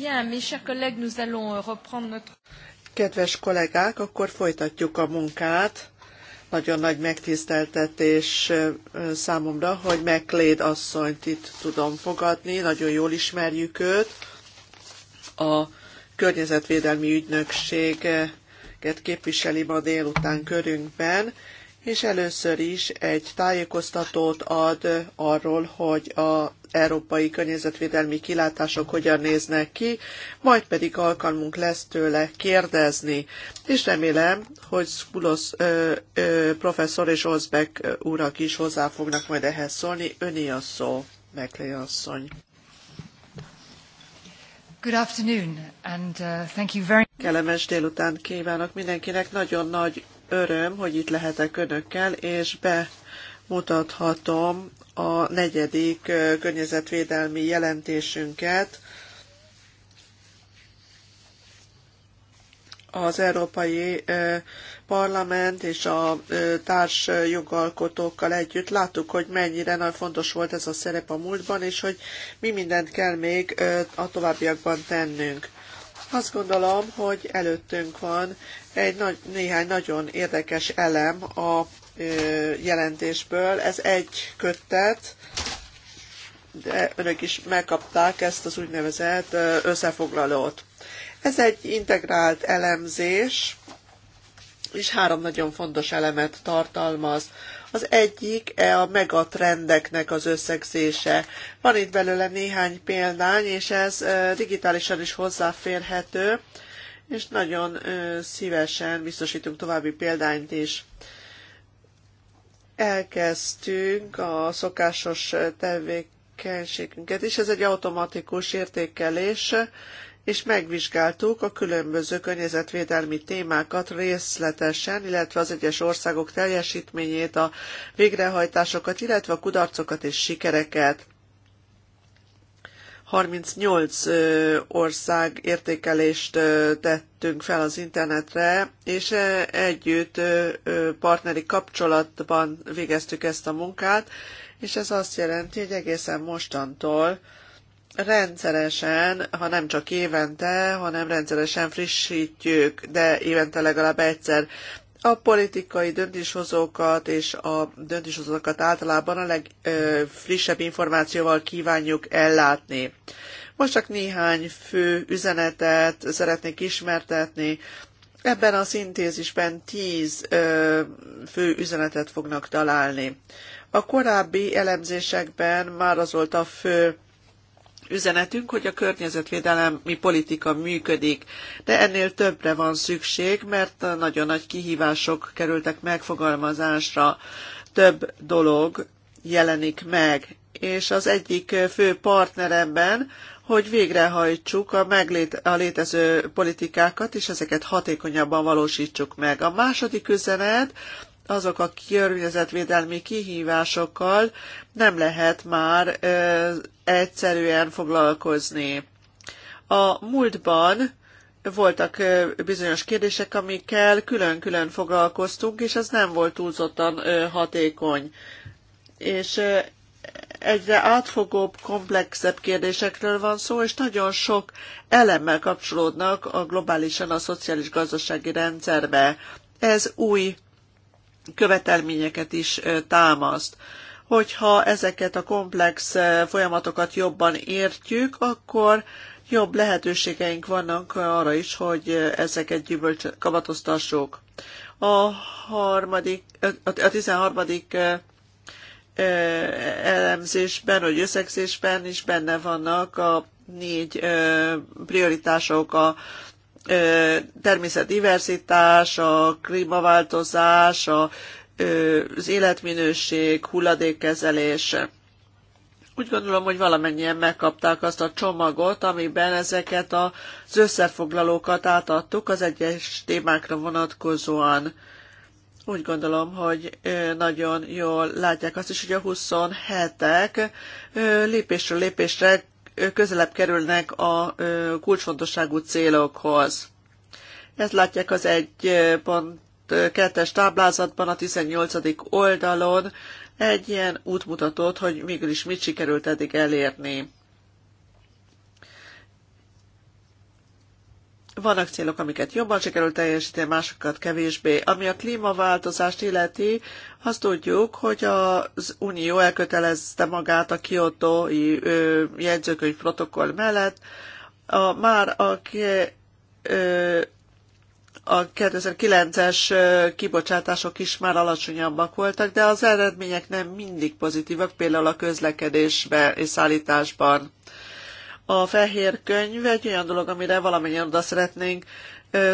Bien, mes chers collègues, nous allons euh, reprendre notre... Kedves kollégák, akkor folytatjuk a munkát. Nagyon nagy megtiszteltetés számomra, hogy McLeod asszonyt itt tudom fogadni. Nagyon jól ismerjük őt. A Környezetvédelmi Ügynökséget képviseli ma délután körünkben és először is egy tájékoztatót ad arról, hogy a európai környezetvédelmi kilátások hogyan néznek ki, majd pedig alkalmunk lesz tőle kérdezni. És remélem, hogy Skulosz ö, ö, professzor és Ozbek úrak is hozzá fognak majd ehhez szólni. Öni a szó, Meklé asszony. Good afternoon, and uh, thank you very Kellemes délután kívánok mindenkinek. Nagyon nagy öröm, hogy itt lehetek önökkel, és bemutathatom a negyedik környezetvédelmi jelentésünket, az Európai Parlament és a társ jogalkotókkal együtt láttuk, hogy mennyire nagy fontos volt ez a szerep a múltban, és hogy mi mindent kell még a továbbiakban tennünk. Azt gondolom, hogy előttünk van egy nagy, néhány nagyon érdekes elem a jelentésből. Ez egy köttet, de önök is megkapták ezt az úgynevezett összefoglalót. Ez egy integrált elemzés, és három nagyon fontos elemet tartalmaz. Az egyik e a megatrendeknek az összegzése. Van itt belőle néhány példány, és ez e, digitálisan is hozzáférhető, és nagyon e, szívesen biztosítunk további példányt is elkezdtünk a szokásos tevékenységünket is. Ez egy automatikus értékelés, és megvizsgáltuk a különböző környezetvédelmi témákat részletesen, illetve az egyes országok teljesítményét, a végrehajtásokat, illetve a kudarcokat és sikereket. 38 ország értékelést tettünk fel az internetre, és együtt partneri kapcsolatban végeztük ezt a munkát, és ez azt jelenti, hogy egészen mostantól rendszeresen, ha nem csak évente, hanem rendszeresen frissítjük, de évente legalább egyszer a politikai döntéshozókat és a döntéshozókat általában a legfrissebb információval kívánjuk ellátni. Most csak néhány fő üzenetet szeretnék ismertetni. Ebben a szintézisben tíz ö, fő üzenetet fognak találni. A korábbi elemzésekben már az volt a fő üzenetünk, hogy a környezetvédelmi politika működik. De ennél többre van szükség, mert nagyon nagy kihívások kerültek megfogalmazásra. Több dolog jelenik meg, és az egyik fő partneremben, hogy végrehajtsuk a, meglét, a létező politikákat, és ezeket hatékonyabban valósítsuk meg. A második üzenet azok a környezetvédelmi kihívásokkal nem lehet már ö, egyszerűen foglalkozni. A múltban voltak bizonyos kérdések, amikkel külön-külön foglalkoztunk, és ez nem volt túlzottan hatékony. És egyre átfogóbb, komplexebb kérdésekről van szó, és nagyon sok elemmel kapcsolódnak a globálisan a szociális gazdasági rendszerbe. Ez új követelményeket is támaszt. Hogyha ezeket a komplex folyamatokat jobban értjük, akkor jobb lehetőségeink vannak arra is, hogy ezeket gyümölcsöt kamatoztassuk. A, harmadik, a 13 elemzésben, vagy összegzésben is benne vannak a négy prioritások a természetdiverzitás, a klímaváltozás, a, az életminőség, hulladékkezelés. Úgy gondolom, hogy valamennyien megkapták azt a csomagot, amiben ezeket az összefoglalókat átadtuk az egyes témákra vonatkozóan. Úgy gondolom, hogy nagyon jól látják azt is, hogy a 27-ek lépésről lépésre közelebb kerülnek a kulcsfontosságú célokhoz. Ezt látják az 1.2-es táblázatban, a 18. oldalon egy ilyen útmutatót, hogy mégis mit sikerült eddig elérni. Vannak célok, amiket jobban sikerül teljesíteni, másokat kevésbé. Ami a klímaváltozást illeti, azt tudjuk, hogy az Unió elkötelezte magát a kiotói jegyzőkönyv protokoll mellett. A, már a a 2009-es kibocsátások is már alacsonyabbak voltak, de az eredmények nem mindig pozitívak, például a közlekedésben és szállításban. A fehér könyv egy olyan dolog, amire valamennyien oda szeretnénk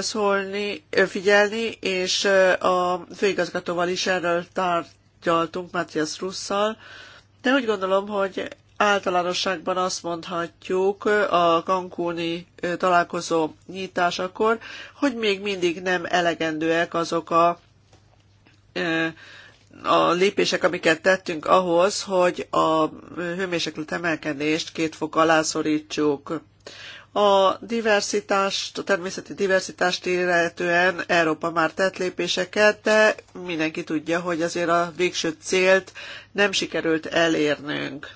szólni, figyelni, és a főigazgatóval is erről tárgyaltunk, Matthias Russzal, de úgy gondolom, hogy általánosságban azt mondhatjuk a Cancúni találkozó nyitásakor, hogy még mindig nem elegendőek azok a a lépések, amiket tettünk ahhoz, hogy a hőmérséklet emelkedést két fok alá szorítsuk. A diversitást, a természeti diversitást illetően Európa már tett lépéseket, de mindenki tudja, hogy azért a végső célt nem sikerült elérnünk.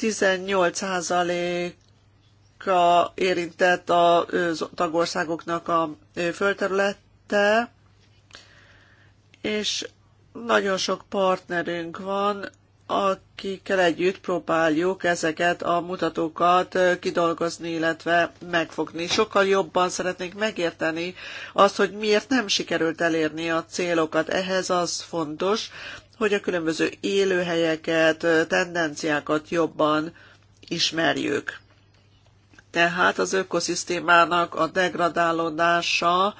18%-a érintett a tagországoknak a földterülete, és nagyon sok partnerünk van, akikkel együtt próbáljuk ezeket a mutatókat kidolgozni, illetve megfogni. Sokkal jobban szeretnénk megérteni azt, hogy miért nem sikerült elérni a célokat. Ehhez az fontos, hogy a különböző élőhelyeket, tendenciákat jobban ismerjük. Tehát az ökoszisztémának a degradálódása,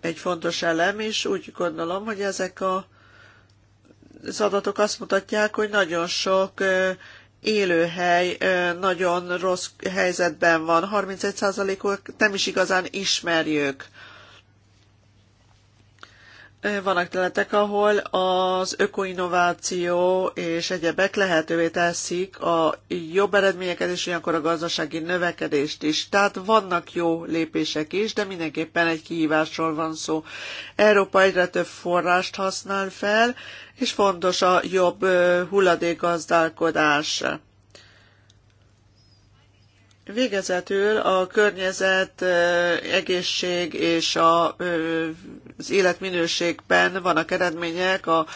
egy fontos elem, és úgy gondolom, hogy ezek a, az adatok azt mutatják, hogy nagyon sok élőhely nagyon rossz helyzetben van. 31%-ot nem is igazán ismerjük. Vannak területek, ahol az ökoinnováció és egyebek lehetővé teszik a jobb eredményeket és ilyenkor a gazdasági növekedést is. Tehát vannak jó lépések is, de mindenképpen egy kihívásról van szó. Európa egyre több forrást használ fel, és fontos a jobb hulladékgazdálkodás. gazdálkodás. Végezetül a környezet, egészség és a, az életminőségben vannak eredmények. A,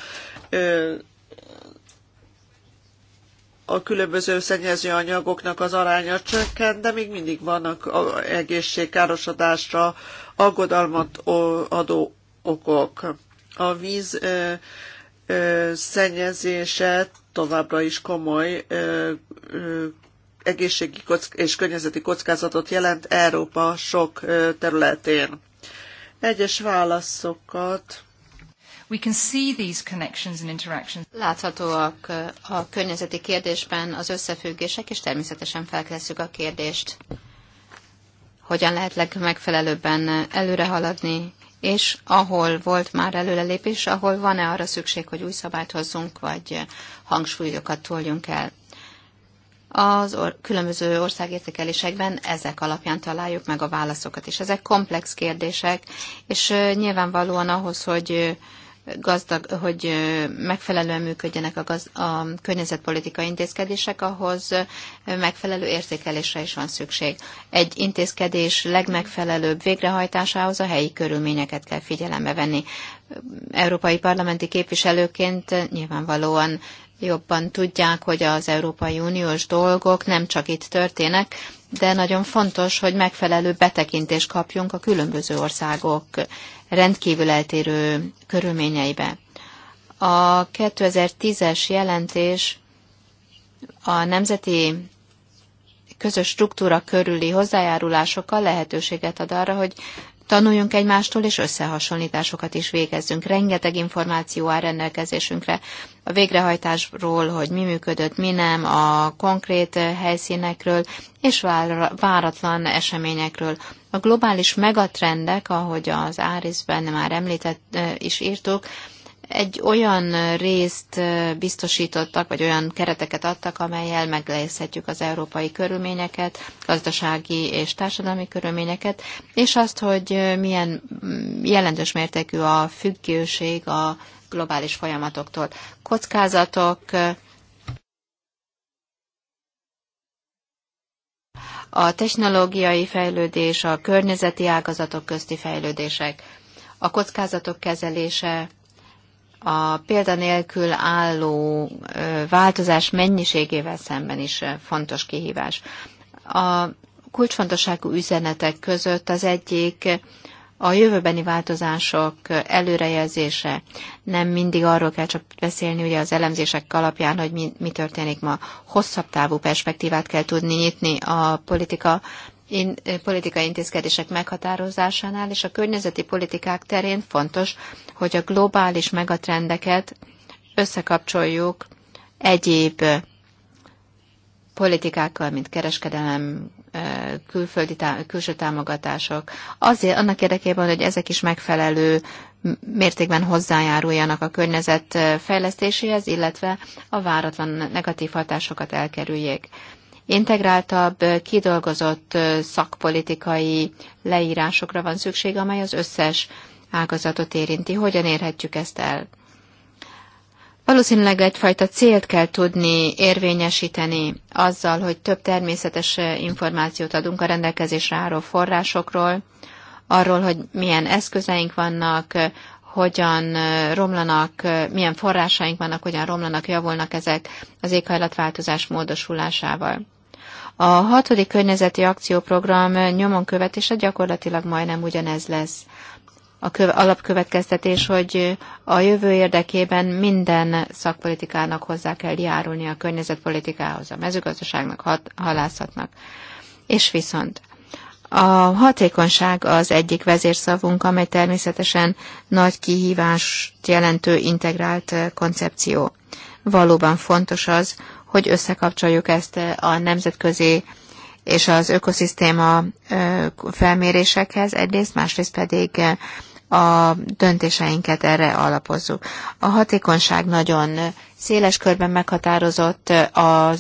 a különböző szennyező anyagoknak az aránya csökken, de még mindig vannak egészségkárosodásra aggodalmat adó okok. A víz szennyezése továbbra is komoly egészségi és környezeti kockázatot jelent Európa sok területén. Egyes válaszokat We can see these connections and interactions. Láthatóak a környezeti kérdésben az összefüggések, és természetesen feltesszük a kérdést, hogyan lehet legmegfelelőbben előre haladni, és ahol volt már előrelépés, ahol van-e arra szükség, hogy új szabályt hozzunk, vagy hangsúlyokat toljunk el az or- különböző országértékelésekben ezek alapján találjuk meg a válaszokat, és ezek komplex kérdések, és nyilvánvalóan ahhoz, hogy gazdag, hogy megfelelően működjenek a, gaz, a környezetpolitikai intézkedések, ahhoz megfelelő értékelésre is van szükség. Egy intézkedés legmegfelelőbb végrehajtásához a helyi körülményeket kell figyelembe venni. Európai parlamenti képviselőként nyilvánvalóan jobban tudják, hogy az Európai Uniós dolgok nem csak itt történnek, de nagyon fontos, hogy megfelelő betekintést kapjunk a különböző országok rendkívül eltérő körülményeibe. A 2010-es jelentés a nemzeti közös struktúra körüli hozzájárulásokkal lehetőséget ad arra, hogy Tanuljunk egymástól, és összehasonlításokat is végezzünk. Rengeteg információ áll rendelkezésünkre a végrehajtásról, hogy mi működött, mi nem, a konkrét helyszínekről és váratlan eseményekről. A globális megatrendek, ahogy az Árizben már említett is írtuk, egy olyan részt biztosítottak, vagy olyan kereteket adtak, amelyel meglejszhetjük az európai körülményeket, gazdasági és társadalmi körülményeket, és azt, hogy milyen mm, jelentős mértékű a függőség a globális folyamatoktól. Kockázatok, a technológiai fejlődés, a környezeti ágazatok közti fejlődések, a kockázatok kezelése, a példanélkül álló változás mennyiségével szemben is fontos kihívás. A kulcsfontosságú üzenetek között az egyik a jövőbeni változások előrejelzése. Nem mindig arról kell csak beszélni ugye az elemzések alapján, hogy mi, mi történik ma. Hosszabb távú perspektívát kell tudni nyitni a politika in, eh, politikai intézkedések meghatározásánál és a környezeti politikák terén fontos, hogy a globális megatrendeket összekapcsoljuk egyéb eh, politikákkal, mint kereskedelem, eh, külföldi tá- külső támogatások, azért annak érdekében, hogy ezek is megfelelő mértékben hozzájáruljanak a környezet fejlesztéséhez, illetve a váratlan negatív hatásokat elkerüljék integráltabb, kidolgozott szakpolitikai leírásokra van szükség, amely az összes ágazatot érinti. Hogyan érhetjük ezt el? Valószínűleg egyfajta célt kell tudni érvényesíteni azzal, hogy több természetes információt adunk a rendelkezésre álló forrásokról, arról, hogy milyen eszközeink vannak, hogyan romlanak, milyen forrásaink vannak, hogyan romlanak, javulnak ezek az éghajlatváltozás módosulásával. A hatodik környezeti akcióprogram nyomon követése gyakorlatilag majdnem ugyanez lesz. A köv- alapkövetkeztetés, hogy a jövő érdekében minden szakpolitikának hozzá kell járulni a környezetpolitikához, a mezőgazdaságnak, hat- halászatnak. És viszont a hatékonyság az egyik vezérszavunk, amely természetesen nagy kihívást jelentő integrált koncepció. Valóban fontos az, hogy összekapcsoljuk ezt eh, a nemzetközi és az ökoszisztéma eh, felmérésekhez egyrészt, másrészt pedig eh, a döntéseinket erre alapozzuk. A hatékonyság nagyon széles körben meghatározott a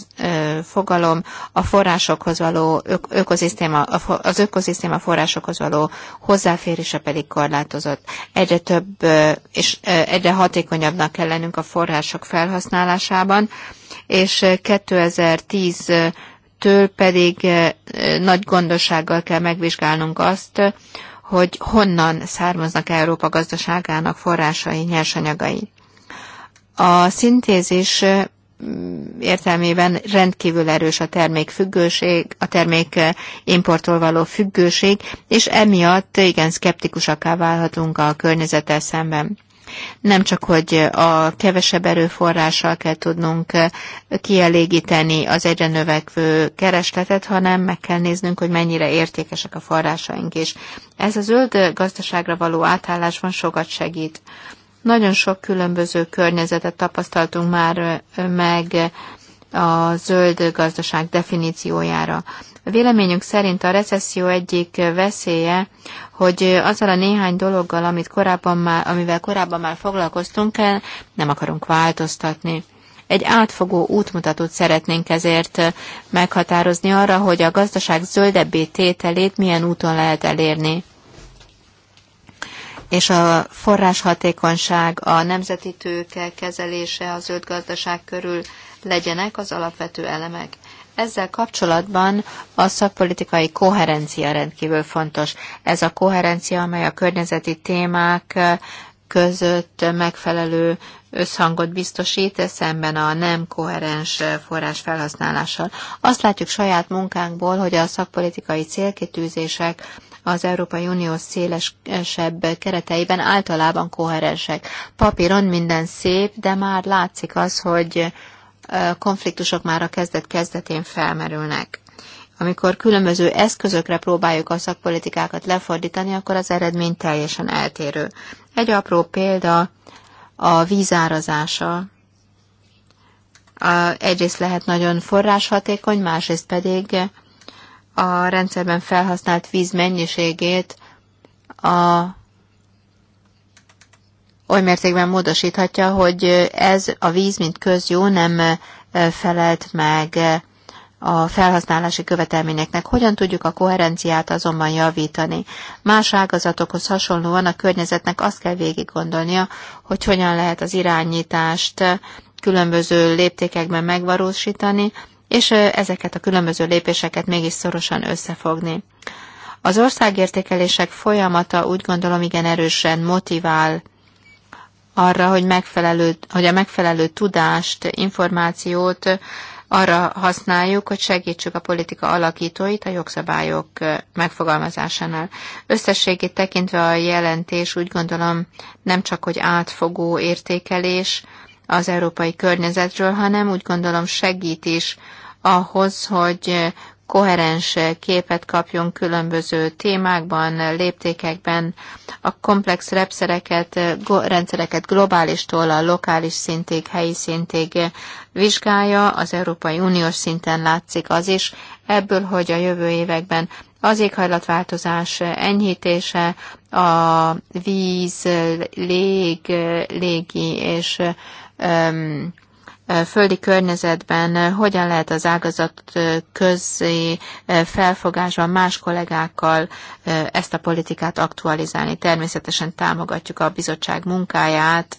fogalom a forrásokhoz való ökoszisztéma, az ökoszisztéma forrásokhoz való hozzáférése pedig korlátozott. Egyre több és egyre hatékonyabbnak kell lennünk a források felhasználásában, és 2010 től pedig nagy gondossággal kell megvizsgálnunk azt, hogy honnan származnak Európa gazdaságának forrásai, nyersanyagai. A szintézis értelmében rendkívül erős a termék függőség, a termék importtól való függőség, és emiatt igen szkeptikusaká válhatunk a környezettel szemben. Nem csak, hogy a kevesebb erőforrással kell tudnunk kielégíteni az egyre növekvő keresletet, hanem meg kell néznünk, hogy mennyire értékesek a forrásaink is. Ez a zöld gazdaságra való átállásban sokat segít. Nagyon sok különböző környezetet tapasztaltunk már meg a zöld gazdaság definíciójára. Véleményünk szerint a recesszió egyik veszélye, hogy azzal a néhány dologgal, amit korábban már, amivel korábban már foglalkoztunk el, eh, nem akarunk változtatni. Egy átfogó útmutatót szeretnénk ezért eh, meghatározni arra, hogy a gazdaság zöldebbé tételét milyen úton lehet elérni és a forráshatékonyság, a nemzeti tőke kezelése a zöld gazdaság körül legyenek az alapvető elemek. Ezzel kapcsolatban a szakpolitikai koherencia rendkívül fontos. Ez a koherencia, amely a környezeti témák között megfelelő összhangot biztosít szemben a nem koherens forrás felhasználással. Azt látjuk saját munkánkból, hogy a szakpolitikai célkitűzések az Európai Unió szélesebb kereteiben általában koherensek. Papíron minden szép, de már látszik az, hogy konfliktusok már a kezdet-kezdetén felmerülnek. Amikor különböző eszközökre próbáljuk a szakpolitikákat lefordítani, akkor az eredmény teljesen eltérő. Egy apró példa a vízárazása. Egyrészt lehet nagyon forráshatékony, másrészt pedig a rendszerben felhasznált víz mennyiségét a oly mértékben módosíthatja, hogy ez a víz, mint közjó nem felelt meg a felhasználási követelményeknek. Hogyan tudjuk a koherenciát azonban javítani? Más ágazatokhoz hasonlóan a környezetnek azt kell végig gondolnia, hogy hogyan lehet az irányítást különböző léptékekben megvalósítani, és ezeket a különböző lépéseket mégis szorosan összefogni. Az országértékelések folyamata úgy gondolom igen erősen motivál arra, hogy, megfelelő, hogy a megfelelő tudást, információt arra használjuk, hogy segítsük a politika alakítóit a jogszabályok megfogalmazásánál. Összességét tekintve a jelentés úgy gondolom nem csak, hogy átfogó értékelés, az európai környezetről, hanem úgy gondolom segít is ahhoz, hogy koherens képet kapjon különböző témákban, léptékekben, a komplex repszereket, rendszereket globálistól a lokális szintig, helyi szintig vizsgálja, az Európai Uniós szinten látszik az is, ebből, hogy a jövő években az éghajlatváltozás enyhítése, a víz, lég, légi és földi környezetben hogyan lehet az ágazat közé felfogásban más kollégákkal ezt a politikát aktualizálni. Természetesen támogatjuk a bizottság munkáját,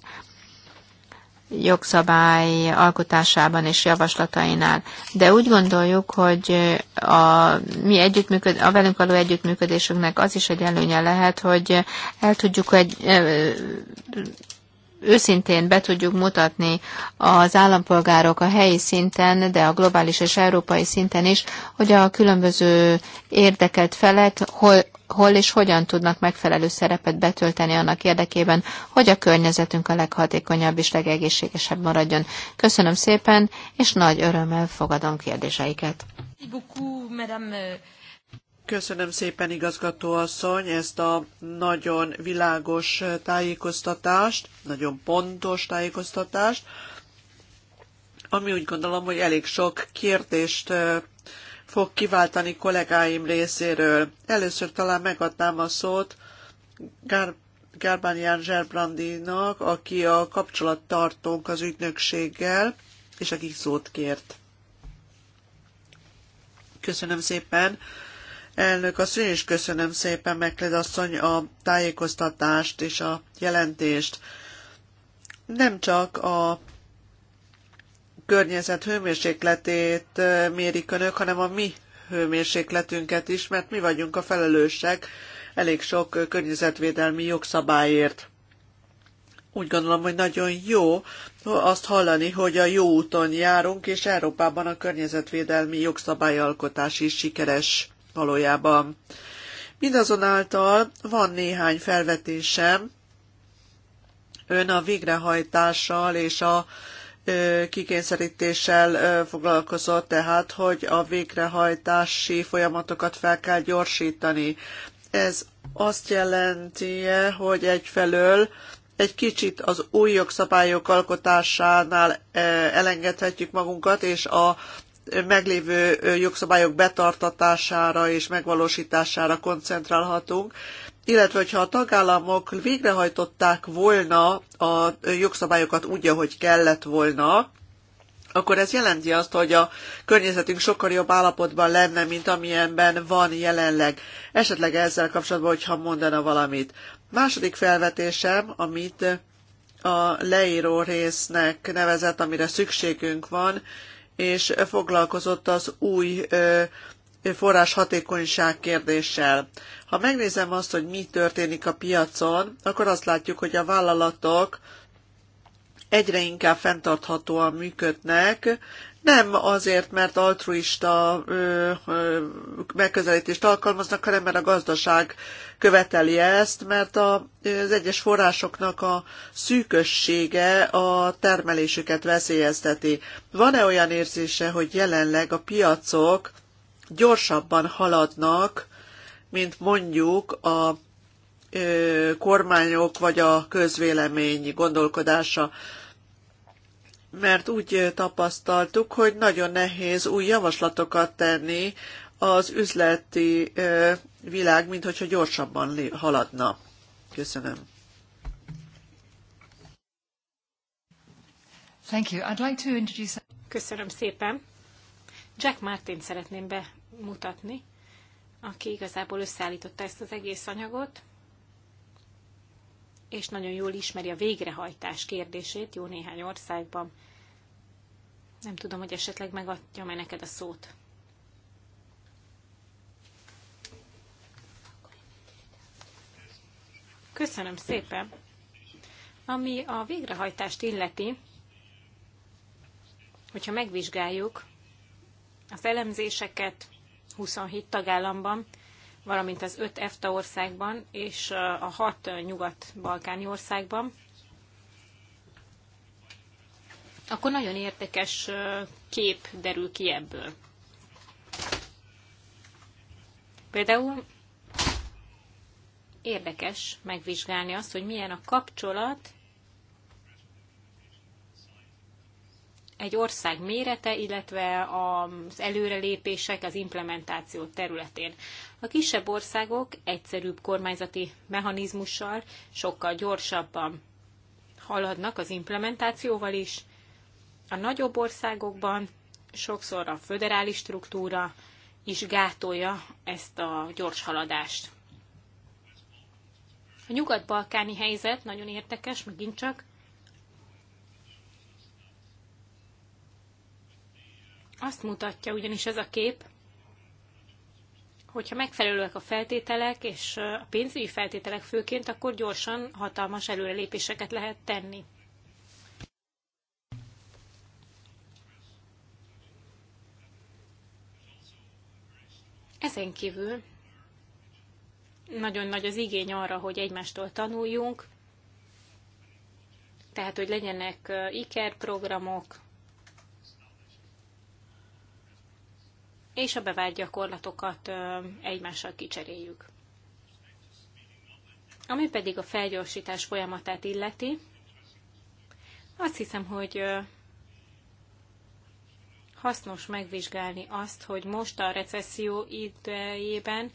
jogszabály alkotásában és javaslatainál. De úgy gondoljuk, hogy a, mi együttműköd, a velünk való együttműködésünknek az is egy előnye lehet, hogy el tudjuk egy, őszintén be tudjuk mutatni az állampolgárok a helyi szinten, de a globális és európai szinten is, hogy a különböző érdeket felek hol, hol és hogyan tudnak megfelelő szerepet betölteni annak érdekében, hogy a környezetünk a leghatékonyabb és legegészségesebb maradjon. Köszönöm szépen, és nagy örömmel fogadom kérdéseiket. Köszönöm szépen, igazgatóasszony, ezt a nagyon világos tájékoztatást, nagyon pontos tájékoztatást, ami úgy gondolom, hogy elég sok kérdést fog kiváltani kollégáim részéről. Először talán megadnám a szót Gár- Gárbán Zserbrandinak, aki a kapcsolattartónk az ügynökséggel, és aki szót kért. Köszönöm szépen. Elnök asszony, és köszönöm szépen, Mekled asszony, a tájékoztatást és a jelentést. Nem csak a környezet hőmérsékletét mérik önök, hanem a mi hőmérsékletünket is, mert mi vagyunk a felelősek elég sok környezetvédelmi jogszabályért. Úgy gondolom, hogy nagyon jó azt hallani, hogy a jó úton járunk, és Európában a környezetvédelmi jogszabályalkotás is sikeres valójában. Mindazonáltal van néhány felvetésem, ön a végrehajtással és a kikényszerítéssel foglalkozott, tehát hogy a végrehajtási folyamatokat fel kell gyorsítani. Ez azt jelenti, hogy egyfelől egy kicsit az új jogszabályok alkotásánál elengedhetjük magunkat, és a meglévő jogszabályok betartatására és megvalósítására koncentrálhatunk, illetve hogyha a tagállamok végrehajtották volna a jogszabályokat úgy, ahogy kellett volna, akkor ez jelenti azt, hogy a környezetünk sokkal jobb állapotban lenne, mint amilyenben van jelenleg. Esetleg ezzel kapcsolatban, hogyha mondana valamit. Második felvetésem, amit a leíró résznek nevezett, amire szükségünk van, és foglalkozott az új forrás hatékonyság kérdéssel. Ha megnézem azt, hogy mi történik a piacon, akkor azt látjuk, hogy a vállalatok egyre inkább fenntarthatóan működnek, nem azért, mert altruista ö, ö, megközelítést alkalmaznak, hanem mert a gazdaság követeli ezt, mert a, az egyes forrásoknak a szűkössége a termelésüket veszélyezteti. Van-e olyan érzése, hogy jelenleg a piacok gyorsabban haladnak, mint mondjuk a kormányok vagy a közvélemény gondolkodása mert úgy tapasztaltuk, hogy nagyon nehéz új javaslatokat tenni az üzleti világ, mint hogyha gyorsabban haladna. Köszönöm. Thank you. I'd like to introduce... Köszönöm szépen. Jack Martin szeretném bemutatni, aki igazából összeállította ezt az egész anyagot és nagyon jól ismeri a végrehajtás kérdését jó néhány országban. Nem tudom, hogy esetleg megadjam-e neked a szót. Köszönöm szépen! Ami a végrehajtást illeti, hogyha megvizsgáljuk az elemzéseket 27 tagállamban, valamint az öt EFTA országban és a hat nyugat-balkáni országban, akkor nagyon érdekes kép derül ki ebből. Például érdekes megvizsgálni azt, hogy milyen a kapcsolat egy ország mérete, illetve az előrelépések az implementáció területén. A kisebb országok egyszerűbb kormányzati mechanizmussal sokkal gyorsabban haladnak az implementációval is. A nagyobb országokban sokszor a föderális struktúra is gátolja ezt a gyors haladást. A nyugat-balkáni helyzet nagyon érdekes, megint csak. Azt mutatja ugyanis ez a kép, hogyha megfelelőek a feltételek, és a pénzügyi feltételek főként, akkor gyorsan hatalmas előrelépéseket lehet tenni. Ezen kívül nagyon nagy az igény arra, hogy egymástól tanuljunk, tehát hogy legyenek ikerprogramok, és a bevált gyakorlatokat egymással kicseréljük. Ami pedig a felgyorsítás folyamatát illeti, azt hiszem, hogy hasznos megvizsgálni azt, hogy most a recesszió idejében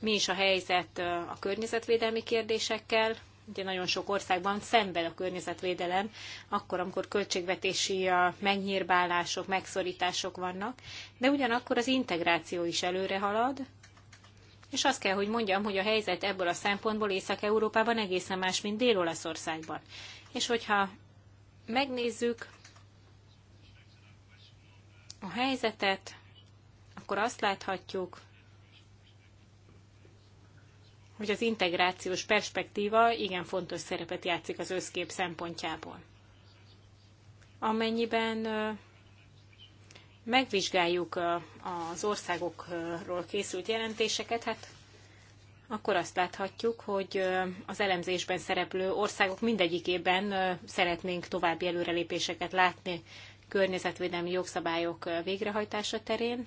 mi is a helyzet a környezetvédelmi kérdésekkel, ugye nagyon sok országban szenved a környezetvédelem, akkor, amikor költségvetési megnyírbálások, megszorítások vannak, de ugyanakkor az integráció is előre halad, és azt kell, hogy mondjam, hogy a helyzet ebből a szempontból Észak-Európában egészen más, mint Dél-Olaszországban. És hogyha megnézzük a helyzetet, akkor azt láthatjuk, hogy az integrációs perspektíva igen fontos szerepet játszik az összkép szempontjából. Amennyiben megvizsgáljuk az országokról készült jelentéseket, hát akkor azt láthatjuk, hogy az elemzésben szereplő országok mindegyikében szeretnénk további előrelépéseket látni környezetvédelmi jogszabályok végrehajtása terén.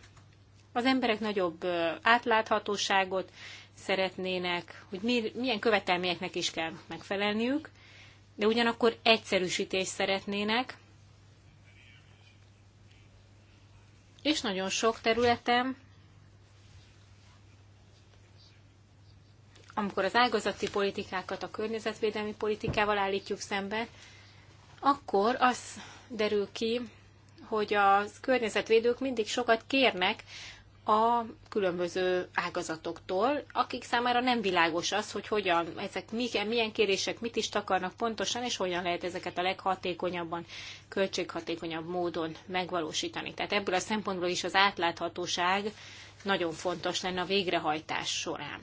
Az emberek nagyobb átláthatóságot szeretnének, hogy milyen követelményeknek is kell megfelelniük, de ugyanakkor egyszerűsítést szeretnének, és nagyon sok területen, amikor az ágazati politikákat a környezetvédelmi politikával állítjuk szembe, akkor az derül ki, hogy a környezetvédők mindig sokat kérnek a különböző ágazatoktól, akik számára nem világos az, hogy hogyan, ezek milyen, milyen kérések mit is takarnak pontosan, és hogyan lehet ezeket a leghatékonyabban, költséghatékonyabb módon megvalósítani. Tehát ebből a szempontból is az átláthatóság nagyon fontos lenne a végrehajtás során.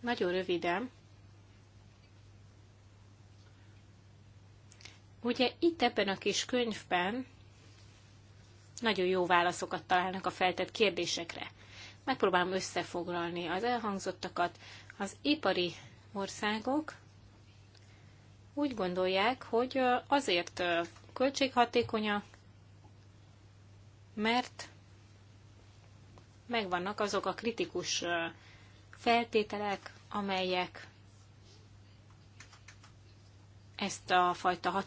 Nagyon röviden. Ugye itt ebben a kis könyvben nagyon jó válaszokat találnak a feltett kérdésekre. Megpróbálom összefoglalni az elhangzottakat. Az ipari országok úgy gondolják, hogy azért költséghatékonyak, mert megvannak azok a kritikus feltételek, amelyek ezt a fajta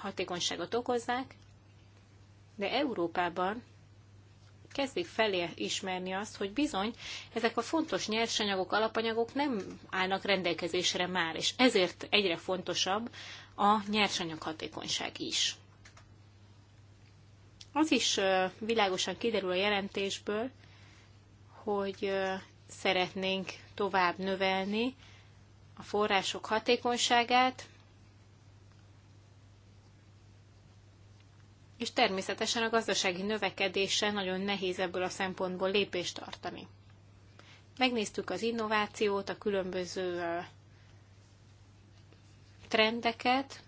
hatékonyságot okozzák, de Európában kezdik felé ismerni azt, hogy bizony ezek a fontos nyersanyagok, alapanyagok nem állnak rendelkezésre már, és ezért egyre fontosabb a nyersanyag hatékonyság is. Az is világosan kiderül a jelentésből, hogy szeretnénk tovább növelni a források hatékonyságát, és természetesen a gazdasági növekedéssel nagyon nehéz ebből a szempontból lépést tartani. Megnéztük az innovációt, a különböző trendeket,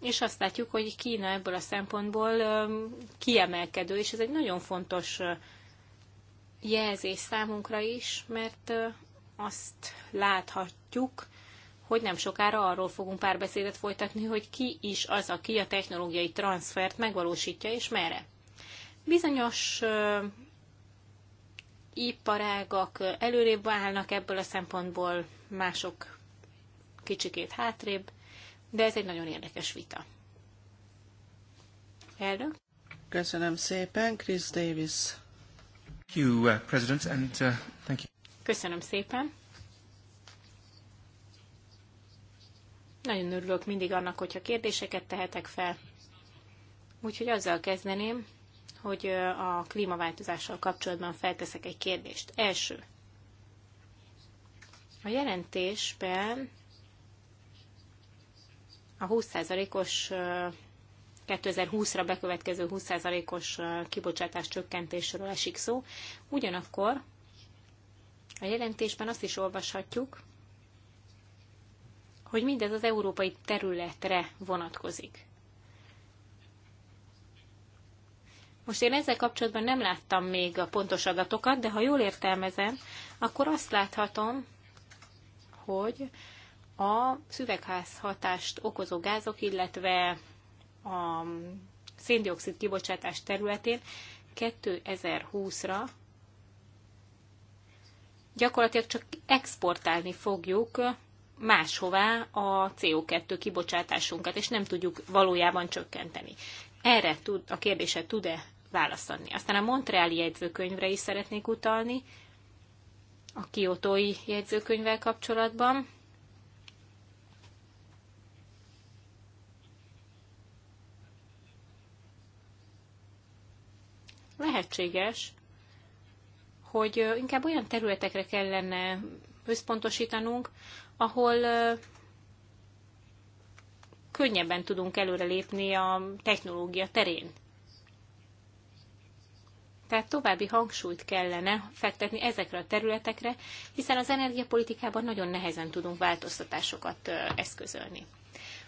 és azt látjuk, hogy Kína ebből a szempontból kiemelkedő, és ez egy nagyon fontos jelzés számunkra is, mert azt láthatjuk, hogy nem sokára arról fogunk párbeszédet folytatni, hogy ki is az, aki a technológiai transfert megvalósítja és merre. Bizonyos iparágak előrébb állnak ebből a szempontból, mások kicsikét hátrébb, de ez egy nagyon érdekes vita. Elnök? Köszönöm szépen, Chris Davis. Thank you, uh, President, and, uh, thank you. Köszönöm szépen. Nagyon örülök mindig annak, hogyha kérdéseket tehetek fel. Úgyhogy azzal kezdeném, hogy a klímaváltozással kapcsolatban felteszek egy kérdést. Első. A jelentésben a 20%-os 2020-ra bekövetkező 20%-os kibocsátás csökkentésről esik szó. Ugyanakkor a jelentésben azt is olvashatjuk, hogy mindez az európai területre vonatkozik. Most én ezzel kapcsolatban nem láttam még a pontos adatokat, de ha jól értelmezem, akkor azt láthatom, hogy a szüvegházhatást okozó gázok, illetve a széndiokszid kibocsátás területén 2020-ra gyakorlatilag csak exportálni fogjuk máshová a CO2 kibocsátásunkat, és nem tudjuk valójában csökkenteni. Erre tud, a kérdése tud-e választ adni? Aztán a Montreali jegyzőkönyvre is szeretnék utalni, a kiotói jegyzőkönyvvel kapcsolatban. Lehetséges, hogy inkább olyan területekre kellene összpontosítanunk, ahol könnyebben tudunk előrelépni a technológia terén. Tehát további hangsúlyt kellene fektetni ezekre a területekre, hiszen az energiapolitikában nagyon nehezen tudunk változtatásokat eszközölni.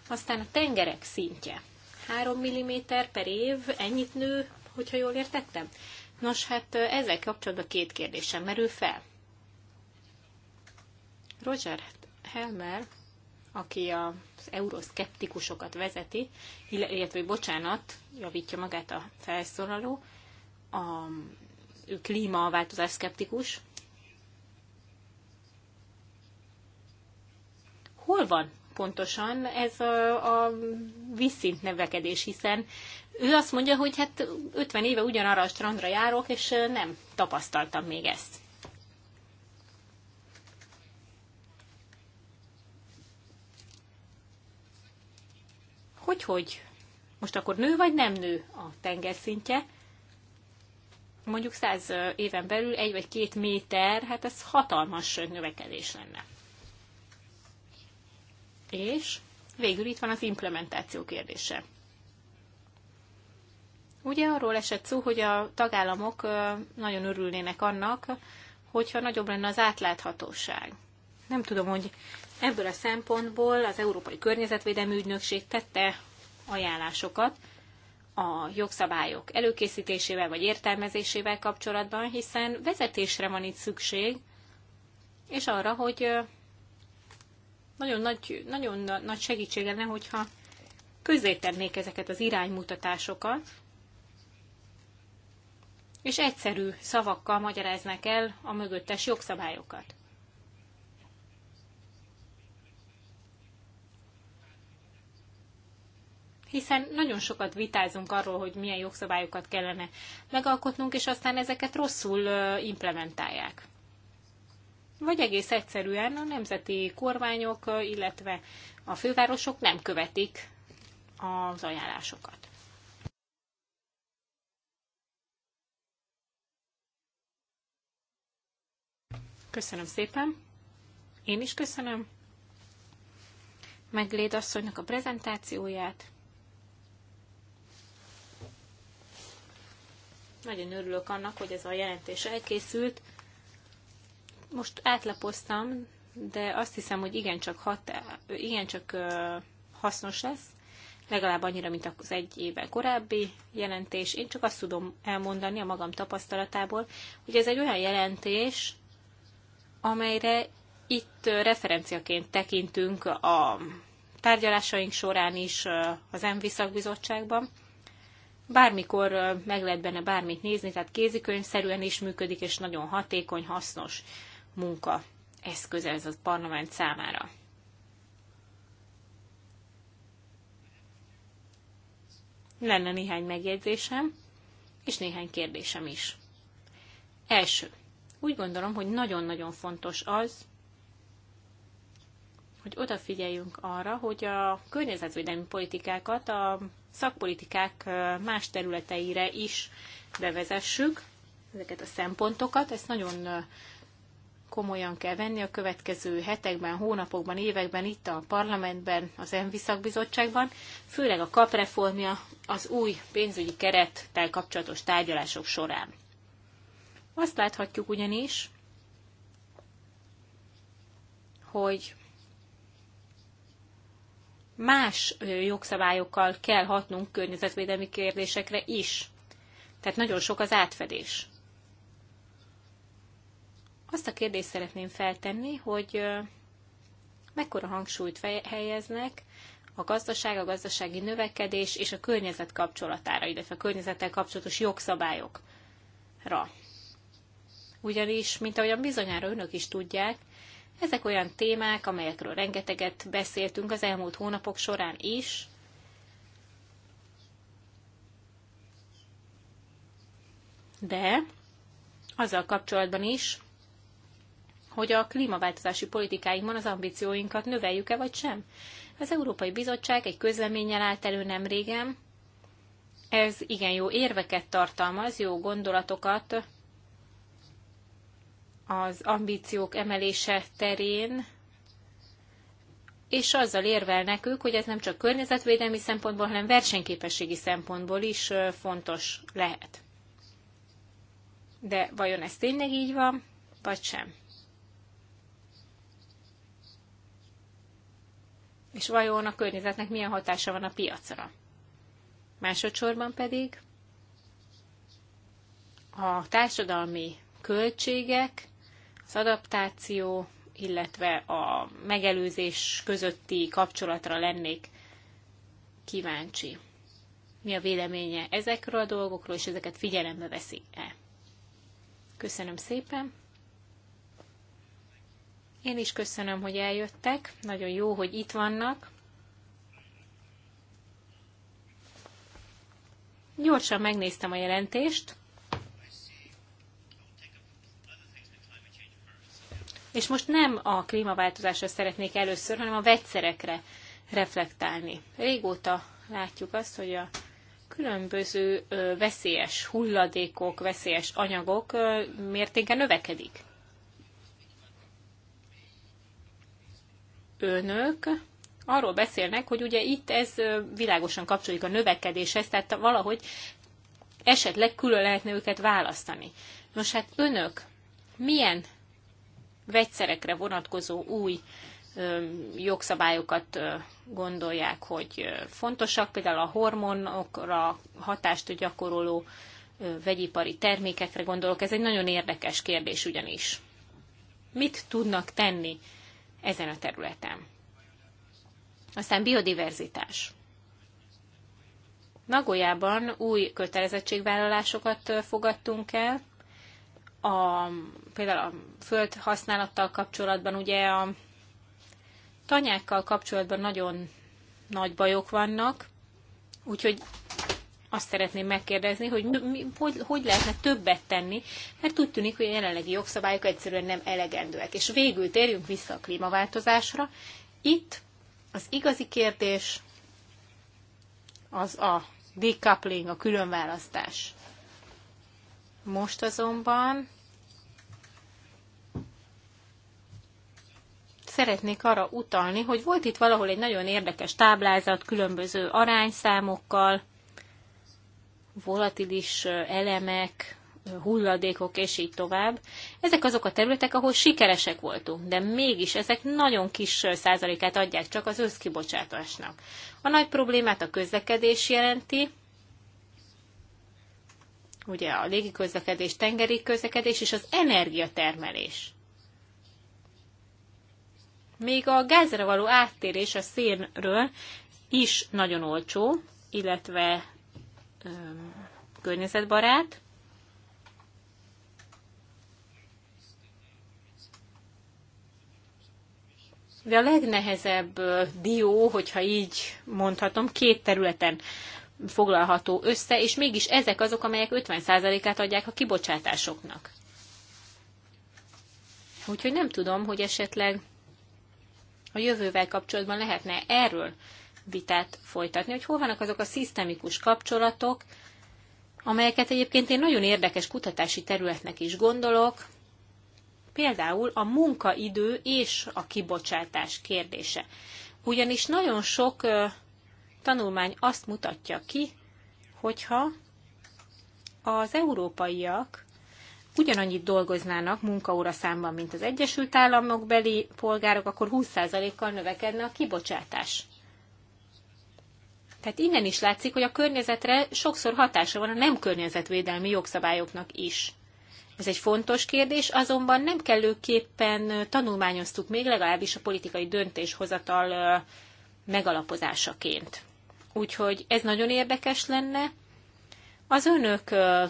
Aztán a tengerek szintje. 3 mm per év, ennyit nő, hogyha jól értettem? Nos, hát ezzel kapcsolatban két kérdésem merül fel. Roger Helmer, aki az euroszkeptikusokat vezeti, illetve, hogy bocsánat, javítja magát a felszólaló, a, ő klímaváltozás szkeptikus. Hol van pontosan ez a, a vízszint nevekedés, hiszen ő azt mondja, hogy hát 50 éve ugyanarra a strandra járok, és nem tapasztaltam még ezt. hogy hogy? Most akkor nő vagy nem nő a tengerszintje? Mondjuk száz éven belül egy vagy két méter, hát ez hatalmas növekedés lenne. És végül itt van az implementáció kérdése. Ugye arról esett szó, hogy a tagállamok nagyon örülnének annak, hogyha nagyobb lenne az átláthatóság. Nem tudom, hogy Ebből a szempontból az Európai Környezetvédelmi Ügynökség tette ajánlásokat a jogszabályok előkészítésével vagy értelmezésével kapcsolatban, hiszen vezetésre van itt szükség, és arra, hogy nagyon nagy, nagyon nagy segítség lenne, hogyha közé tennék ezeket az iránymutatásokat, és egyszerű szavakkal magyaráznak el a mögöttes jogszabályokat. hiszen nagyon sokat vitázunk arról, hogy milyen jogszabályokat kellene megalkotnunk, és aztán ezeket rosszul implementálják. Vagy egész egyszerűen a nemzeti kormányok, illetve a fővárosok nem követik az ajánlásokat. Köszönöm szépen. Én is köszönöm. Megléd asszonynak a prezentációját. Nagyon örülök annak, hogy ez a jelentés elkészült. Most átlapoztam, de azt hiszem, hogy igencsak, hat, igencsak hasznos lesz, legalább annyira, mint az egy évvel korábbi jelentés. Én csak azt tudom elmondani a magam tapasztalatából, hogy ez egy olyan jelentés, amelyre itt referenciaként tekintünk a tárgyalásaink során is az MV szakbizottságban, bármikor meg lehet benne bármit nézni, tehát kézikönyvszerűen is működik, és nagyon hatékony, hasznos munka eszköze ez a parlament számára. Lenne néhány megjegyzésem, és néhány kérdésem is. Első. Úgy gondolom, hogy nagyon-nagyon fontos az, hogy odafigyeljünk arra, hogy a környezetvédelmi politikákat a szakpolitikák más területeire is bevezessük ezeket a szempontokat. Ezt nagyon komolyan kell venni a következő hetekben, hónapokban, években itt a parlamentben, az ENVI szakbizottságban, főleg a kapreformja az új pénzügyi kerettel kapcsolatos tárgyalások során. Azt láthatjuk ugyanis, hogy más jogszabályokkal kell hatnunk környezetvédelmi kérdésekre is. Tehát nagyon sok az átfedés. Azt a kérdést szeretném feltenni, hogy mekkora hangsúlyt helyeznek a gazdaság, a gazdasági növekedés és a környezet kapcsolatára, illetve a környezettel kapcsolatos jogszabályokra. Ugyanis, mint ahogyan bizonyára önök is tudják, ezek olyan témák, amelyekről rengeteget beszéltünk az elmúlt hónapok során is. De azzal kapcsolatban is, hogy a klímaváltozási politikáinkban az ambícióinkat növeljük-e vagy sem. Az Európai Bizottság egy közleménnyel állt elő nem régen. Ez igen jó érveket tartalmaz, jó gondolatokat az ambíciók emelése terén, és azzal érvelnek ők, hogy ez nem csak környezetvédelmi szempontból, hanem versenyképességi szempontból is fontos lehet. De vajon ez tényleg így van, vagy sem? És vajon a környezetnek milyen hatása van a piacra? Másodszorban pedig a társadalmi költségek az adaptáció, illetve a megelőzés közötti kapcsolatra lennék kíváncsi. Mi a véleménye ezekről a dolgokról, és ezeket figyelembe veszik-e? Köszönöm szépen! Én is köszönöm, hogy eljöttek. Nagyon jó, hogy itt vannak. Gyorsan megnéztem a jelentést. És most nem a klímaváltozásra szeretnék először, hanem a vegyszerekre reflektálni. Régóta látjuk azt, hogy a különböző veszélyes hulladékok, veszélyes anyagok mértéke növekedik. Önök arról beszélnek, hogy ugye itt ez világosan kapcsolódik a növekedéshez, tehát valahogy esetleg külön lehetne őket választani. Nos hát önök milyen vegyszerekre vonatkozó új jogszabályokat gondolják, hogy fontosak, például a hormonokra hatást gyakoroló vegyipari termékekre gondolok. Ez egy nagyon érdekes kérdés ugyanis. Mit tudnak tenni ezen a területen? Aztán biodiverzitás. Nagoyában új kötelezettségvállalásokat fogadtunk el, a, például a földhasználattal kapcsolatban, ugye a tanyákkal kapcsolatban nagyon nagy bajok vannak, úgyhogy azt szeretném megkérdezni, hogy mi, hogy, hogy lehetne többet tenni, mert úgy tűnik, hogy a jelenlegi jogszabályok egyszerűen nem elegendőek. És végül térjünk vissza a klímaváltozásra. Itt az igazi kérdés az a decoupling, a különválasztás. Most azonban szeretnék arra utalni, hogy volt itt valahol egy nagyon érdekes táblázat különböző arányszámokkal, volatilis elemek, hulladékok, és így tovább. Ezek azok a területek, ahol sikeresek voltunk, de mégis ezek nagyon kis százalékát adják csak az összkibocsátásnak. A nagy problémát a közlekedés jelenti, ugye a légiközlekedés, tengeri közlekedés és az energiatermelés. Még a gázra való áttérés a szénről is nagyon olcsó, illetve öm, környezetbarát. De a legnehezebb dió, hogyha így mondhatom, két területen foglalható össze, és mégis ezek azok, amelyek 50%-át adják a kibocsátásoknak. Úgyhogy nem tudom, hogy esetleg a jövővel kapcsolatban lehetne erről vitát folytatni, hogy hol vannak azok a szisztemikus kapcsolatok, amelyeket egyébként én nagyon érdekes kutatási területnek is gondolok, például a munkaidő és a kibocsátás kérdése. Ugyanis nagyon sok tanulmány azt mutatja ki, hogyha az európaiak ugyanannyit dolgoznának munkaóra számban, mint az Egyesült Államok beli polgárok, akkor 20%-kal növekedne a kibocsátás. Tehát innen is látszik, hogy a környezetre sokszor hatása van a nem környezetvédelmi jogszabályoknak is. Ez egy fontos kérdés, azonban nem kellőképpen tanulmányoztuk még legalábbis a politikai döntéshozatal megalapozásaként. Úgyhogy ez nagyon érdekes lenne. Az önök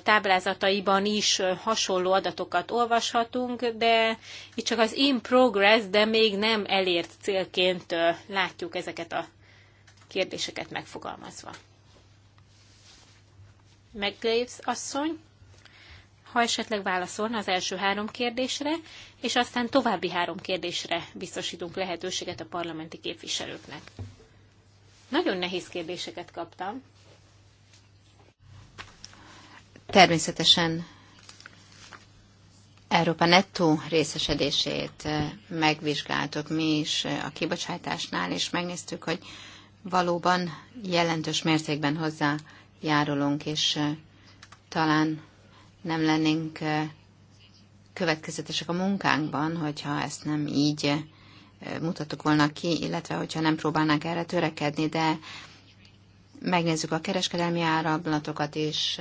táblázataiban is hasonló adatokat olvashatunk, de itt csak az in progress, de még nem elért célként látjuk ezeket a kérdéseket megfogalmazva. McGraves asszony, ha esetleg válaszolna az első három kérdésre, és aztán további három kérdésre biztosítunk lehetőséget a parlamenti képviselőknek. Nagyon nehéz kérdéseket kaptam. Természetesen Európa nettó részesedését eh, megvizsgáltuk mi is eh, a kibocsátásnál, és megnéztük, hogy valóban jelentős mértékben hozzájárulunk, és eh, talán nem lennénk következetesek a munkánkban, hogyha ezt nem így mutattuk volna ki, illetve hogyha nem próbálnánk erre törekedni, de megnézzük a kereskedelmi áramlatokat és,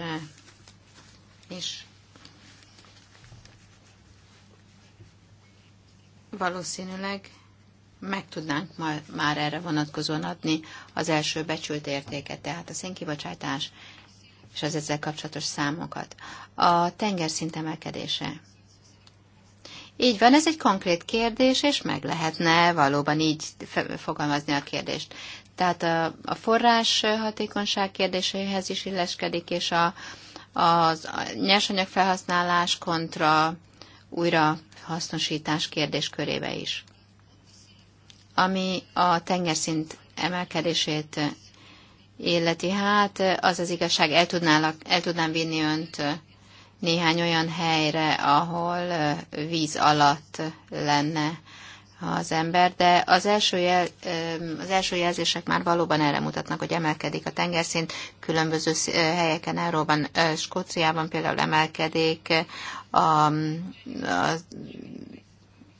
és valószínűleg meg tudnánk ma, már erre vonatkozóan adni az első becsült értéket, tehát a szénkibocsátás és az ezzel kapcsolatos számokat. A tengerszint emelkedése. Így van, ez egy konkrét kérdés, és meg lehetne valóban így fogalmazni a kérdést. Tehát a, a forrás hatékonyság kérdéséhez is illeskedik, és a, az a nyersanyag felhasználás kontra újra hasznosítás kérdés körébe is. Ami a tengerszint emelkedését illeti, hát az az igazság, el, tudnálak, el tudnám vinni önt néhány olyan helyre, ahol víz alatt lenne az ember, de az első, jel, az első jelzések már valóban erre mutatnak, hogy emelkedik a tengerszint, különböző helyeken, Euróban, Skóciában például emelkedik a, a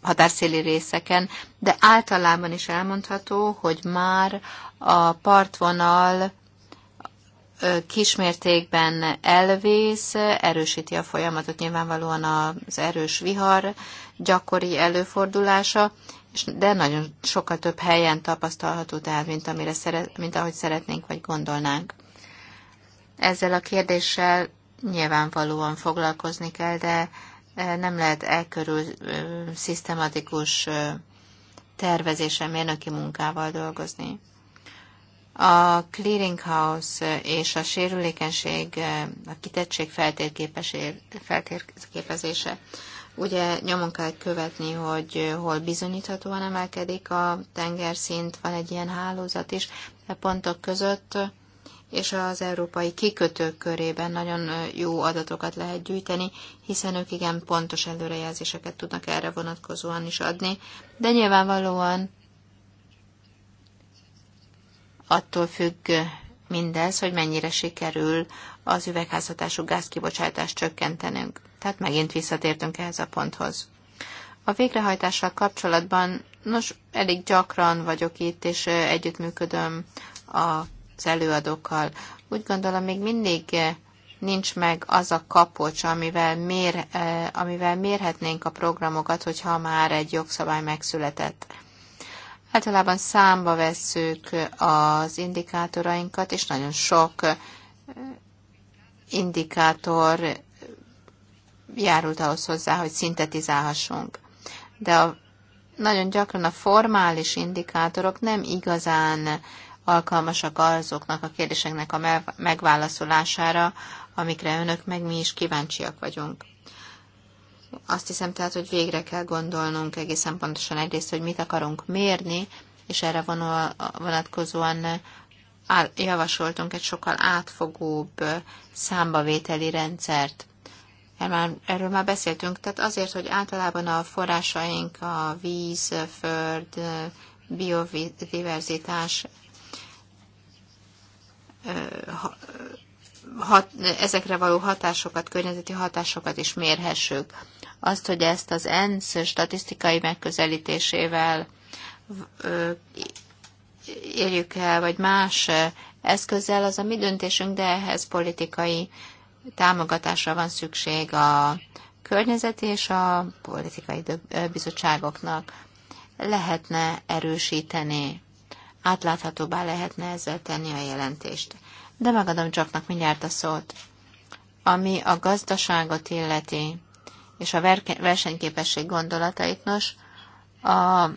határszéli részeken, de általában is elmondható, hogy már a partvonal kismértékben elvész, erősíti a folyamatot nyilvánvalóan az erős vihar gyakori előfordulása, de nagyon sokkal több helyen tapasztalható, tehát mint, amire szeret, mint ahogy szeretnénk vagy gondolnánk. Ezzel a kérdéssel nyilvánvalóan foglalkozni kell, de nem lehet elkörül szisztematikus tervezésen mérnöki munkával dolgozni. A clearinghouse eh, és a sérülékenység, eh, a kitettség feltérképezése. Ugye nyomon kell követni, hogy eh, hol bizonyíthatóan emelkedik a tengerszint, van egy ilyen hálózat is de pontok között, és az európai kikötők körében nagyon jó adatokat lehet gyűjteni, hiszen ők igen pontos előrejelzéseket tudnak erre vonatkozóan is adni, de nyilvánvalóan attól függ mindez, hogy mennyire sikerül az üvegházhatású gázkibocsátást csökkentenünk. Tehát megint visszatértünk ehhez a ponthoz. A végrehajtással kapcsolatban, nos, elég gyakran vagyok itt, és együttműködöm az előadókkal. Úgy gondolom, még mindig nincs meg az a kapocs, amivel, mér, amivel mérhetnénk a programokat, hogyha már egy jogszabály megszületett általában számba vesszük az indikátorainkat, és nagyon sok indikátor járult ahhoz hozzá, hogy szintetizálhassunk. De a, nagyon gyakran a formális indikátorok nem igazán alkalmasak azoknak a kérdéseknek a megválaszolására, amikre önök meg mi is kíváncsiak vagyunk. Azt hiszem tehát, hogy végre kell gondolnunk egészen pontosan egyrészt, hogy mit akarunk mérni, és erre vonatkozóan javasoltunk egy sokkal átfogóbb számbavételi rendszert. Erről már beszéltünk, tehát azért, hogy általában a forrásaink, a víz, föld, biodiverzitás hat, ezekre való hatásokat, környezeti hatásokat is mérhessük. Azt, hogy ezt az ENSZ statisztikai megközelítésével érjük el, vagy más eszközzel, az a mi döntésünk, de ehhez politikai támogatásra van szükség a környezeti és a politikai bizottságoknak. Lehetne erősíteni, átláthatóbbá lehetne ezzel tenni a jelentést de megadom csaknak mindjárt a szót. Ami a gazdaságot illeti, és a versenyképesség gondolatait, nos, a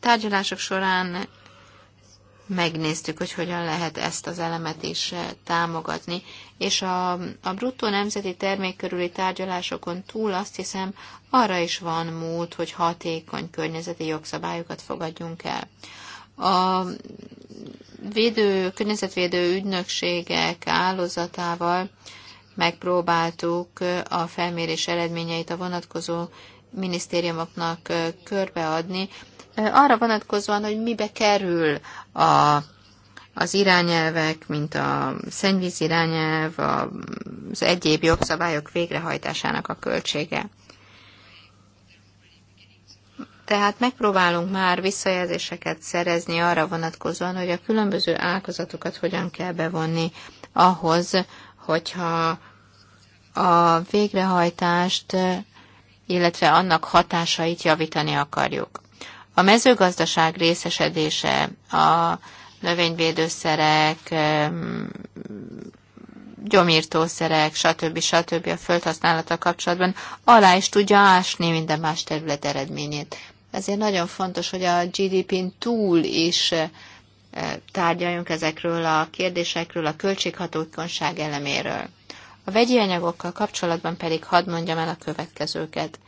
tárgyalások során megnéztük, hogy hogyan lehet ezt az elemet is eh, támogatni. És a, a bruttó nemzeti termék körüli tárgyalásokon túl azt hiszem, arra is van mód, hogy hatékony környezeti jogszabályokat fogadjunk el. A védő, környezetvédő ügynökségek állózatával megpróbáltuk a felmérés eredményeit a vonatkozó minisztériumoknak körbeadni, arra vonatkozóan, hogy mibe kerül a, az irányelvek, mint a szennyvíz irányelv, az egyéb jogszabályok végrehajtásának a költsége. Tehát megpróbálunk már visszajelzéseket szerezni arra vonatkozóan, hogy a különböző ágazatokat hogyan kell bevonni ahhoz, hogyha a végrehajtást, illetve annak hatásait javítani akarjuk. A mezőgazdaság részesedése, a növényvédőszerek, gyomírtószerek, stb. stb. a földhasználata kapcsolatban alá is tudja ásni minden más terület eredményét. Ezért nagyon fontos, hogy a GDP-n túl is eh, tárgyaljunk ezekről a kérdésekről, a költséghatókonyság eleméről. A vegyi anyagokkal kapcsolatban pedig hadd mondjam el a következőket.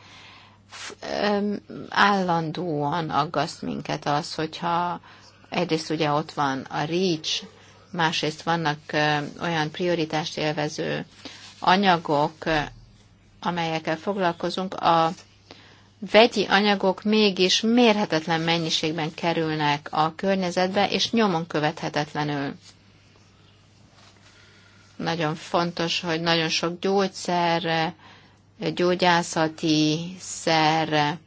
Állandóan aggaszt minket az, hogyha egyrészt ugye ott van a REACH, másrészt vannak eh, olyan prioritást élvező anyagok, eh, amelyekkel foglalkozunk, a vegyi anyagok mégis mérhetetlen mennyiségben kerülnek a környezetbe, és nyomon követhetetlenül. Nagyon fontos, hogy nagyon sok gyógyszer, gyógyászati szer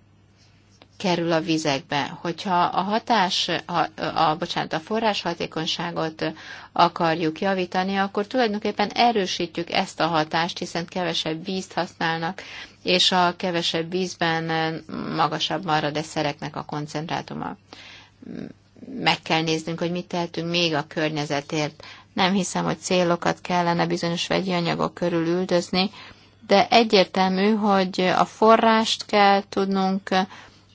kerül a vizekbe. Hogyha a hatás, a, a, bocsánat, a forrás hatékonyságot akarjuk javítani, akkor tulajdonképpen erősítjük ezt a hatást, hiszen kevesebb vízt használnak, és a kevesebb vízben magasabb marad, szereknek a koncentrátuma. Meg kell néznünk, hogy mit tehetünk még a környezetért. Nem hiszem, hogy célokat kellene bizonyos vegyi anyagok körül üldözni, de egyértelmű, hogy a forrást kell tudnunk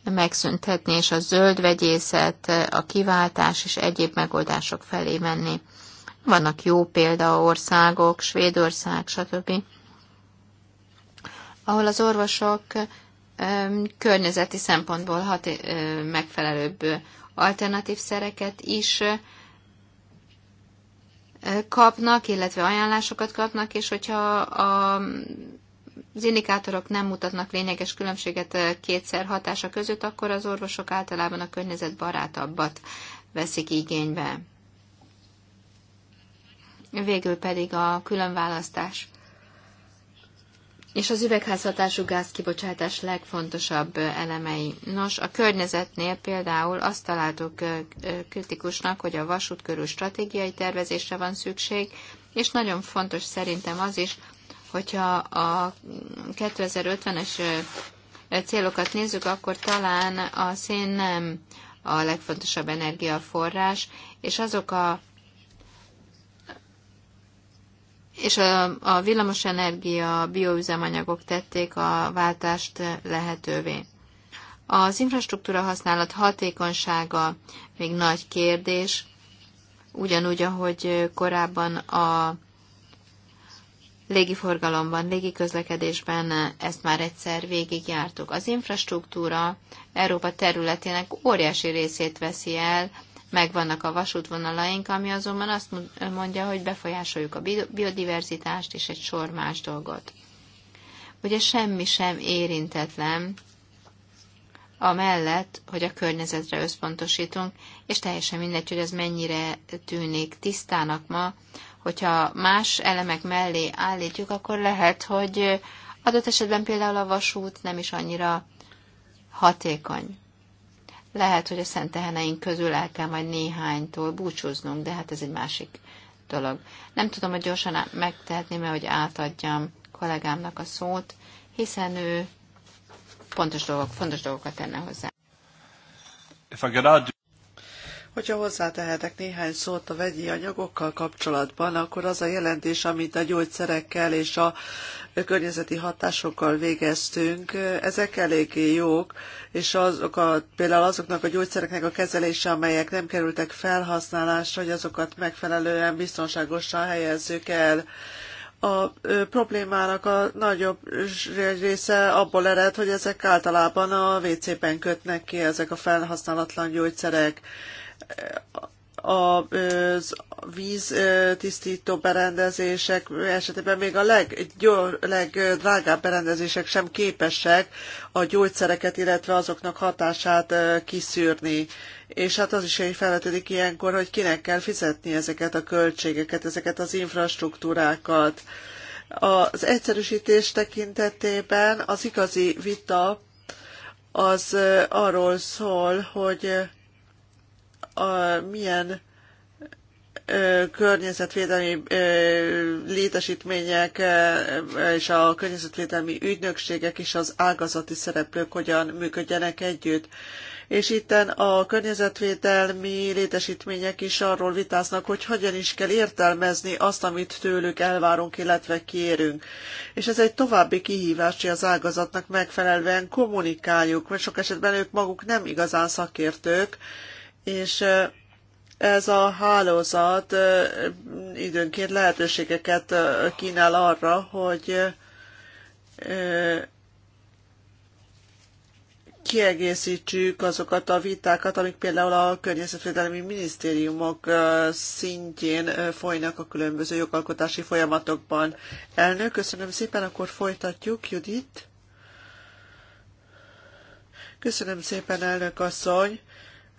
megszüntetni, és a zöld vegyészet, a kiváltás és egyéb megoldások felé menni. Vannak jó példa országok, Svédország, stb ahol az orvosok környezeti szempontból hat, megfelelőbb alternatív szereket is kapnak, illetve ajánlásokat kapnak, és hogyha a, az indikátorok nem mutatnak lényeges különbséget eh, kétszer hatása között, akkor az orvosok általában a környezetbarátabbat veszik igénybe. Végül pedig a különválasztás és az üvegházhatású gázkibocsátás legfontosabb elemei. Nos, a környezetnél például azt találtuk kritikusnak, hogy a vasút körül stratégiai tervezésre van szükség, és nagyon fontos szerintem az is, hogyha a 2050-es célokat nézzük, akkor talán a szén nem a legfontosabb energiaforrás, és azok a és a, a villamosenergia, bioüzemanyagok tették a váltást lehetővé. Az infrastruktúra használat hatékonysága még nagy kérdés, ugyanúgy, ahogy korábban a légiforgalomban, légiközlekedésben ezt már egyszer végigjártuk. Az infrastruktúra Európa területének óriási részét veszi el, megvannak a vasútvonalaink, ami azonban azt mondja, hogy befolyásoljuk a biodiverzitást és egy sor más dolgot. Ugye semmi sem érintetlen, amellett, hogy a környezetre összpontosítunk, és teljesen mindegy, hogy ez mennyire tűnik tisztának ma, hogyha más elemek mellé állítjuk, akkor lehet, hogy adott esetben például a vasút nem is annyira hatékony. Lehet, hogy a szent teheneink közül el kell majd néhánytól búcsúznunk, de hát ez egy másik dolog. Nem tudom, hogy gyorsan megtehetném -e, hogy átadjam kollégámnak a szót, hiszen ő pontos dolgok, fontos dolgokat tenne hozzá. Hogyha hozzátehetek néhány szót a vegyi anyagokkal kapcsolatban, akkor az a jelentés, amit a gyógyszerekkel és a környezeti hatásokkal végeztünk, ezek eléggé jók, és azok a, például azoknak a gyógyszereknek a kezelése, amelyek nem kerültek felhasználásra, hogy azokat megfelelően biztonságosan helyezzük el a problémának a nagyobb része abból ered, hogy ezek általában a WC-ben kötnek ki ezek a felhasználatlan gyógyszerek az víztisztító berendezések esetében még a leggyor, legdrágább berendezések sem képesek a gyógyszereket, illetve azoknak hatását kiszűrni. És hát az is egy felvetődik ilyenkor, hogy kinek kell fizetni ezeket a költségeket, ezeket az infrastruktúrákat. Az egyszerűsítés tekintetében az igazi vita az arról szól, hogy a, milyen ö, környezetvédelmi ö, létesítmények ö, és a környezetvédelmi ügynökségek és az ágazati szereplők hogyan működjenek együtt. És itten a környezetvédelmi létesítmények is arról vitáznak, hogy hogyan is kell értelmezni azt, amit tőlük elvárunk, illetve kérünk. És ez egy további kihívás, hogy az ágazatnak megfelelően kommunikáljuk, mert sok esetben ők maguk nem igazán szakértők, és ez a hálózat időnként lehetőségeket kínál arra, hogy kiegészítsük azokat a vitákat, amik például a környezetvédelmi minisztériumok szintjén folynak a különböző jogalkotási folyamatokban. Elnök, köszönöm szépen, akkor folytatjuk, Judit. Köszönöm szépen, elnök asszony.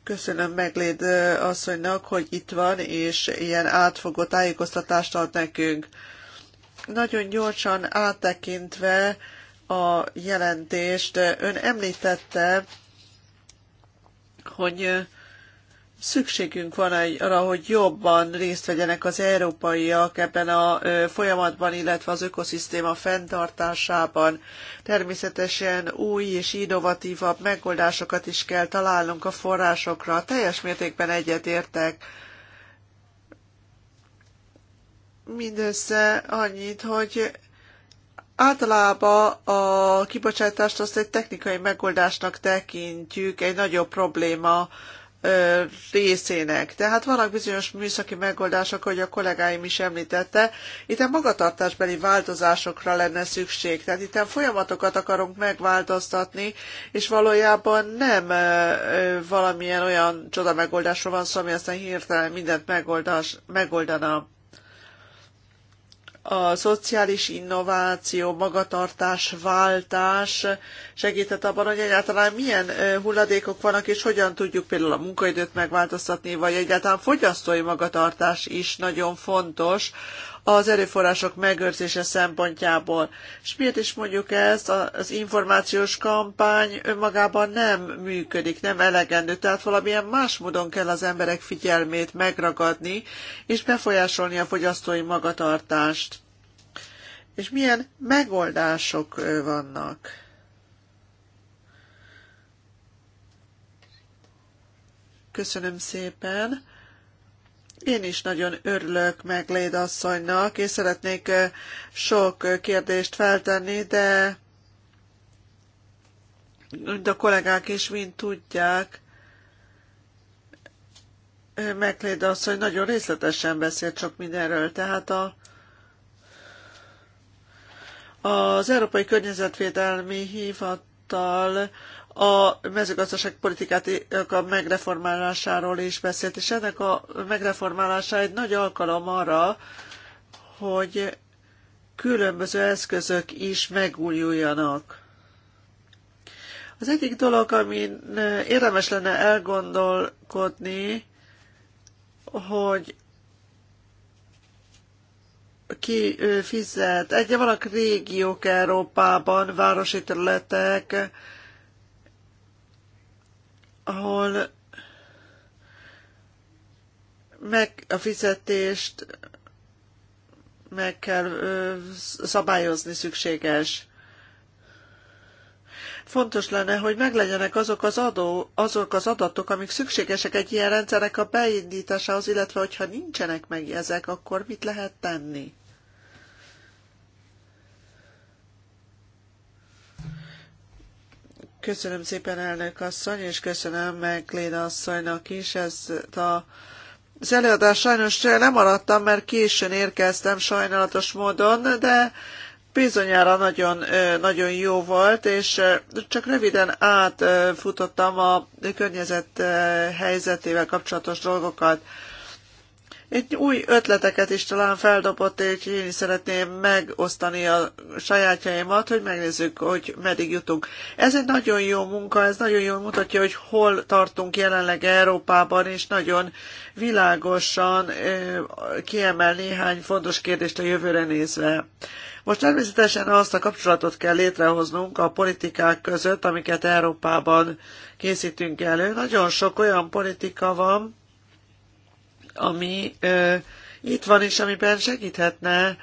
Köszönöm Megléd asszonynak, hogy itt van, és ilyen átfogó tájékoztatást ad nekünk. Nagyon gyorsan áttekintve a jelentést, ön említette, hogy Szükségünk van arra, hogy jobban részt vegyenek az európaiak ebben a folyamatban, illetve az ökoszisztéma fenntartásában. Természetesen új és innovatívabb megoldásokat is kell találnunk a forrásokra. Teljes mértékben egyetértek mindössze annyit, hogy általában a kibocsátást azt egy technikai megoldásnak tekintjük, egy nagyobb probléma részének. Tehát vannak bizonyos műszaki megoldások, hogy a kollégáim is említette, itt a magatartásbeli változásokra lenne szükség. Tehát itt folyamatokat akarunk megváltoztatni, és valójában nem valamilyen olyan csoda megoldásról van szó, ami aztán hirtelen mindent megoldás, megoldana a szociális innováció, magatartás, váltás segített abban, hogy egyáltalán milyen hulladékok vannak, és hogyan tudjuk például a munkaidőt megváltoztatni, vagy egyáltalán fogyasztói magatartás is nagyon fontos az erőforrások megőrzése szempontjából. És miért is mondjuk ezt? Az információs kampány önmagában nem működik, nem elegendő, tehát valamilyen más módon kell az emberek figyelmét megragadni, és befolyásolni a fogyasztói magatartást. És milyen megoldások vannak? Köszönöm szépen. Én is nagyon örülök meg Léd asszonynak, és szeretnék eh, sok kérdést feltenni, de a kollégák is mind tudják, eh, Megléd asszony nagyon részletesen beszélt sok mindenről, tehát a, az Európai Környezetvédelmi Hivatal Fiatal a mezőgazdaság politikát eh, a megreformálásáról is beszélt, és ennek a megreformálása egy nagy alkalom arra, hogy különböző eszközök is megújuljanak. Az egyik dolog, amin eh, érdemes lenne elgondolkodni, hogy ki fizet. Egy vannak régiók Európában, városi területek, ahol meg a fizetést meg kell szabályozni szükséges fontos lenne, hogy meglegyenek azok az, adó, azok az adatok, amik szükségesek egy ilyen rendszernek a beindításához, illetve hogyha nincsenek meg ezek, akkor mit lehet tenni? Köszönöm szépen elnök asszony, és köszönöm meg Léna asszonynak is ez a az előadás sajnos nem maradtam, mert későn érkeztem sajnálatos módon, de bizonyára nagyon, nagyon jó volt, és csak röviden átfutottam a környezet helyzetével kapcsolatos dolgokat. Egy új ötleteket is talán feldobott, és én is szeretném megosztani a sajátjaimat, hogy megnézzük, hogy meddig jutunk. Ez egy nagyon jó munka, ez nagyon jól mutatja, hogy hol tartunk jelenleg Európában, és nagyon világosan kiemel néhány fontos kérdést a jövőre nézve. Most természetesen azt a kapcsolatot kell létrehoznunk a politikák között, amiket Európában készítünk elő. Nagyon sok olyan politika van, ami ö, itt van és amiben segíthetne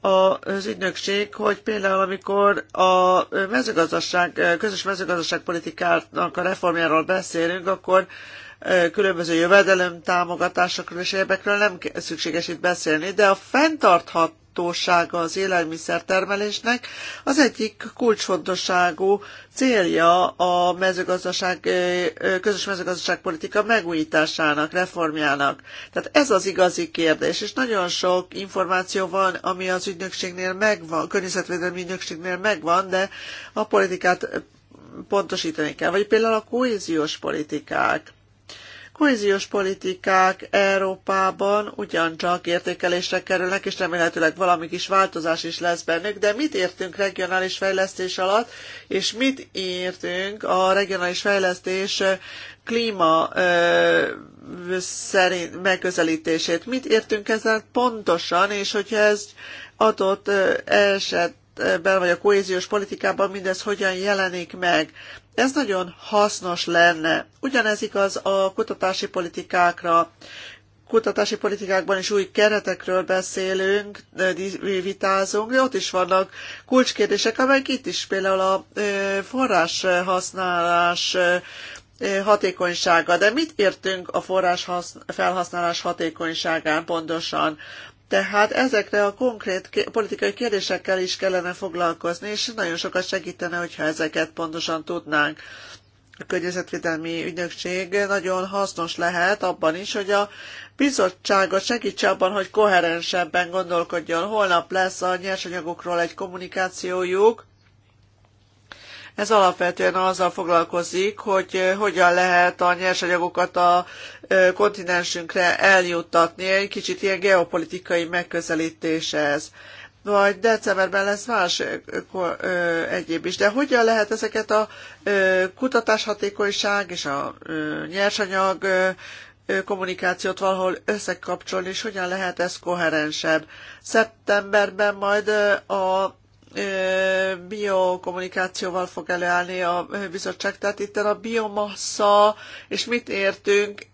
az ügynökség, hogy például amikor a mezőgazdaság, közös mezőgazdaságpolitikának a reformjáról beszélünk, akkor különböző jövedelem támogatásokról és érdekről nem szükséges itt beszélni, de a fenntarthat fenntarthatósága az élelmiszertermelésnek az egyik kulcsfontosságú célja a mezőgazdaság, közös mezőgazdaságpolitika megújításának, reformjának. Tehát ez az igazi kérdés, és nagyon sok információ van, ami az ügynökségnél megvan, a környezetvédelmi ügynökségnél megvan, de a politikát pontosítani kell. Vagy például a kohéziós politikák kohéziós politikák Európában ugyancsak értékelésre kerülnek, és remélhetőleg valami kis változás is lesz bennük, de mit értünk regionális fejlesztés alatt, és mit értünk a regionális fejlesztés klíma ö, szerint megközelítését. Mit értünk ezzel pontosan, és hogyha ez adott esetben vagy a kohéziós politikában mindez hogyan jelenik meg. Ez nagyon hasznos lenne. Ugyanez igaz a kutatási politikákra kutatási politikákban is új keretekről beszélünk, vitázunk, de ott is vannak kulcskérdések, amelyek itt is például a forráshasználás hatékonysága. De mit értünk a forrás felhasználás hatékonyságán pontosan? Tehát ezekre a konkrét politikai kérdésekkel is kellene foglalkozni, és nagyon sokat segítene, hogyha ezeket pontosan tudnánk. A környezetvédelmi ügynökség nagyon hasznos lehet abban is, hogy a bizottságot segítse abban, hogy koherensebben gondolkodjon. Holnap lesz a nyersanyagokról egy kommunikációjuk, ez alapvetően azzal foglalkozik, hogy eh, hogyan lehet a nyersanyagokat a eh, kontinensünkre eljuttatni. Egy kicsit ilyen geopolitikai megközelítés ez vagy decemberben lesz más eh, egyéb is. De hogyan lehet ezeket a kutatáshatékonyság és a nyersanyag kommunikációt valahol összekapcsolni, és hogyan lehet ez koherensebb. Szeptemberben majd a biokommunikációval fog előállni a bizottság. Tehát itt a biomassa, és mit értünk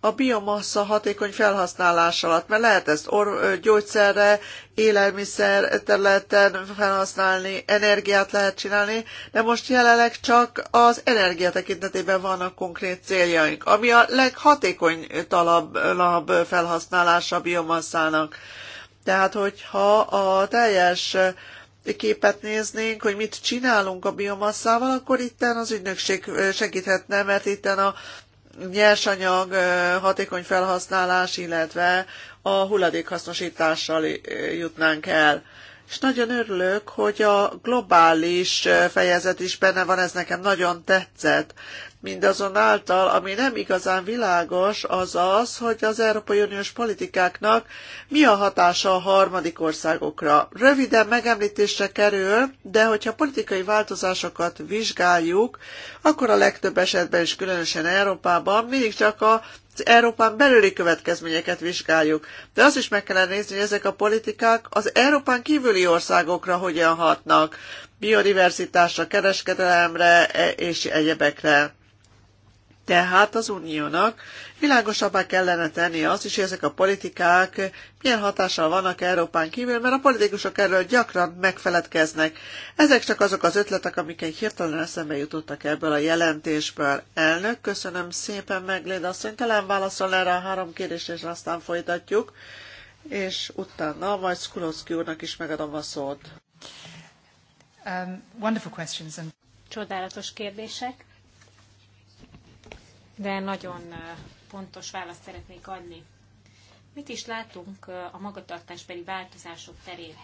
a biomassa hatékony felhasználás alatt, mert lehet ezt or- gyógyszerre, élelmiszer területen felhasználni, energiát lehet csinálni, de most jelenleg csak az energia tekintetében vannak konkrét céljaink, ami a leghatékonytalabb felhasználása a biomasszának. Tehát, hogyha a teljes képet néznénk, hogy mit csinálunk a biomasszával, akkor itten az ügynökség segíthetne, mert itten a nyersanyag hatékony felhasználás, illetve a hulladékhasznosítással jutnánk el. És nagyon örülök, hogy a globális fejezet is benne van, ez nekem nagyon tetszett. Mindazonáltal, ami nem igazán világos, az az, hogy az Európai Uniós politikáknak mi a hatása a harmadik országokra. Röviden megemlítésre kerül, de hogyha politikai változásokat vizsgáljuk, akkor a legtöbb esetben is, különösen Európában, mindig csak a az Európán belüli következményeket vizsgáljuk. De azt is meg kellene nézni, hogy ezek a politikák az Európán kívüli országokra hogyan hatnak. Biodiverzitásra, kereskedelemre e- és egyebekre. Tehát az uniónak világosabbá kellene tenni azt is, hogy ezek a politikák milyen hatással vannak Európán kívül, mert a politikusok erről gyakran megfeledkeznek. Ezek csak azok az ötletek, amik egy hirtelen eszembe jutottak ebből a jelentésből. Elnök, köszönöm szépen, Megléd asszony, talán válaszol erre a három kérdésre, és aztán folytatjuk, és utána majd Skulowski úrnak is megadom a szót. Um, wonderful questions and... Csodálatos kérdések de nagyon pontos választ szeretnék adni. Mit is látunk a magatartásbeli változások terén?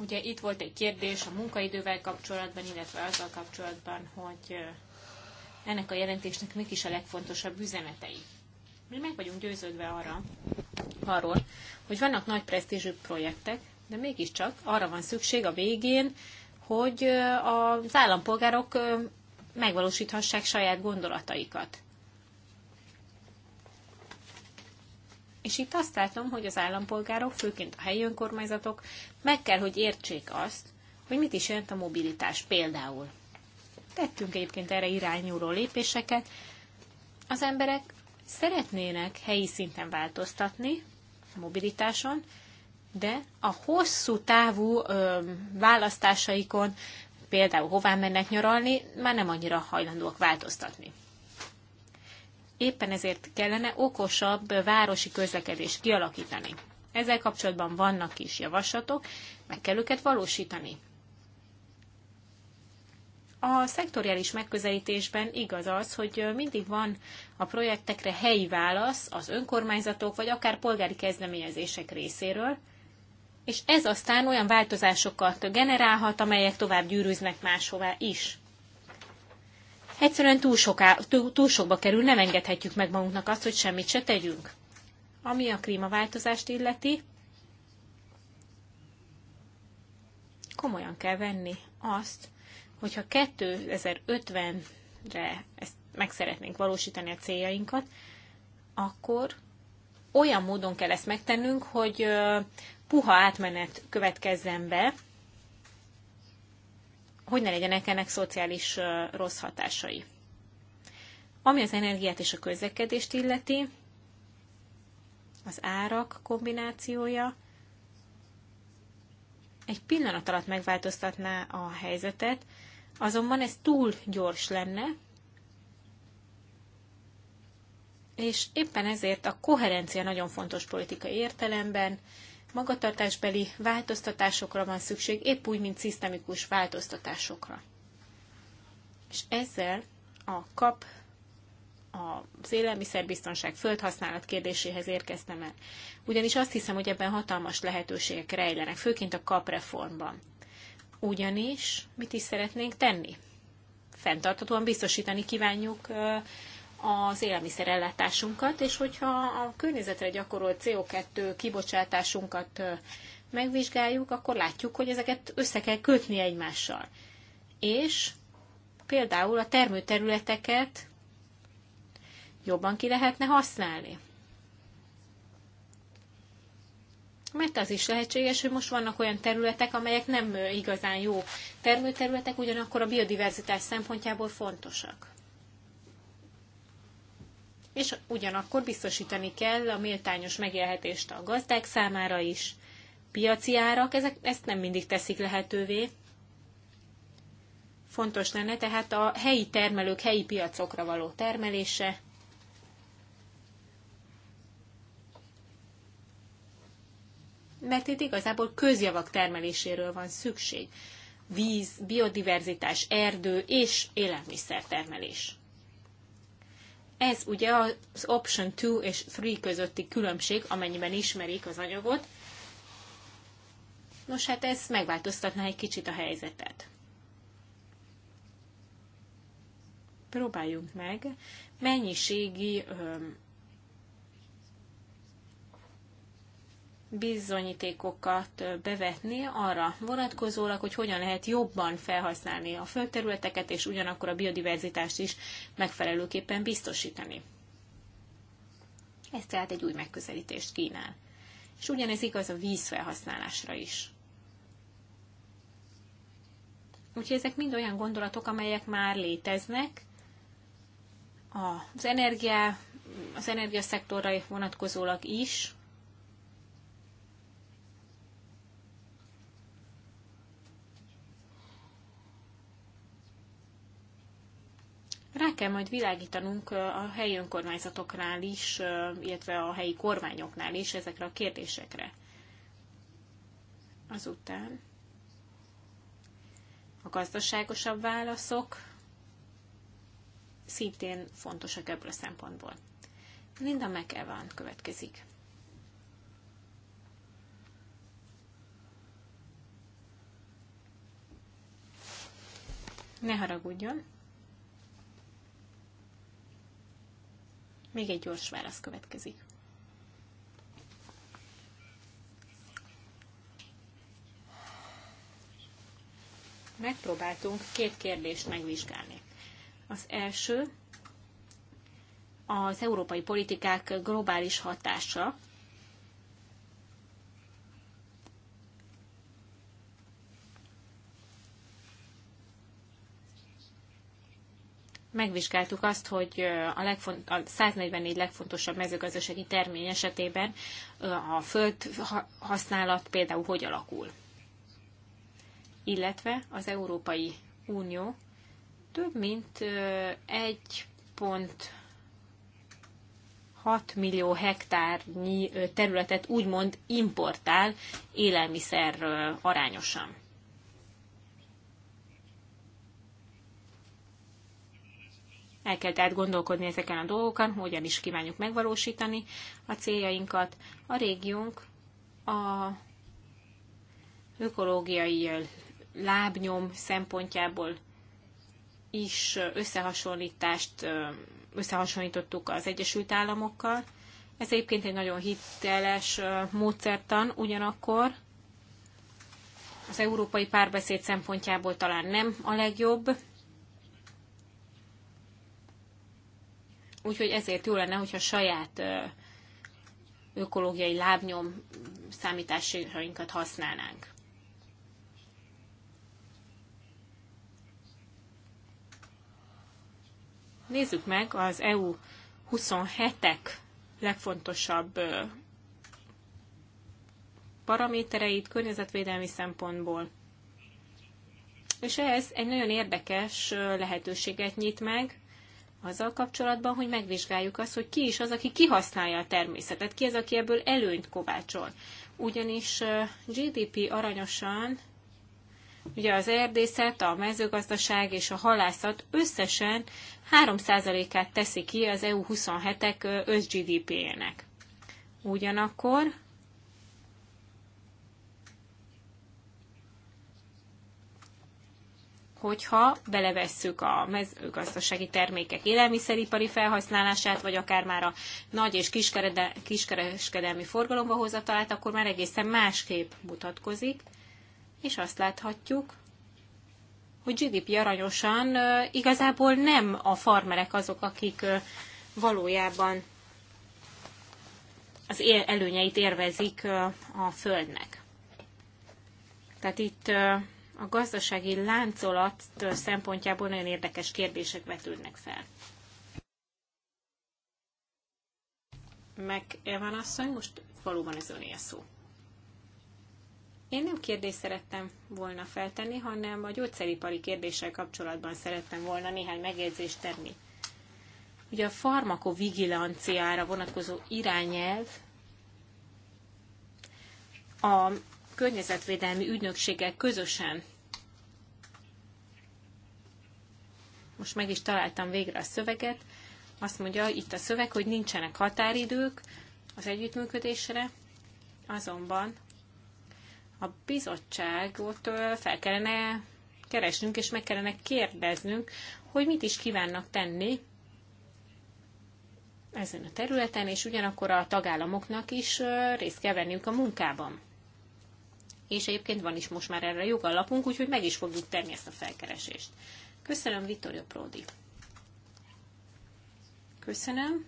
Ugye itt volt egy kérdés a munkaidővel kapcsolatban, illetve azzal kapcsolatban, hogy ennek a jelentésnek mik is a legfontosabb üzenetei. Mi meg vagyunk győződve arra, arról, hogy vannak nagy presztízsű projektek, de mégiscsak arra van szükség a végén, hogy az állampolgárok megvalósíthassák saját gondolataikat. És itt azt látom, hogy az állampolgárok, főként a helyi önkormányzatok meg kell, hogy értsék azt, hogy mit is jelent a mobilitás például. Tettünk egyébként erre irányuló lépéseket. Az emberek szeretnének helyi szinten változtatni a mobilitáson, de a hosszú távú ö, választásaikon például hová mennek nyaralni, már nem annyira hajlandóak változtatni. Éppen ezért kellene okosabb városi közlekedést kialakítani. Ezzel kapcsolatban vannak is javaslatok, meg kell őket valósítani. A szektoriális megközelítésben igaz az, hogy mindig van a projektekre helyi válasz az önkormányzatok vagy akár polgári kezdeményezések részéről, és ez aztán olyan változásokat generálhat, amelyek tovább gyűrűznek máshová is. Egyszerűen túl, soká, túl, túl sokba kerül, nem engedhetjük meg magunknak azt, hogy semmit se tegyünk. Ami a klímaváltozást illeti, komolyan kell venni azt, hogyha 2050-re ezt meg szeretnénk valósítani a céljainkat, akkor olyan módon kell ezt megtennünk, hogy puha átmenet következzen be, hogy ne legyenek ennek szociális rossz hatásai. Ami az energiát és a közlekedést illeti, az árak kombinációja egy pillanat alatt megváltoztatná a helyzetet, azonban ez túl gyors lenne, és éppen ezért a koherencia nagyon fontos politikai értelemben, magatartásbeli változtatásokra van szükség, épp úgy, mint szisztemikus változtatásokra. És ezzel a kap az élelmiszerbiztonság földhasználat kérdéséhez érkeztem el. Ugyanis azt hiszem, hogy ebben hatalmas lehetőségek rejlenek, főként a kapreformban. Ugyanis mit is szeretnénk tenni? Fentartatóan biztosítani kívánjuk az élelmiszerellátásunkat, és hogyha a környezetre gyakorolt CO2 kibocsátásunkat megvizsgáljuk, akkor látjuk, hogy ezeket össze kell kötni egymással. És például a termőterületeket jobban ki lehetne használni. Mert az is lehetséges, hogy most vannak olyan területek, amelyek nem igazán jó termőterületek, ugyanakkor a biodiverzitás szempontjából fontosak és ugyanakkor biztosítani kell a méltányos megélhetést a gazdák számára is. Piaci árak ezek, ezt nem mindig teszik lehetővé. Fontos lenne tehát a helyi termelők helyi piacokra való termelése. Mert itt igazából közjavak termeléséről van szükség. Víz, biodiverzitás, erdő és élelmiszertermelés. Ez ugye az option 2 és 3 közötti különbség, amennyiben ismerik az anyagot. Nos, hát ez megváltoztatná egy kicsit a helyzetet. Próbáljunk meg mennyiségi öm, bizonyítékokat bevetni arra vonatkozólag, hogy hogyan lehet jobban felhasználni a földterületeket, és ugyanakkor a biodiverzitást is megfelelőképpen biztosítani. Ez tehát egy új megközelítést kínál. És ugyanez igaz a vízfelhasználásra is. Úgyhogy ezek mind olyan gondolatok, amelyek már léteznek az energia, az energiaszektorra vonatkozólag is, Rá kell majd világítanunk a helyi önkormányzatoknál is, illetve a helyi kormányoknál is ezekre a kérdésekre. Azután a gazdaságosabb válaszok szintén fontosak ebből a szempontból. Linda McEwan következik. Ne haragudjon! Még egy gyors válasz következik. Megpróbáltunk két kérdést megvizsgálni. Az első az európai politikák globális hatása megvizsgáltuk azt, hogy a, legfont, a 144 legfontosabb mezőgazdasági termény esetében a föld használat például hogy alakul. Illetve az Európai Unió több mint 1,6 millió hektárnyi területet úgymond importál élelmiszer arányosan. El kell tehát gondolkodni ezeken a dolgokon, hogyan is kívánjuk megvalósítani a céljainkat. A régiónk a ökológiai lábnyom szempontjából is összehasonlítást összehasonlítottuk az Egyesült Államokkal. Ez egyébként egy nagyon hiteles módszertan, ugyanakkor az európai párbeszéd szempontjából talán nem a legjobb, Úgyhogy ezért jó lenne, hogyha saját ökológiai lábnyom számításainkat használnánk. Nézzük meg az EU 27-ek legfontosabb paramétereit környezetvédelmi szempontból. És ez egy nagyon érdekes lehetőséget nyit meg, azzal kapcsolatban, hogy megvizsgáljuk azt, hogy ki is az, aki kihasználja a természetet, ki az, aki ebből előnyt kovácsol. Ugyanis GDP aranyosan Ugye az erdészet, a mezőgazdaság és a halászat összesen 3%-át teszi ki az EU 27-ek össz GDP-jének. Ugyanakkor hogyha belevesszük a mezőgazdasági termékek élelmiszeripari felhasználását, vagy akár már a nagy és kiskereskedelmi forgalomba hozatalát, akkor már egészen másképp mutatkozik, és azt láthatjuk, hogy GDP aranyosan igazából nem a farmerek azok, akik valójában az előnyeit érvezik a földnek. Tehát itt a gazdasági láncolat szempontjából nagyon érdekes kérdések vetődnek fel. Meg a asszony, most valóban ez öné a szó. Én nem kérdést szerettem volna feltenni, hanem a gyógyszeripari kérdéssel kapcsolatban szerettem volna néhány megjegyzést tenni. Ugye a farmakovigilanciára vonatkozó irányelv a környezetvédelmi ügynökséggel közösen. Most meg is találtam végre a szöveget. Azt mondja itt a szöveg, hogy nincsenek határidők az együttműködésre, azonban a bizottságot fel kellene keresnünk, és meg kellene kérdeznünk, hogy mit is kívánnak tenni ezen a területen, és ugyanakkor a tagállamoknak is részt kell venniük a munkában és egyébként van is most már erre jogalapunk, úgyhogy meg is fogjuk tenni ezt a felkeresést. Köszönöm, Vittorio Prodi. Köszönöm.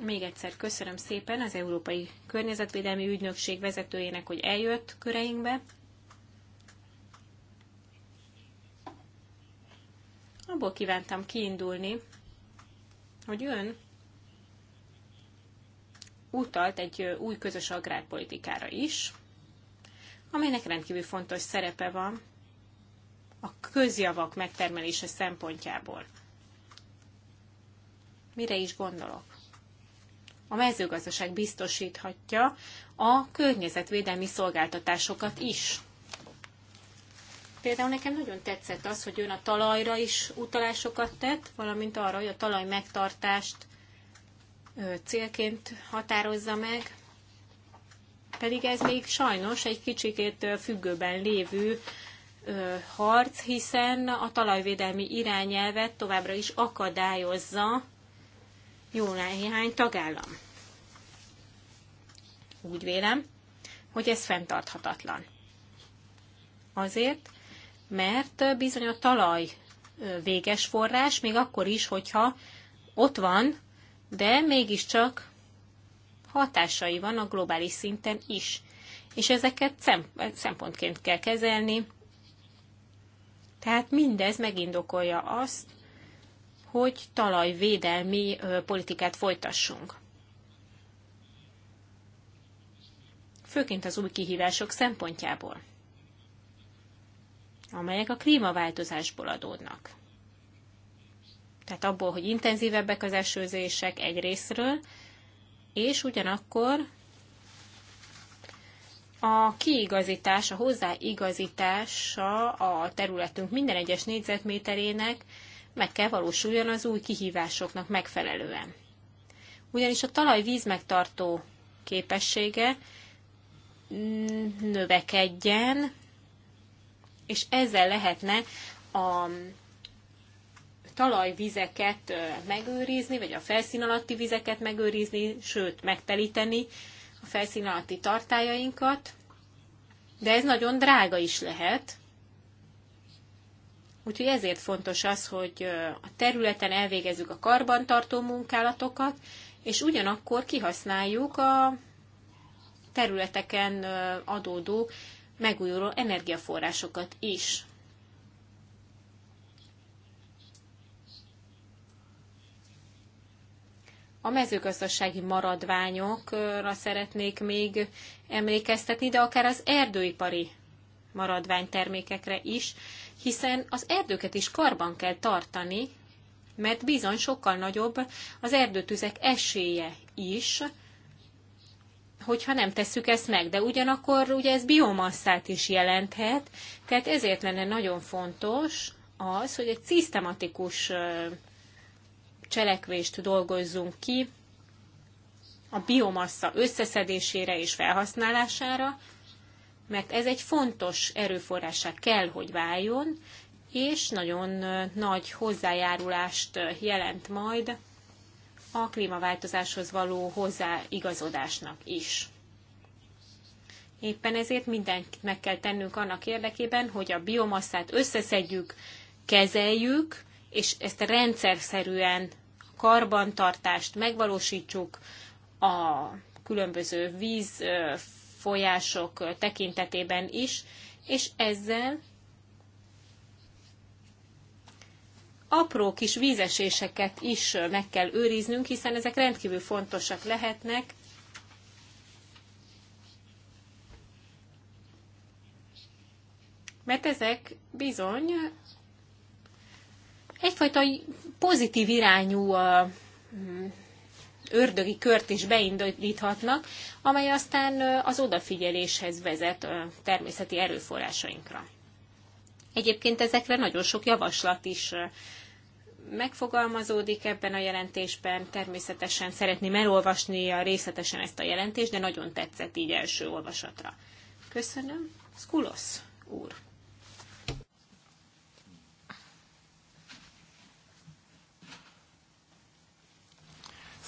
Még egyszer köszönöm szépen az Európai Környezetvédelmi Ügynökség vezetőjének, hogy eljött köreinkbe. Abból kívántam kiindulni, hogy ön utalt egy új közös agrárpolitikára is, amelynek rendkívül fontos szerepe van a közjavak megtermelése szempontjából. Mire is gondolok? A mezőgazdaság biztosíthatja a környezetvédelmi szolgáltatásokat is. Például nekem nagyon tetszett az, hogy ön a talajra is utalásokat tett, valamint arra, hogy a talaj megtartást célként határozza meg, pedig ez még sajnos egy kicsikét függőben lévő harc, hiszen a talajvédelmi irányelvet továbbra is akadályozza jó néhány tagállam. Úgy vélem, hogy ez fenntarthatatlan. Azért, mert bizony a talaj véges forrás, még akkor is, hogyha ott van de mégiscsak hatásai van a globális szinten is. És ezeket szempontként kell kezelni. Tehát mindez megindokolja azt, hogy talajvédelmi politikát folytassunk. Főként az új kihívások szempontjából, amelyek a klímaváltozásból adódnak tehát abból, hogy intenzívebbek az esőzések egy részről, és ugyanakkor a kiigazítás, a hozzáigazítása a területünk minden egyes négyzetméterének meg kell valósuljon az új kihívásoknak megfelelően. Ugyanis a talaj vízmegtartó képessége növekedjen, és ezzel lehetne a talajvizeket megőrizni, vagy a felszín alatti vizeket megőrizni, sőt, megtelíteni a felszín alatti tartájainkat, de ez nagyon drága is lehet. Úgyhogy ezért fontos az, hogy a területen elvégezzük a karbantartó munkálatokat, és ugyanakkor kihasználjuk a területeken adódó megújuló energiaforrásokat is. A mezőgazdasági maradványokra szeretnék még emlékeztetni, de akár az erdőipari maradványtermékekre is, hiszen az erdőket is karban kell tartani, mert bizony sokkal nagyobb az erdőtüzek esélye is, hogyha nem tesszük ezt meg. De ugyanakkor ugye ez biomasszát is jelenthet, tehát ezért lenne nagyon fontos az, hogy egy szisztematikus cselekvést dolgozzunk ki a biomassa összeszedésére és felhasználására, mert ez egy fontos erőforrásá kell, hogy váljon, és nagyon nagy hozzájárulást jelent majd a klímaváltozáshoz való hozzáigazodásnak is. Éppen ezért mindent meg kell tennünk annak érdekében, hogy a biomasszát összeszedjük, kezeljük, és ezt rendszerszerűen karbantartást megvalósítsuk a különböző vízfolyások tekintetében is, és ezzel apró kis vízeséseket is meg kell őriznünk, hiszen ezek rendkívül fontosak lehetnek. Mert ezek bizony egyfajta pozitív irányú ördögi kört is beindíthatnak, amely aztán az odafigyeléshez vezet természeti erőforrásainkra. Egyébként ezekre nagyon sok javaslat is megfogalmazódik ebben a jelentésben. Természetesen szeretném elolvasni a részletesen ezt a jelentést, de nagyon tetszett így első olvasatra. Köszönöm. Skulosz úr.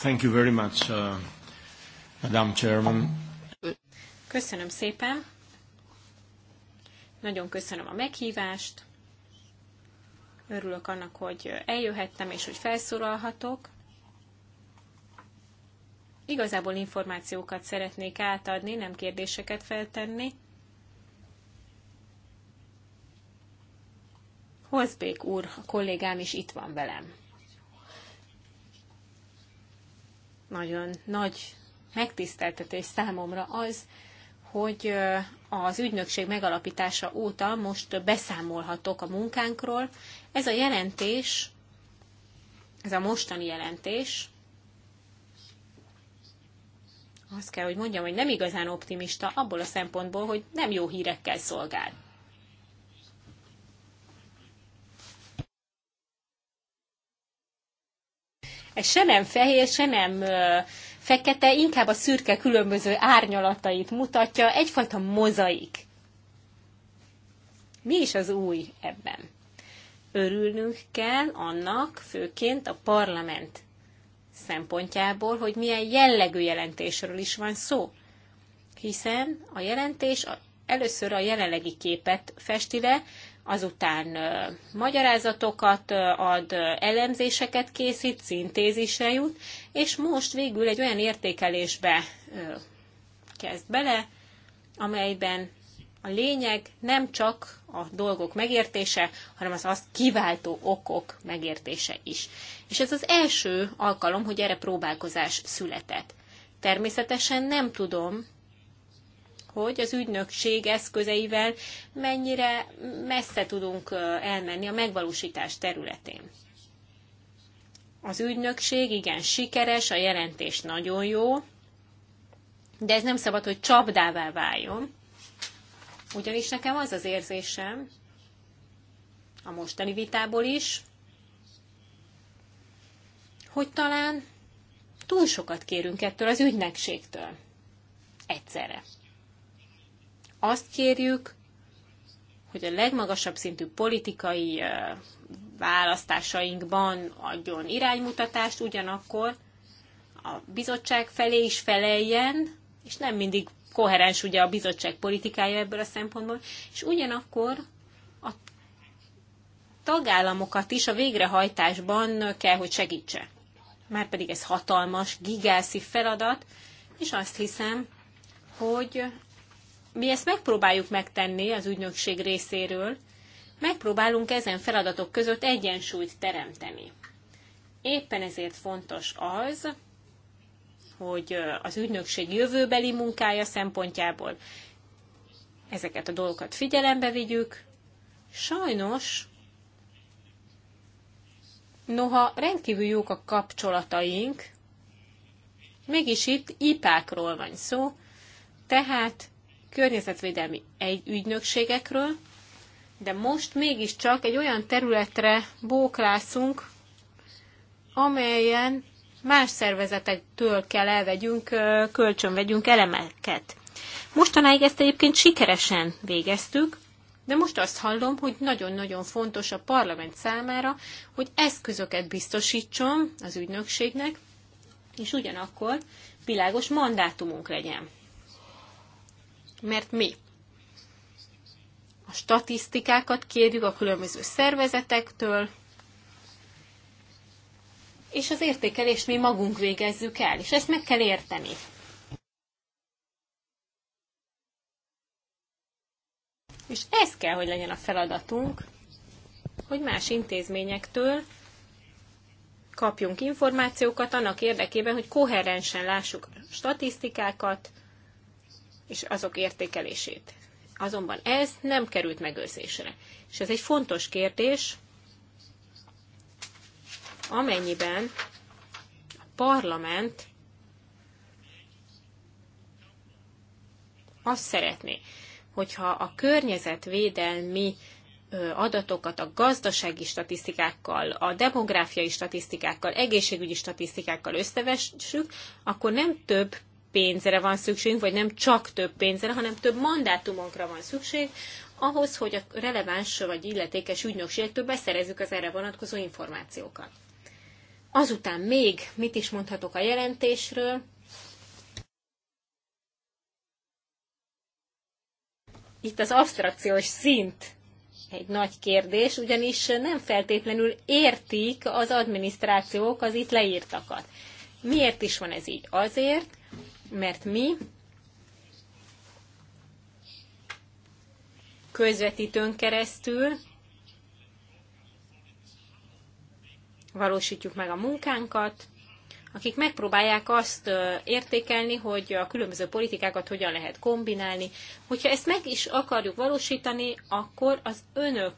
Thank you very much, uh, Madam Chairman. Köszönöm szépen. Nagyon köszönöm a meghívást. Örülök annak, hogy eljöhettem és hogy felszólalhatok. Igazából információkat szeretnék átadni, nem kérdéseket feltenni. Hozbék úr, a kollégám is itt van velem. nagyon nagy megtiszteltetés számomra az, hogy az ügynökség megalapítása óta most beszámolhatok a munkánkról. Ez a jelentés, ez a mostani jelentés, azt kell, hogy mondjam, hogy nem igazán optimista abból a szempontból, hogy nem jó hírekkel szolgál. Ez se nem fehér, se nem fekete, inkább a szürke különböző árnyalatait mutatja, egyfajta mozaik. Mi is az új ebben? Örülnünk kell annak, főként a parlament szempontjából, hogy milyen jellegű jelentésről is van szó. Hiszen a jelentés először a jelenlegi képet festi le, azután magyarázatokat ad, elemzéseket készít, szintézisre jut, és most végül egy olyan értékelésbe kezd bele, amelyben a lényeg nem csak a dolgok megértése, hanem az azt kiváltó okok megértése is. És ez az első alkalom, hogy erre próbálkozás született. Természetesen nem tudom hogy az ügynökség eszközeivel mennyire messze tudunk elmenni a megvalósítás területén. Az ügynökség igen sikeres, a jelentés nagyon jó, de ez nem szabad, hogy csapdává váljon, ugyanis nekem az az érzésem, a mostani vitából is, hogy talán túl sokat kérünk ettől az ügynökségtől. Egyszerre azt kérjük, hogy a legmagasabb szintű politikai választásainkban adjon iránymutatást, ugyanakkor a bizottság felé is feleljen, és nem mindig koherens ugye a bizottság politikája ebből a szempontból, és ugyanakkor a tagállamokat is a végrehajtásban kell, hogy segítse. Márpedig ez hatalmas, gigászi feladat, és azt hiszem, hogy mi ezt megpróbáljuk megtenni az ügynökség részéről, megpróbálunk ezen feladatok között egyensúlyt teremteni. Éppen ezért fontos az, hogy az ügynökség jövőbeli munkája szempontjából ezeket a dolgokat figyelembe vigyük. Sajnos, noha rendkívül jók a kapcsolataink, mégis itt ipákról van szó, tehát környezetvédelmi ügynökségekről, de most mégiscsak egy olyan területre bóklászunk, amelyen más szervezetektől kell elvegyünk, kölcsönvegyünk elemeket. Mostanáig ezt egyébként sikeresen végeztük, de most azt hallom, hogy nagyon-nagyon fontos a parlament számára, hogy eszközöket biztosítson az ügynökségnek, és ugyanakkor világos mandátumunk legyen mert mi a statisztikákat kérjük a különböző szervezetektől, és az értékelést mi magunk végezzük el, és ezt meg kell érteni. És ez kell, hogy legyen a feladatunk, hogy más intézményektől kapjunk információkat annak érdekében, hogy koherensen lássuk a statisztikákat, és azok értékelését. Azonban ez nem került megőrzésre. És ez egy fontos kérdés, amennyiben a parlament azt szeretné, hogyha a környezetvédelmi adatokat a gazdasági statisztikákkal, a demográfiai statisztikákkal, egészségügyi statisztikákkal összevessük, akkor nem több pénzre van szükségünk, vagy nem csak több pénzre, hanem több mandátumokra van szükség, ahhoz, hogy a releváns vagy illetékes ügynökségtől beszerezzük az erre vonatkozó információkat. Azután még mit is mondhatok a jelentésről? Itt az absztrakciós szint egy nagy kérdés, ugyanis nem feltétlenül értik az adminisztrációk az itt leírtakat. Miért is van ez így? Azért, mert mi közvetítőn keresztül valósítjuk meg a munkánkat, akik megpróbálják azt értékelni, hogy a különböző politikákat hogyan lehet kombinálni. Hogyha ezt meg is akarjuk valósítani, akkor az önök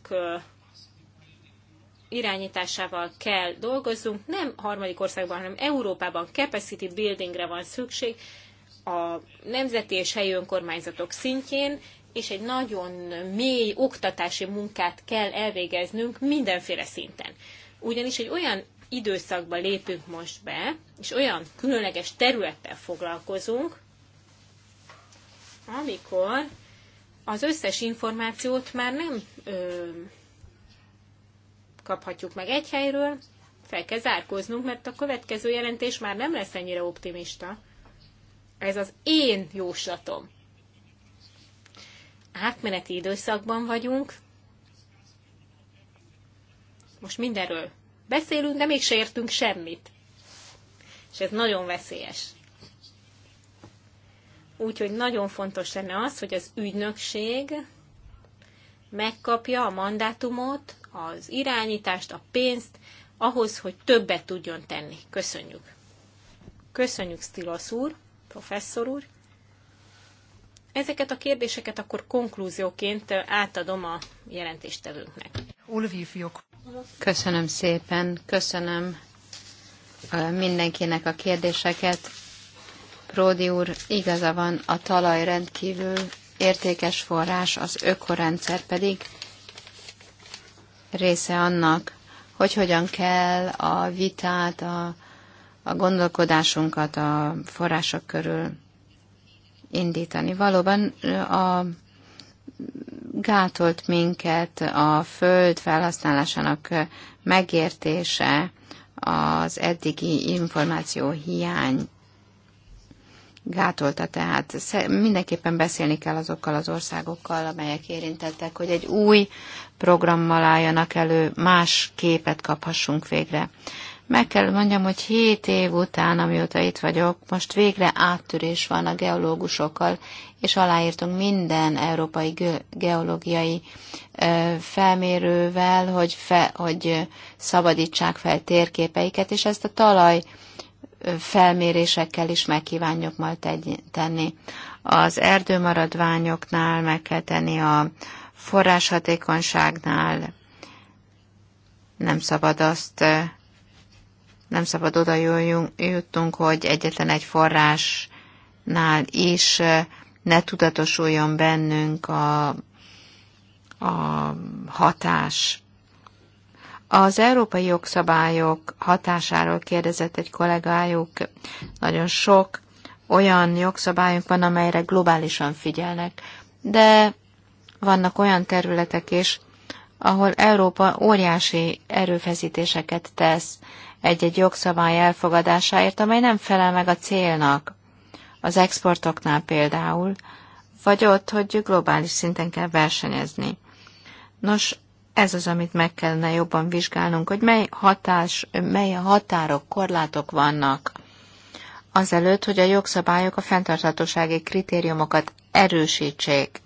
irányításával kell dolgozzunk, nem harmadik országban, hanem Európában capacity buildingre van szükség, a nemzeti és helyi önkormányzatok szintjén, és egy nagyon mély oktatási munkát kell elvégeznünk mindenféle szinten. Ugyanis egy olyan időszakba lépünk most be, és olyan különleges területtel foglalkozunk, amikor az összes információt már nem ö, kaphatjuk meg egy helyről, fel kell zárkóznunk, mert a következő jelentés már nem lesz ennyire optimista. Ez az én jóslatom. Átmeneti időszakban vagyunk. Most mindenről beszélünk, de mégse értünk semmit. És ez nagyon veszélyes. Úgyhogy nagyon fontos lenne az, hogy az ügynökség megkapja a mandátumot, az irányítást, a pénzt, ahhoz, hogy többet tudjon tenni. Köszönjük. Köszönjük, Stilos úr professzor úr. Ezeket a kérdéseket akkor konklúzióként átadom a jelentéstevőnknek. Köszönöm szépen, köszönöm mindenkinek a kérdéseket. Pródi úr, igaza van, a talaj rendkívül értékes forrás, az ökorendszer pedig része annak, hogy hogyan kell a vitát, a a gondolkodásunkat a források körül indítani. Valóban a gátolt minket a föld felhasználásának megértése, az eddigi információ hiány gátolta, tehát mindenképpen beszélni kell azokkal az országokkal, amelyek érintettek, hogy egy új programmal álljanak elő, más képet kaphassunk végre. Meg kell mondjam, hogy 7 év után, amióta itt vagyok, most végre áttörés van a geológusokkal, és aláírtunk minden európai geológiai felmérővel, hogy, fe, hogy szabadítsák fel térképeiket, és ezt a talaj felmérésekkel is megkívánjuk majd tenni. Az erdőmaradványoknál meg kell tenni a forráshatékonyságnál, nem szabad azt nem szabad oda jutnunk, hogy egyetlen egy forrásnál is ne tudatosuljon bennünk a, a hatás. Az európai jogszabályok hatásáról kérdezett egy kollégájuk, nagyon sok olyan jogszabályunk van, amelyre globálisan figyelnek, de vannak olyan területek is, ahol Európa óriási erőfeszítéseket tesz, egy-egy jogszabály elfogadásáért, amely nem felel meg a célnak, az exportoknál például, vagy ott, hogy globális szinten kell versenyezni. Nos, ez az, amit meg kellene jobban vizsgálnunk, hogy mely, hatás, mely a határok, korlátok vannak azelőtt, hogy a jogszabályok a fenntarthatósági kritériumokat erősítsék,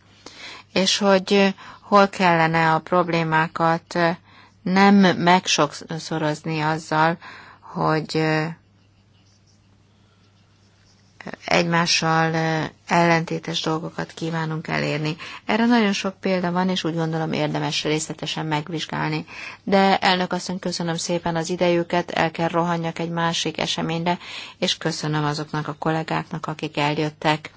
és hogy hol kellene a problémákat nem megsokszorozni azzal, hogy egymással ellentétes dolgokat kívánunk elérni. Erre nagyon sok példa van, és úgy gondolom érdemes részletesen megvizsgálni. De elnök asszony, köszönöm szépen az idejüket, el kell rohanjak egy másik eseményre, és köszönöm azoknak a kollégáknak, akik eljöttek.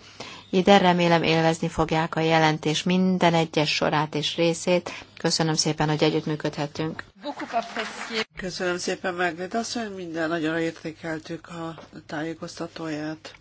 Ide remélem élvezni fogják a jelentés minden egyes sorát és részét, Köszönöm szépen, hogy együttműködhetünk. Köszönöm szépen, Megvéd asszony, minden nagyon értékeltük a tájékoztatóját.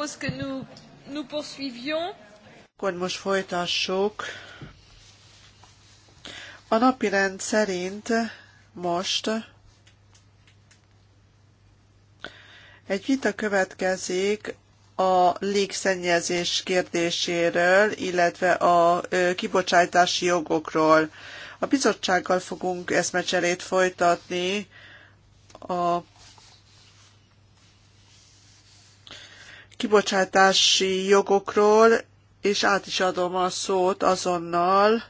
propose que nous, nous poursuivions. Akkor most folytassuk. A napi rend szerint most egy vita következik a légszennyezés kérdéséről, illetve a kibocsátási jogokról. A bizottsággal fogunk eszmecserét folytatni a kibocsátási jogokról, és át is adom a szót azonnal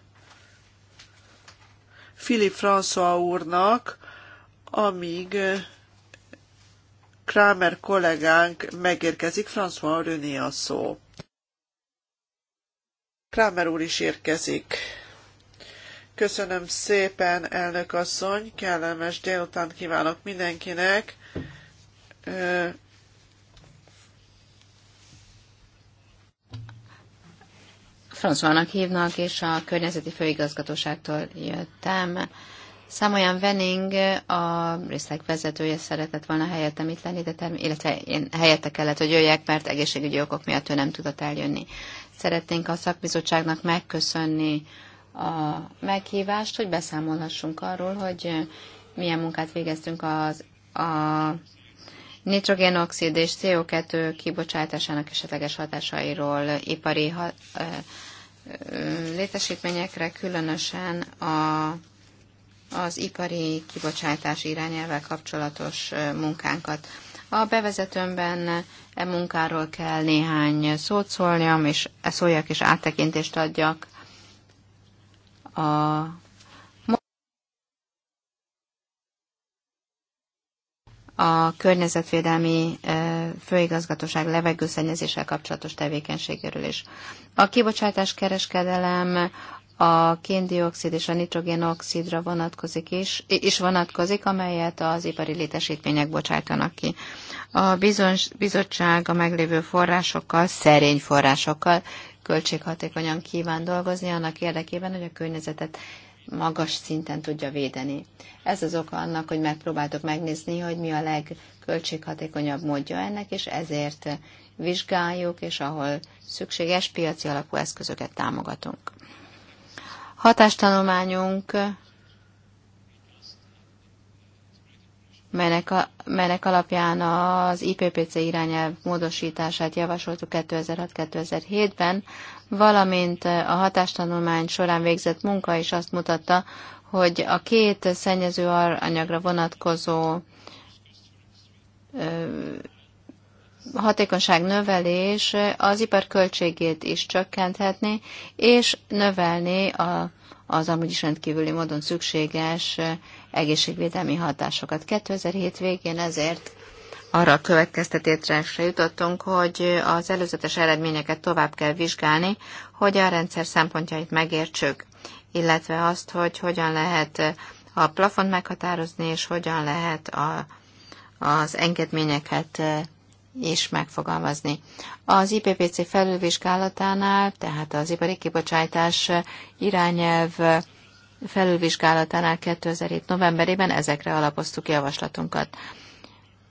Philip François úrnak, amíg eh, Kramer kollégánk megérkezik. François Röné a szó. Kramer úr is érkezik. Köszönöm szépen, elnök asszony, kellemes délután kívánok mindenkinek eh, Franzvának hívnak, és a környezeti főigazgatóságtól jöttem. Számolján Venning, a részleg vezetője szeretett volna helyettem itt lenni, de term- illetve én helyette kellett, hogy jöjjek, mert egészségügyi okok miatt ő nem tudott eljönni. Szeretnénk a szakbizottságnak megköszönni a meghívást, hogy beszámolhassunk arról, hogy milyen munkát végeztünk az, a nitrogénoxid és CO2 kibocsátásának esetleges hatásairól, ipari létesítményekre, különösen a, az ipari kibocsátás irányelvel kapcsolatos munkánkat. A bevezetőmben e munkáról kell néhány szót szólniam, és e szóljak és áttekintést adjak a a környezetvédelmi főigazgatóság levegőszennyezéssel kapcsolatos tevékenységéről is. A kibocsátás kereskedelem a kéndioxid és a nitrogénoxidra vonatkozik is, is vonatkozik, amelyet az ipari létesítmények bocsájtanak ki. A bizons, bizottság a meglévő forrásokkal, szerény forrásokkal költséghatékonyan kíván dolgozni annak érdekében, hogy a környezetet magas szinten tudja védeni. Ez az oka annak, hogy megpróbáltuk megnézni, hogy mi a legköltséghatékonyabb módja ennek, és ezért vizsgáljuk, és ahol szükséges piaci alapú eszközöket támogatunk. Hatástanulmányunk, melynek, a, melynek alapján az IPPC irányelv módosítását javasoltuk 2006-2007-ben, valamint a hatástanulmány során végzett munka is azt mutatta, hogy a két szennyező anyagra vonatkozó hatékonyság növelés az ipar költségét is csökkenthetné, és növelné a, az amúgy is rendkívüli módon szükséges egészségvédelmi hatásokat. 2007 végén ezért arra a következtetésre jutottunk, hogy az előzetes eredményeket tovább kell vizsgálni, hogy a rendszer szempontjait megértsük, illetve azt, hogy hogyan lehet a plafon meghatározni, és hogyan lehet a, az engedményeket is megfogalmazni. Az IPPC felülvizsgálatánál, tehát az ipari kibocsátás irányelv felülvizsgálatánál 2007. novemberében ezekre alapoztuk javaslatunkat.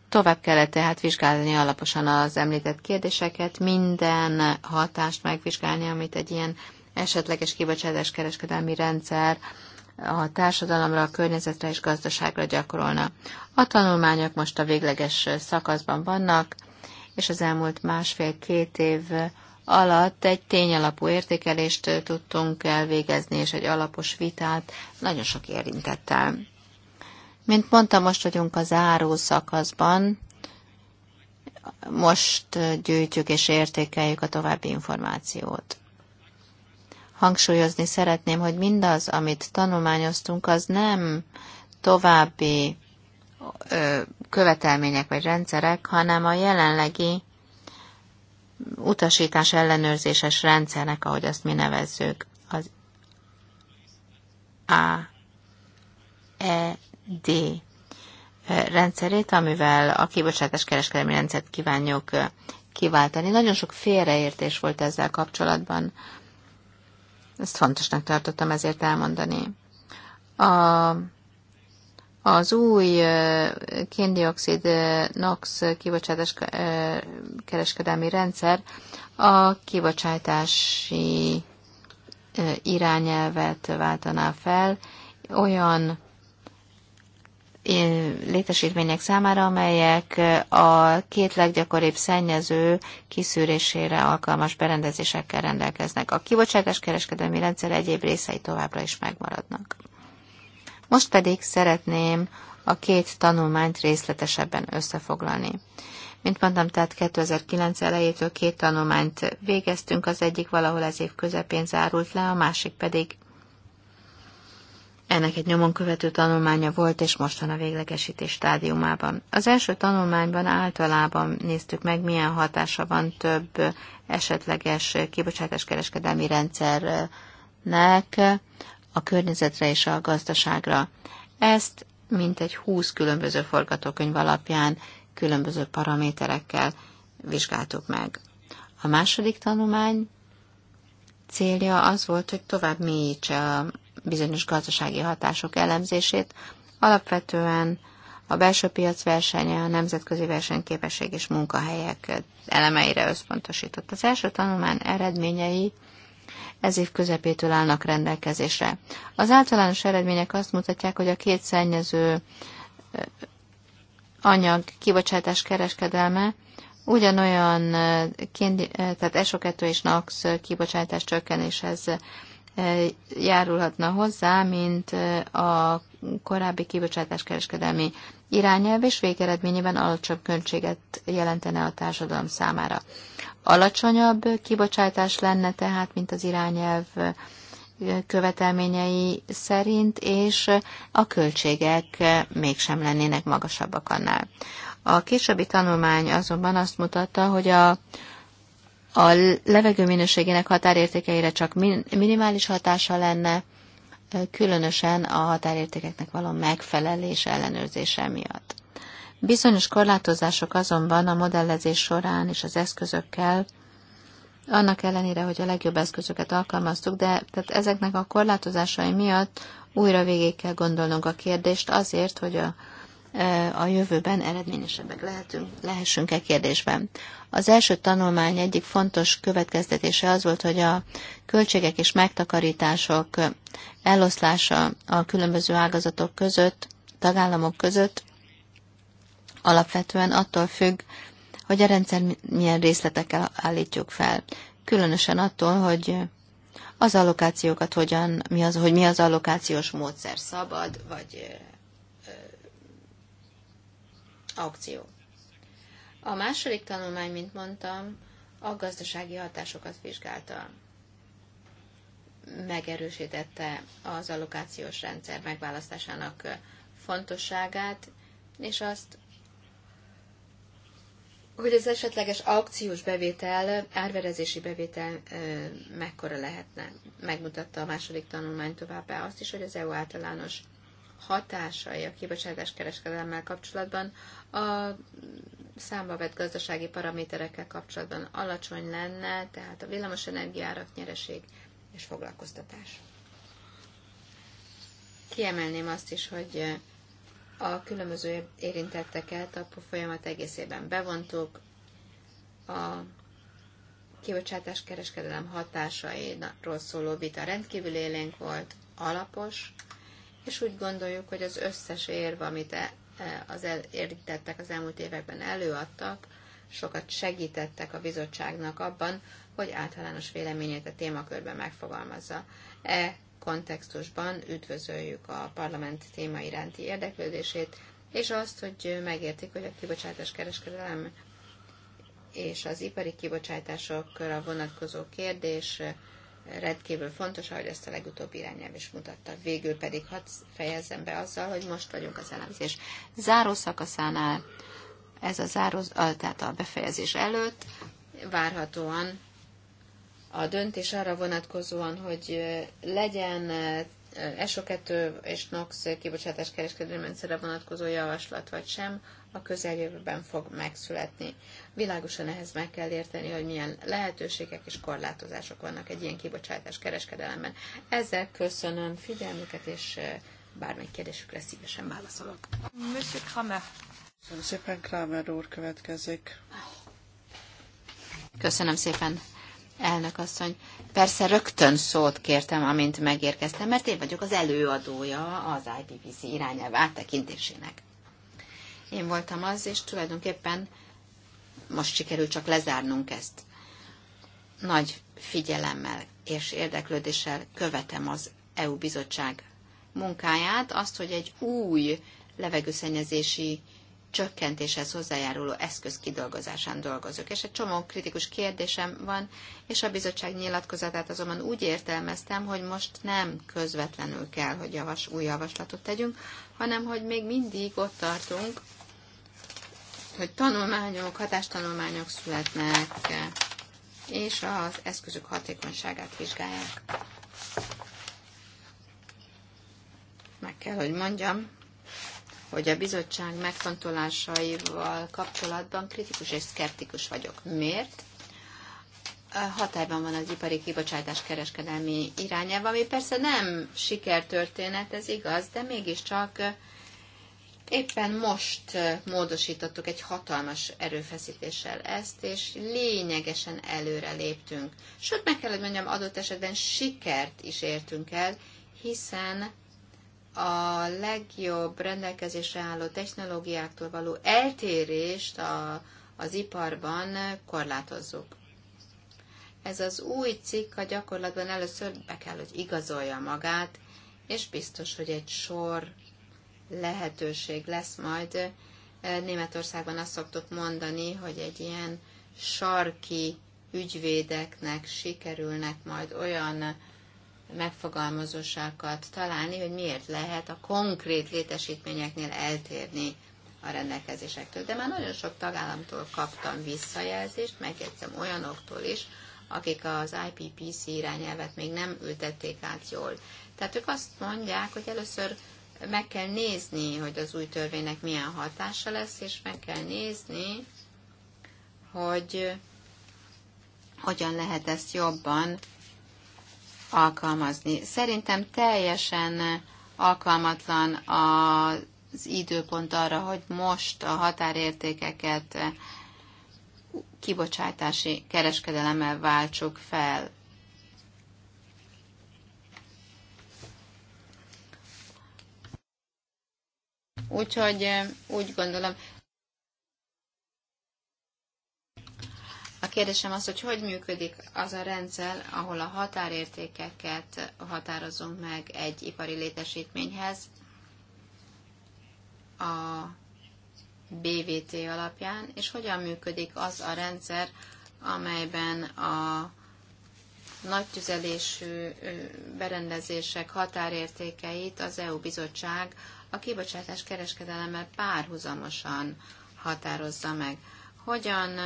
Tovább kellett tehát vizsgálni alaposan az említett kérdéseket, minden hatást megvizsgálni, amit egy ilyen esetleges kibocsátás kereskedelmi rendszer a társadalomra, a környezetre és gazdaságra gyakorolna. A tanulmányok most a végleges szakaszban vannak, és az elmúlt másfél-két év alatt egy tényalapú értékelést tudtunk elvégezni, és egy alapos vitát nagyon sok érintettel. Mint mondtam, most vagyunk a záró szakaszban, most gyűjtjük és értékeljük a további információt. Hangsúlyozni szeretném, hogy mindaz, amit tanulmányoztunk, az nem további követelmények vagy rendszerek, hanem a jelenlegi utasítás ellenőrzéses rendszernek, ahogy azt mi nevezzük, az A, E, D eh, rendszerét, amivel a kibocsátás kereskedelmi rendszert kívánjuk eh, kiváltani. Nagyon sok félreértés volt ezzel kapcsolatban. Ezt fontosnak tartottam ezért elmondani. A, az új eh, kéndioxid NOx kibocsátás kereskedelmi rendszer a kibocsátási irányelvet váltaná fel olyan Eh, létesítmények számára, amelyek eh, a két leggyakoribb szennyező kiszűrésére alkalmas berendezésekkel rendelkeznek. A kibocsátás kereskedelmi rendszer egyéb részei továbbra is megmaradnak. Most pedig szeretném a két tanulmányt részletesebben összefoglalni. Mint mondtam, tehát 2009 elejétől két tanulmányt végeztünk, az egyik valahol az év közepén zárult le, a másik pedig ennek egy nyomon követő tanulmánya volt, és most van a véglegesítés stádiumában. Az első tanulmányban általában néztük meg, milyen hatása van több esetleges kibocsátáskereskedelmi rendszernek a környezetre és a gazdaságra. Ezt mintegy 20 különböző forgatókönyv alapján különböző paraméterekkel vizsgáltuk meg. A második tanulmány célja az volt, hogy tovább mélyítse bizonyos gazdasági hatások elemzését, alapvetően a belső piac versenye, a nemzetközi versenyképesség és munkahelyek elemeire összpontosított. Az első tanulmány eredményei ez év közepétől állnak rendelkezésre. Az általános eredmények azt mutatják, hogy a két szennyező anyag kibocsátás kereskedelme ugyanolyan, tehát SO2 és NOx kibocsátás csökkenéshez E, járulhatna hozzá, mint e, a korábbi kereskedelmi irányelv, és végeredményében alacsonyabb költséget jelentene a társadalom számára. Alacsonyabb kibocsátás lenne tehát, mint az irányelv e, követelményei szerint, és a költségek mégsem lennének magasabbak annál. A későbbi tanulmány azonban azt mutatta, hogy a a levegő minőségének határértékeire csak minimális hatása lenne, különösen a határértékeknek való megfelelés ellenőrzése miatt. Bizonyos korlátozások azonban a modellezés során és az eszközökkel, annak ellenére, hogy a legjobb eszközöket alkalmaztuk, de tehát ezeknek a korlátozásai miatt újra végig kell gondolnunk a kérdést azért, hogy a, a jövőben eredményesebbek lehetünk, lehessünk-e kérdésben. Az első tanulmány egyik fontos következtetése az volt, hogy a költségek és megtakarítások eloszlása a különböző ágazatok között, tagállamok között alapvetően attól függ, hogy a rendszer milyen részletekkel állítjuk fel. Különösen attól, hogy az allokációkat hogyan, mi az, hogy mi az allokációs módszer szabad, vagy aukció. A második tanulmány, mint mondtam, a gazdasági hatásokat vizsgálta. Megerősítette az allokációs rendszer megválasztásának fontosságát, és azt, hogy az esetleges aukciós bevétel, árverezési bevétel mekkora lehetne. Megmutatta a második tanulmány továbbá azt is, hogy az EU általános hatásai a kibocsátás kereskedelemmel kapcsolatban a számba vett gazdasági paraméterekkel kapcsolatban alacsony lenne, tehát a villamos energiárak, nyereség és foglalkoztatás. Kiemelném azt is, hogy a különböző érintetteket a folyamat egészében bevontuk, a kibocsátás kereskedelem hatásairól szóló vita rendkívül élénk volt, alapos, és úgy gondoljuk, hogy az összes érv, amit e, e, az érdítettek az elmúlt években előadtak, sokat segítettek a bizottságnak abban, hogy általános véleményét a témakörben megfogalmazza. E kontextusban üdvözöljük a parlament téma iránti érdeklődését, és azt, hogy megértik, hogy a kibocsátás kereskedelem és az ipari kibocsátásokra vonatkozó kérdés rendkívül fontos, ahogy ezt a legutóbbi irányelv is mutatta. Végül pedig hadd fejezzem be azzal, hogy most vagyunk az elemzés záró szakaszánál, ez a záró, tehát a befejezés előtt várhatóan a döntés arra vonatkozóan, hogy legyen SO2 és NOx kibocsátás kereskedelmi rendszerre vonatkozó javaslat vagy sem, a közeljövőben fog megszületni. Világosan ehhez meg kell érteni, hogy milyen lehetőségek és korlátozások vannak egy ilyen kibocsátás kereskedelemben. Ezzel köszönöm figyelmüket, és bármely kérdésükre szívesen válaszolok. Monsieur Kramer. Köszönöm szépen, Kramer úr következik. Köszönöm szépen. Elnök asszony, persze rögtön szót kértem, amint megérkeztem, mert én vagyok az előadója az IPPC irányelv áttekintésének. Én voltam az, és tulajdonképpen most sikerült csak lezárnunk ezt. Nagy figyelemmel és érdeklődéssel követem az EU bizottság munkáját, azt, hogy egy új levegőszennyezési csökkentéshez hozzájáruló eszköz kidolgozásán dolgozok. És egy csomó kritikus kérdésem van, és a bizottság nyilatkozatát azonban úgy értelmeztem, hogy most nem közvetlenül kell, hogy javas, új javaslatot tegyünk, hanem hogy még mindig ott tartunk, hogy tanulmányok, hatástanulmányok születnek, és az eszközök hatékonyságát vizsgálják. Meg kell, hogy mondjam, hogy a bizottság megfontolásaival kapcsolatban kritikus és szkeptikus vagyok. Miért? Hatályban van az ipari kibocsátás kereskedelmi irányába, ami persze nem sikertörténet, ez igaz, de mégiscsak éppen most módosítottuk egy hatalmas erőfeszítéssel ezt, és lényegesen előre léptünk. Sőt, meg kell, hogy mondjam, adott esetben sikert is értünk el, hiszen a legjobb rendelkezésre álló technológiáktól való eltérést a, az iparban korlátozzuk. Ez az új cikk a gyakorlatban először be kell, hogy igazolja magát, és biztos, hogy egy sor lehetőség lesz majd. Németországban azt szoktuk mondani, hogy egy ilyen sarki ügyvédeknek sikerülnek majd olyan megfogalmazósákat találni, hogy miért lehet a konkrét létesítményeknél eltérni a rendelkezésektől. De már nagyon sok tagállamtól kaptam visszajelzést, megjegyzem olyanoktól is, akik az IPPC irányelvet még nem ültették át jól. Tehát ők azt mondják, hogy először meg kell nézni, hogy az új törvénynek milyen hatása lesz, és meg kell nézni, hogy hogyan lehet ezt jobban alkalmazni. Szerintem teljesen alkalmatlan az időpont arra, hogy most a határértékeket kibocsátási kereskedelemmel váltsuk fel. Úgyhogy eh, úgy gondolom, A kérdésem az, hogy hogy működik az a rendszer, ahol a határértékeket határozunk meg egy ipari létesítményhez a BVT alapján, és hogyan működik az a rendszer, amelyben a nagy tüzelésű berendezések határértékeit az EU bizottság a kibocsátás kereskedelemmel párhuzamosan határozza meg. Hogyan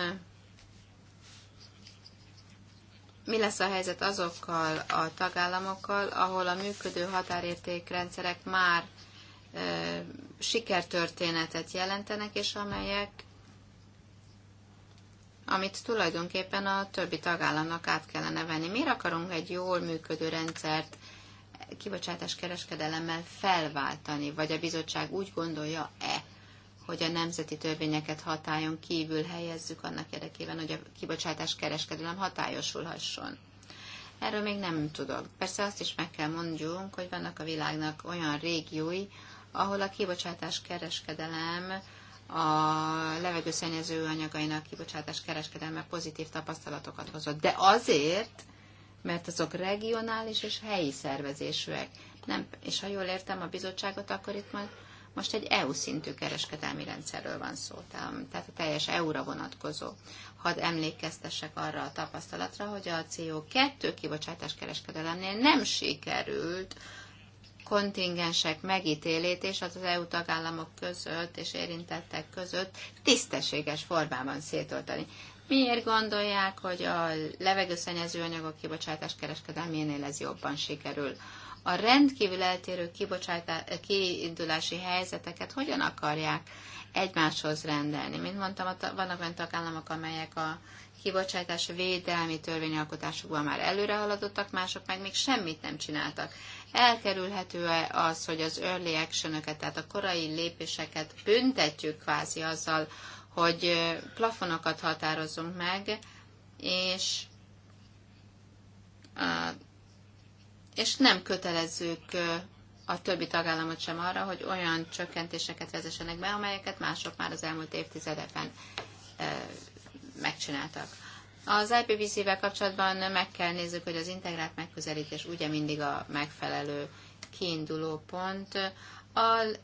mi lesz a helyzet azokkal a tagállamokkal, ahol a működő határértékrendszerek már e, sikertörténetet jelentenek, és amelyek, amit tulajdonképpen a többi tagállamnak át kellene venni. Miért akarunk egy jól működő rendszert kibocsátás kereskedelemmel felváltani, vagy a bizottság úgy gondolja-e, hogy a nemzeti törvényeket hatályon kívül helyezzük annak érdekében, hogy a kibocsátás kereskedelem hatályosulhasson. Erről még nem tudok. Persze azt is meg kell mondjunk, hogy vannak a világnak olyan régiói, ahol a kibocsátás kereskedelem a levegőszennyező anyagainak kibocsátás kereskedelme pozitív tapasztalatokat hozott. De azért, mert azok regionális és helyi szervezésűek. Nem, és ha jól értem a bizottságot, akkor itt majd most egy EU szintű kereskedelmi rendszerről van szó, tehát a teljes EU-ra vonatkozó. Hadd emlékeztessek arra a tapasztalatra, hogy a CO2 kibocsátás kereskedelemnél nem sikerült kontingensek megítélét és az, az EU tagállamok között és érintettek között tisztességes formában szétoltani. Miért gondolják, hogy a levegőszennyező anyagok kibocsátás kereskedelménél ez jobban sikerül? a rendkívül eltérő kiindulási helyzeteket hogyan akarják egymáshoz rendelni. Mint mondtam, vannak olyan tagállamok, amelyek a kibocsátás védelmi törvényalkotásukban már előre haladottak, mások meg még semmit nem csináltak. Elkerülhető-e az, hogy az early action tehát a korai lépéseket büntetjük kvázi azzal, hogy plafonokat határozunk meg, és és nem kötelezzük a többi tagállamot sem arra, hogy olyan csökkentéseket vezessenek be, amelyeket mások már az elmúlt évtizedekben megcsináltak. Az IPVC-vel kapcsolatban meg kell nézzük, hogy az integrált megközelítés ugye mindig a megfelelő kiinduló pont.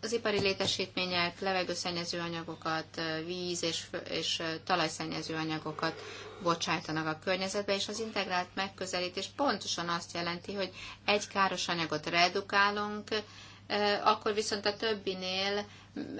Az ipari létesítmények levegőszennyező anyagokat, víz és, és talajszennyező anyagokat bocsájtanak a környezetbe, és az integrált megközelítés pontosan azt jelenti, hogy egy káros anyagot redukálunk, akkor viszont a többinél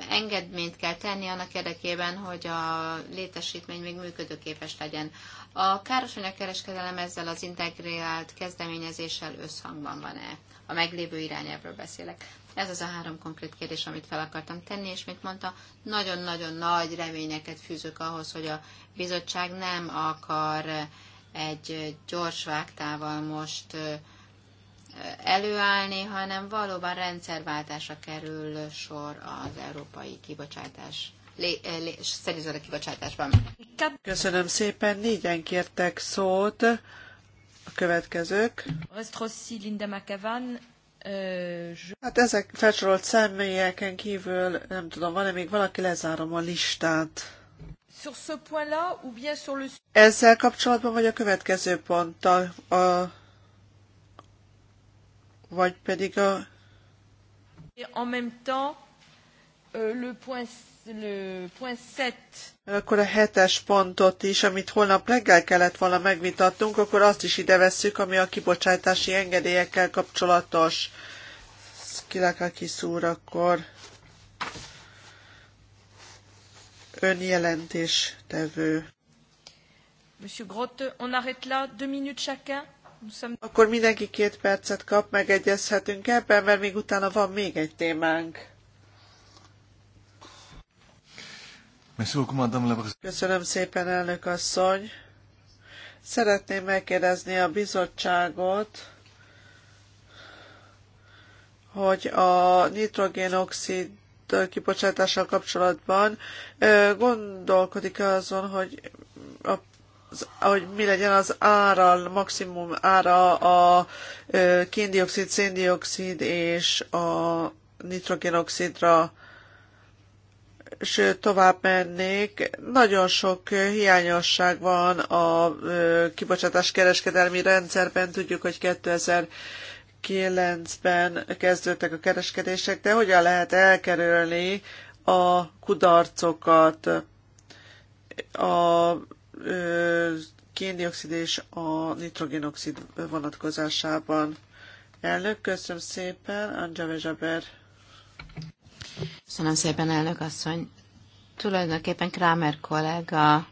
engedményt kell tenni annak érdekében, hogy a létesítmény még működőképes legyen. A anyagkereskedelem ezzel az integrált kezdeményezéssel összhangban van-e? A meglévő irányelvről beszélek. Ez az a három konkrét kérdés, amit fel akartam tenni, és mint mondta, nagyon-nagyon nagy reményeket fűzök ahhoz, hogy a bizottság nem akar egy gyors vágtával most előállni, hanem valóban rendszerváltásra kerül sor az európai kibocsátás a eh, kibocsátásban. Köszönöm szépen, négyen kértek szót. A következők. Restrossi, Linda McEvan, Hát ezek felsorolt személyeken kívül, nem tudom, van-e még valaki, lezárom a listát. Ezzel kapcsolatban vagy a következő ponttal a vagy pedig a... En même temps, euh, le point, le point 7. Akkor a hetes pontot is, amit holnap reggel kellett volna megvitatnunk, akkor azt is ide vesszük, ami a kibocsátási engedélyekkel kapcsolatos. Kilakakis úr, akkor önjelentéstevő. Monsieur Grotte, on arrête là, deux minutes chacun. Akkor mindenki két percet kap, megegyezhetünk ebben, mert még utána van még egy témánk. Köszönöm szépen, elnök asszony. Szeretném megkérdezni a bizottságot, hogy a nitrogénoxid kibocsátással kapcsolatban gondolkodik azon, hogy a hogy mi legyen az ára, maximum ára a kéndioxid, széndioxid és a nitrogénoxidra sőt tovább mennék, nagyon sok hiányosság van a kibocsátás kereskedelmi rendszerben. Tudjuk, hogy 2009-ben kezdődtek a kereskedések, de hogyan lehet elkerülni a kudarcokat? A kéndioxid és a nitrogénoxid vonatkozásában. Elnök, köszönöm szépen, Angela Vezsaber. Köszönöm szépen, elnök asszony. Tulajdonképpen Kramer kollega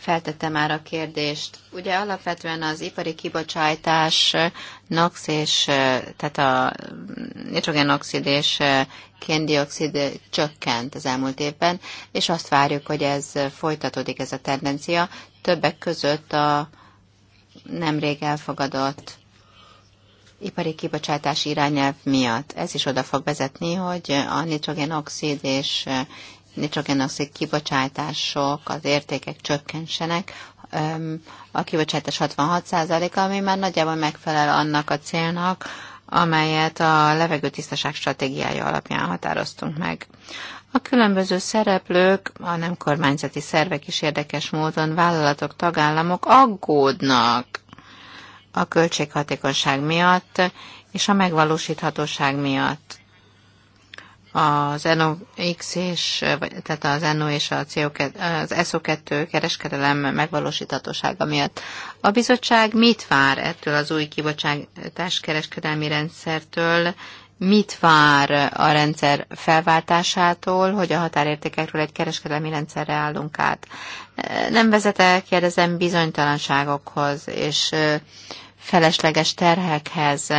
feltette már a kérdést. Ugye alapvetően az ipari kibocsátás eh, NOx és, eh, tehát a mm, nitrogénoxid és eh, kéndioxid csökkent az elmúlt évben, és azt várjuk, hogy ez folytatódik ez a tendencia. Többek között a nemrég elfogadott ipari kibocsátás irányelv miatt. Ez is oda fog vezetni, hogy a nitrogénoxid és nitrogénoxid kibocsátások, az értékek csökkensenek, a kibocsátás 66%-a, ami már nagyjából megfelel annak a célnak, amelyet a levegőtisztaság stratégiája alapján határoztunk meg. A különböző szereplők, a nem kormányzati szervek is érdekes módon, vállalatok, tagállamok aggódnak a költséghatékonyság miatt és a megvalósíthatóság miatt az NOx és, tehát az NO és a CO2, az SO2 kereskedelem megvalósíthatósága miatt. A bizottság mit vár ettől az új kibocsátás kereskedelmi rendszertől, mit vár a rendszer felváltásától, hogy a határértékekről egy kereskedelmi rendszerre állunk át. Nem vezete, kérdezem, bizonytalanságokhoz és felesleges terhekhez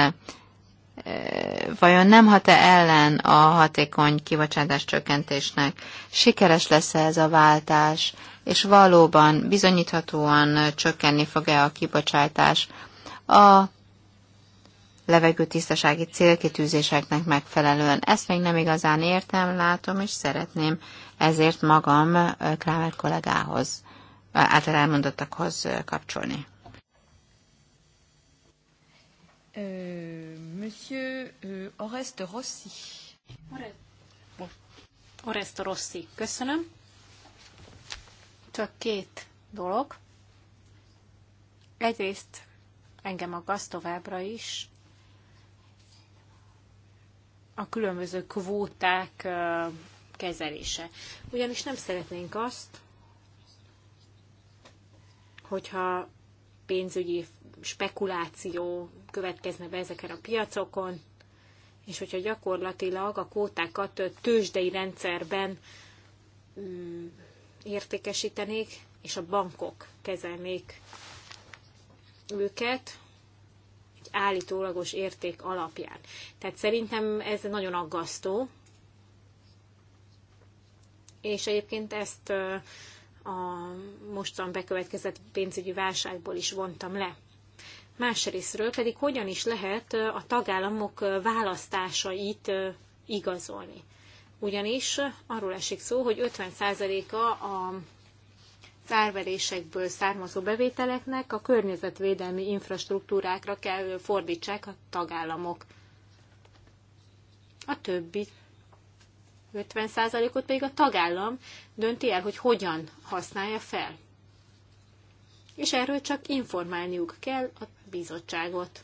vajon nem hat-e ellen a hatékony kibocsátás csökkentésnek? Sikeres lesz-e ez a váltás, és valóban bizonyíthatóan csökkenni fog-e a kibocsátás a levegőtisztasági célkitűzéseknek megfelelően? Ezt még nem igazán értem, látom, és szeretném ezért magam Kramer kollégához, által elmondottakhoz kapcsolni. Ö Monsieur euh, Oreste Rossi. Oreste Rossi, köszönöm. Csak két dolog. Egyrészt engem gaz továbbra is a különböző kvóták kezelése. Ugyanis nem szeretnénk azt, hogyha pénzügyi spekuláció következne be ezeken a piacokon, és hogyha gyakorlatilag a kótákat tőzsdei rendszerben mm, értékesítenék, és a bankok kezelnék őket egy állítólagos érték alapján. Tehát szerintem ez nagyon aggasztó, és egyébként ezt a mostan bekövetkezett pénzügyi válságból is vontam le másrésztről pedig hogyan is lehet a tagállamok választásait igazolni. Ugyanis arról esik szó, hogy 50%-a a árverésekből származó bevételeknek a környezetvédelmi infrastruktúrákra kell fordítsák a tagállamok. A többi 50%-ot pedig a tagállam dönti el, hogy hogyan használja fel. És erről csak informálniuk kell a bizottságot.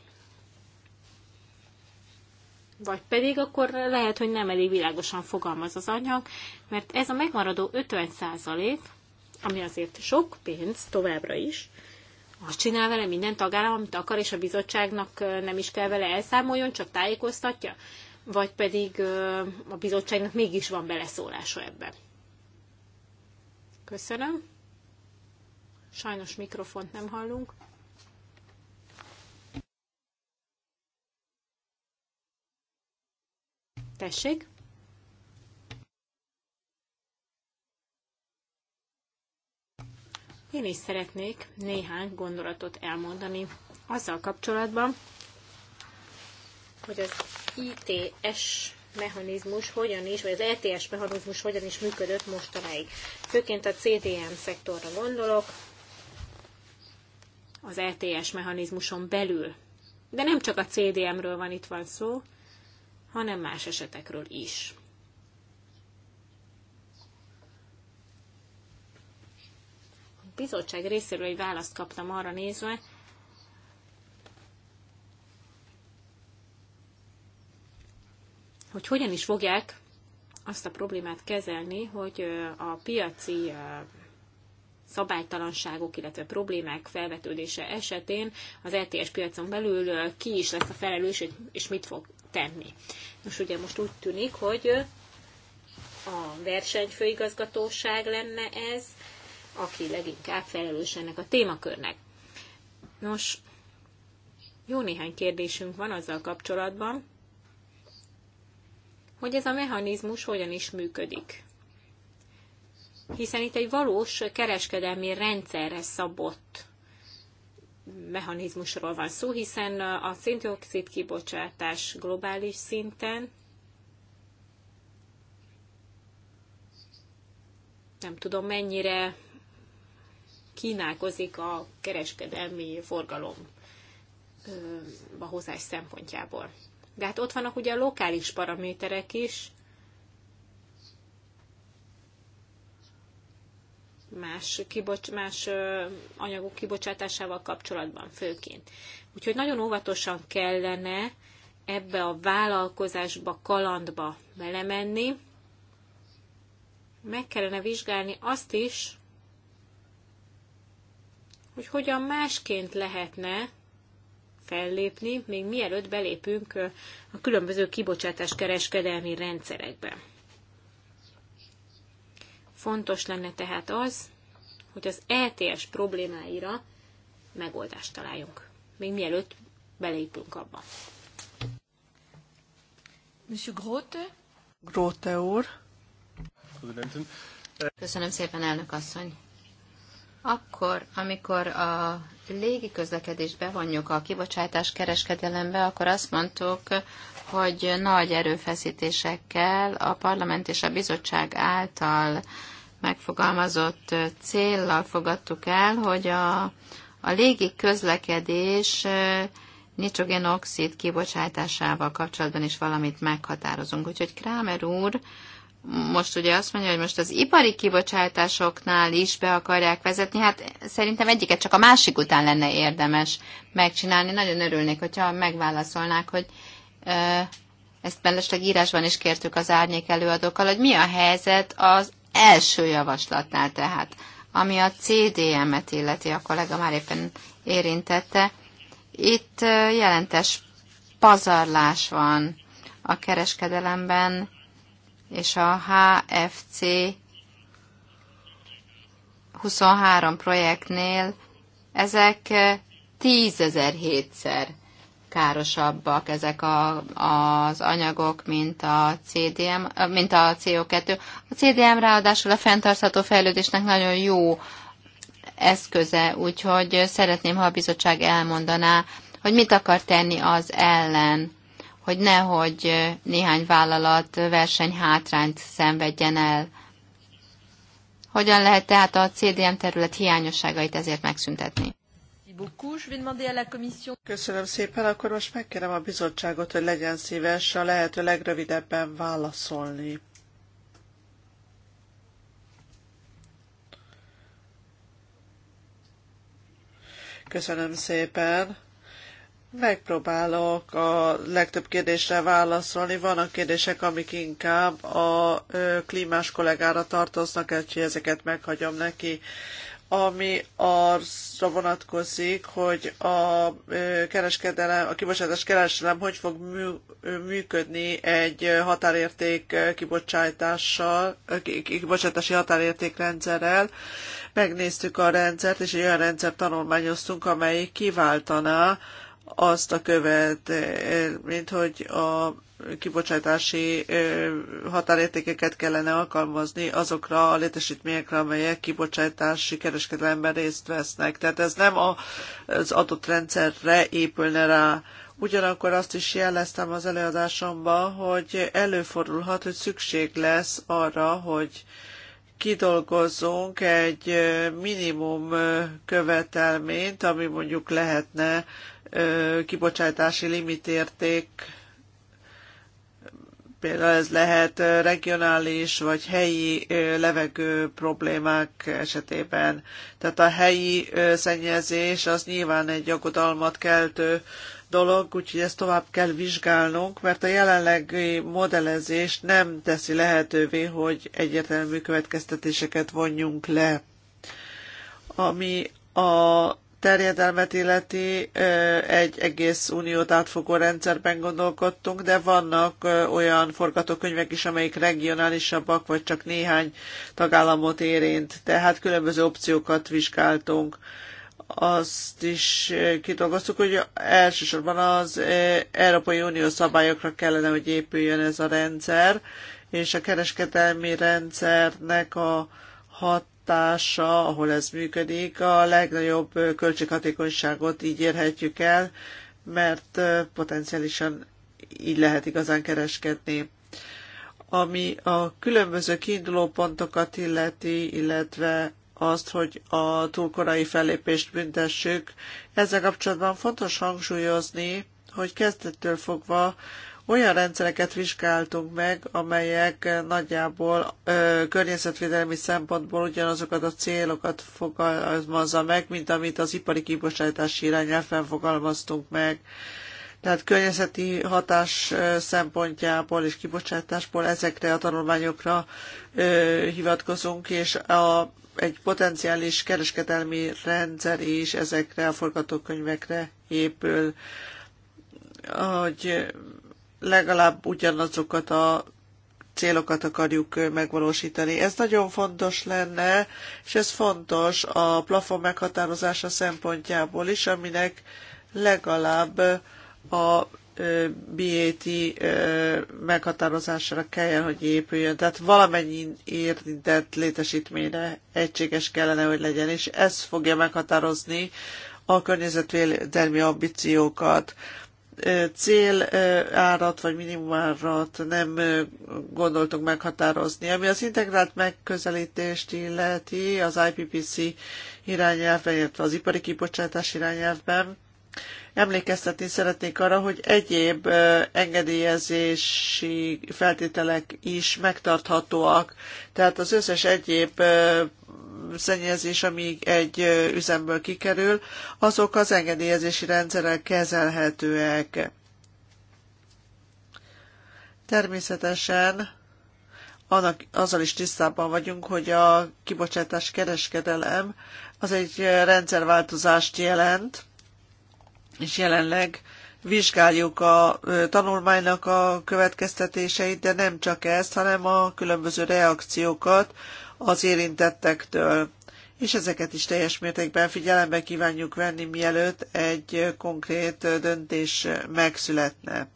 Vagy pedig akkor lehet, hogy nem elég világosan fogalmaz az anyag, mert ez a megmaradó 50 százalék, ami azért sok pénz továbbra is, azt csinál vele minden tagállam, amit akar, és a bizottságnak nem is kell vele elszámoljon, csak tájékoztatja, vagy pedig a bizottságnak mégis van beleszólása ebben. Köszönöm. Sajnos mikrofont nem hallunk. Tessék? Én is szeretnék néhány gondolatot elmondani azzal kapcsolatban, hogy az ITS mechanizmus hogyan is, vagy az ETS mechanizmus hogyan is működött mostanáig. Főként a CDM szektorra gondolok, az ETS mechanizmuson belül. De nem csak a CDM-ről van itt van szó, hanem más esetekről is. A bizottság részéről egy választ kaptam arra nézve, hogy hogyan is fogják azt a problémát kezelni, hogy a piaci szabálytalanságok, illetve problémák felvetődése esetén az LTS e piacon belül ki is lesz a felelős, és mit fog tenni. Nos, ugye most úgy tűnik, hogy a versenyfőigazgatóság lenne ez, aki leginkább felelős ennek a témakörnek. Nos, jó néhány kérdésünk van azzal kapcsolatban, hogy ez a mechanizmus hogyan is működik. Hiszen itt egy valós kereskedelmi rendszerre szabott mechanizmusról van szó, hiszen a széndiokszid kibocsátás globális szinten nem tudom mennyire kínálkozik a kereskedelmi forgalom hozás szempontjából. De hát ott vannak ugye a lokális paraméterek is, más, kibocs, más anyagok kibocsátásával kapcsolatban főként. Úgyhogy nagyon óvatosan kellene ebbe a vállalkozásba, kalandba belemenni. Meg kellene vizsgálni azt is, hogy hogyan másként lehetne fellépni, még mielőtt belépünk a különböző kibocsátás kereskedelmi rendszerekbe. Fontos lenne tehát az, hogy az ETS problémáira megoldást találjunk, még mielőtt beleépünk abba. Monsieur Grote? Grote úr. Köszönöm szépen, elnök asszony. Akkor, amikor a légi közlekedést bevonjuk a kibocsátás kereskedelembe, akkor azt mondtuk, hogy nagy erőfeszítésekkel a parlament és a bizottság által megfogalmazott céllal fogadtuk el, hogy a, a légi közlekedés nitrogénoxid kibocsátásával kapcsolatban is valamit meghatározunk. Úgyhogy Krámer úr most ugye azt mondja, hogy most az ipari kibocsátásoknál is be akarják vezetni, hát szerintem egyiket csak a másik után lenne érdemes megcsinálni. Nagyon örülnék, hogyha megválaszolnák, hogy ezt mellesleg írásban is kértük az árnyék előadókkal, hogy mi a helyzet az első javaslatnál tehát. Ami a CDM-et illeti, a kollega már éppen érintette, itt jelentes pazarlás van a kereskedelemben, és a HFC 23 projektnél ezek 10.700 hétszer károsabbak ezek a, az anyagok, mint a CDM, mint a CO2. A CDM ráadásul a fenntartható fejlődésnek nagyon jó eszköze, úgyhogy szeretném, ha a bizottság elmondaná, hogy mit akar tenni az ellen, hogy nehogy néhány vállalat versenyhátrányt szenvedjen el. Hogyan lehet tehát a CDM terület hiányosságait ezért megszüntetni? Köszönöm szépen, akkor most megkérem a bizottságot, hogy legyen szíves a lehető legrövidebben válaszolni. Köszönöm szépen. Megpróbálok a legtöbb kérdésre válaszolni. Vannak kérdések, amik inkább a klímás kollégára tartoznak, úgyhogy ezeket meghagyom neki ami arra vonatkozik, hogy a kereskedelem, a kibocsátás kereskedelem hogy fog működni egy határérték kibocsátással, kibocsátási határérték rendszerrel. Megnéztük a rendszert, és egy olyan rendszert tanulmányoztunk, amely kiváltaná azt a követ, mint hogy a kibocsátási határértékeket kellene alkalmazni azokra a létesítményekre, amelyek kibocsátási kereskedelemben részt vesznek. Tehát ez nem az adott rendszerre épülne rá. Ugyanakkor azt is jeleztem az előadásomban, hogy előfordulhat, hogy szükség lesz arra, hogy kidolgozzunk egy minimum követelményt, ami mondjuk lehetne kibocsátási limitérték Például ez lehet regionális vagy helyi levegő problémák esetében. Tehát a helyi szennyezés az nyilván egy aggodalmat keltő dolog, úgyhogy ezt tovább kell vizsgálnunk, mert a jelenlegi modellezés nem teszi lehetővé, hogy egyértelmű következtetéseket vonjunk le. Ami a terjedelmet illeti, egy egész uniót átfogó rendszerben gondolkodtunk, de vannak olyan forgatókönyvek is, amelyik regionálisabbak, vagy csak néhány tagállamot érint, tehát különböző opciókat vizsgáltunk. Azt is kidolgoztuk, hogy elsősorban az Európai Unió szabályokra kellene, hogy épüljön ez a rendszer, és a kereskedelmi rendszernek a hat hatása, ahol ez működik, a legnagyobb költséghatékonyságot így érhetjük el, mert potenciálisan így lehet igazán kereskedni. Ami a különböző kiinduló pontokat illeti, illetve azt, hogy a túlkorai fellépést büntessük. Ezzel kapcsolatban fontos hangsúlyozni, hogy kezdettől fogva olyan rendszereket vizsgáltunk meg, amelyek nagyjából ö, környezetvédelmi szempontból ugyanazokat a célokat fogalmazza meg, mint amit az ipari kibocsátási irányel fogalmaztunk meg. Tehát környezeti hatás szempontjából és kibocsátásból ezekre a tanulmányokra ö, hivatkozunk, és a, egy potenciális kereskedelmi rendszer is ezekre a forgatókönyvekre épül, hogy legalább ugyanazokat a célokat akarjuk megvalósítani. Ez nagyon fontos lenne, és ez fontos a plafon meghatározása szempontjából is, aminek legalább a BAT meghatározására kelljen, hogy épüljön. Tehát valamennyi érintett létesítményre egységes kellene, hogy legyen, és ez fogja meghatározni a környezetvédelmi ambíciókat célárat vagy minimumárat nem gondoltunk meghatározni. Ami az integrált megközelítést illeti az IPPC irányelvben, illetve az ipari kibocsátás irányelvben, Emlékeztetni szeretnék arra, hogy egyéb engedélyezési feltételek is megtarthatóak. Tehát az összes egyéb szennyezés, ami egy üzemből kikerül, azok az engedélyezési rendszerrel kezelhetőek. Természetesen annak, azzal is tisztában vagyunk, hogy a kibocsátás kereskedelem az egy rendszerváltozást jelent, és jelenleg vizsgáljuk a tanulmánynak a következtetéseit, de nem csak ezt, hanem a különböző reakciókat az érintettektől. És ezeket is teljes mértékben figyelembe kívánjuk venni, mielőtt egy konkrét döntés megszületne.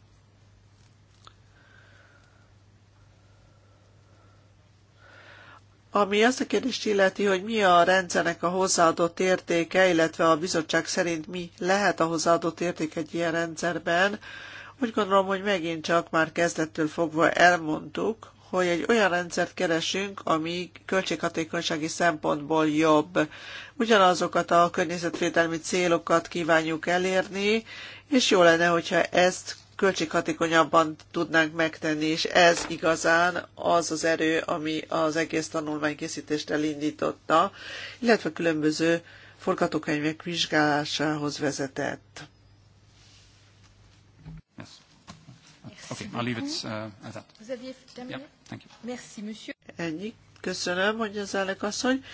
Ami azt a kérdést illeti, hogy mi a rendszernek a hozzáadott értéke, illetve a bizottság szerint mi lehet a hozzáadott érték egy ilyen rendszerben, úgy gondolom, hogy megint csak már kezdettől fogva elmondtuk, hogy egy olyan rendszert keresünk, ami költséghatékonysági szempontból jobb. Ugyanazokat a környezetvédelmi célokat kívánjuk elérni, és jó lenne, hogyha ezt költséghatékonyabban tudnánk megtenni, és ez igazán az az erő, ami az egész tanulmánykészítést elindította, illetve különböző forgatókönyvek vizsgálásához vezetett. Uh, Ennyi. Köszönöm, hogy az elnök asszony.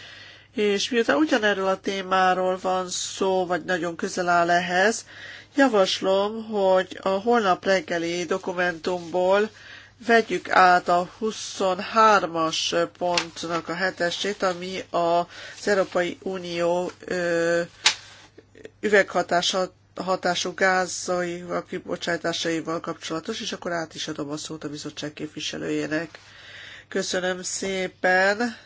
És miután ugyanerről a témáról van szó, vagy nagyon közel áll ehhez, Javaslom, hogy a holnap reggeli dokumentumból vegyük át a 23-as pontnak a hetesét, ami az Európai Unió ö, üveghatású gázaival, kibocsátásaival kapcsolatos, és akkor át is adom a szót a bizottság képviselőjének. Köszönöm szépen!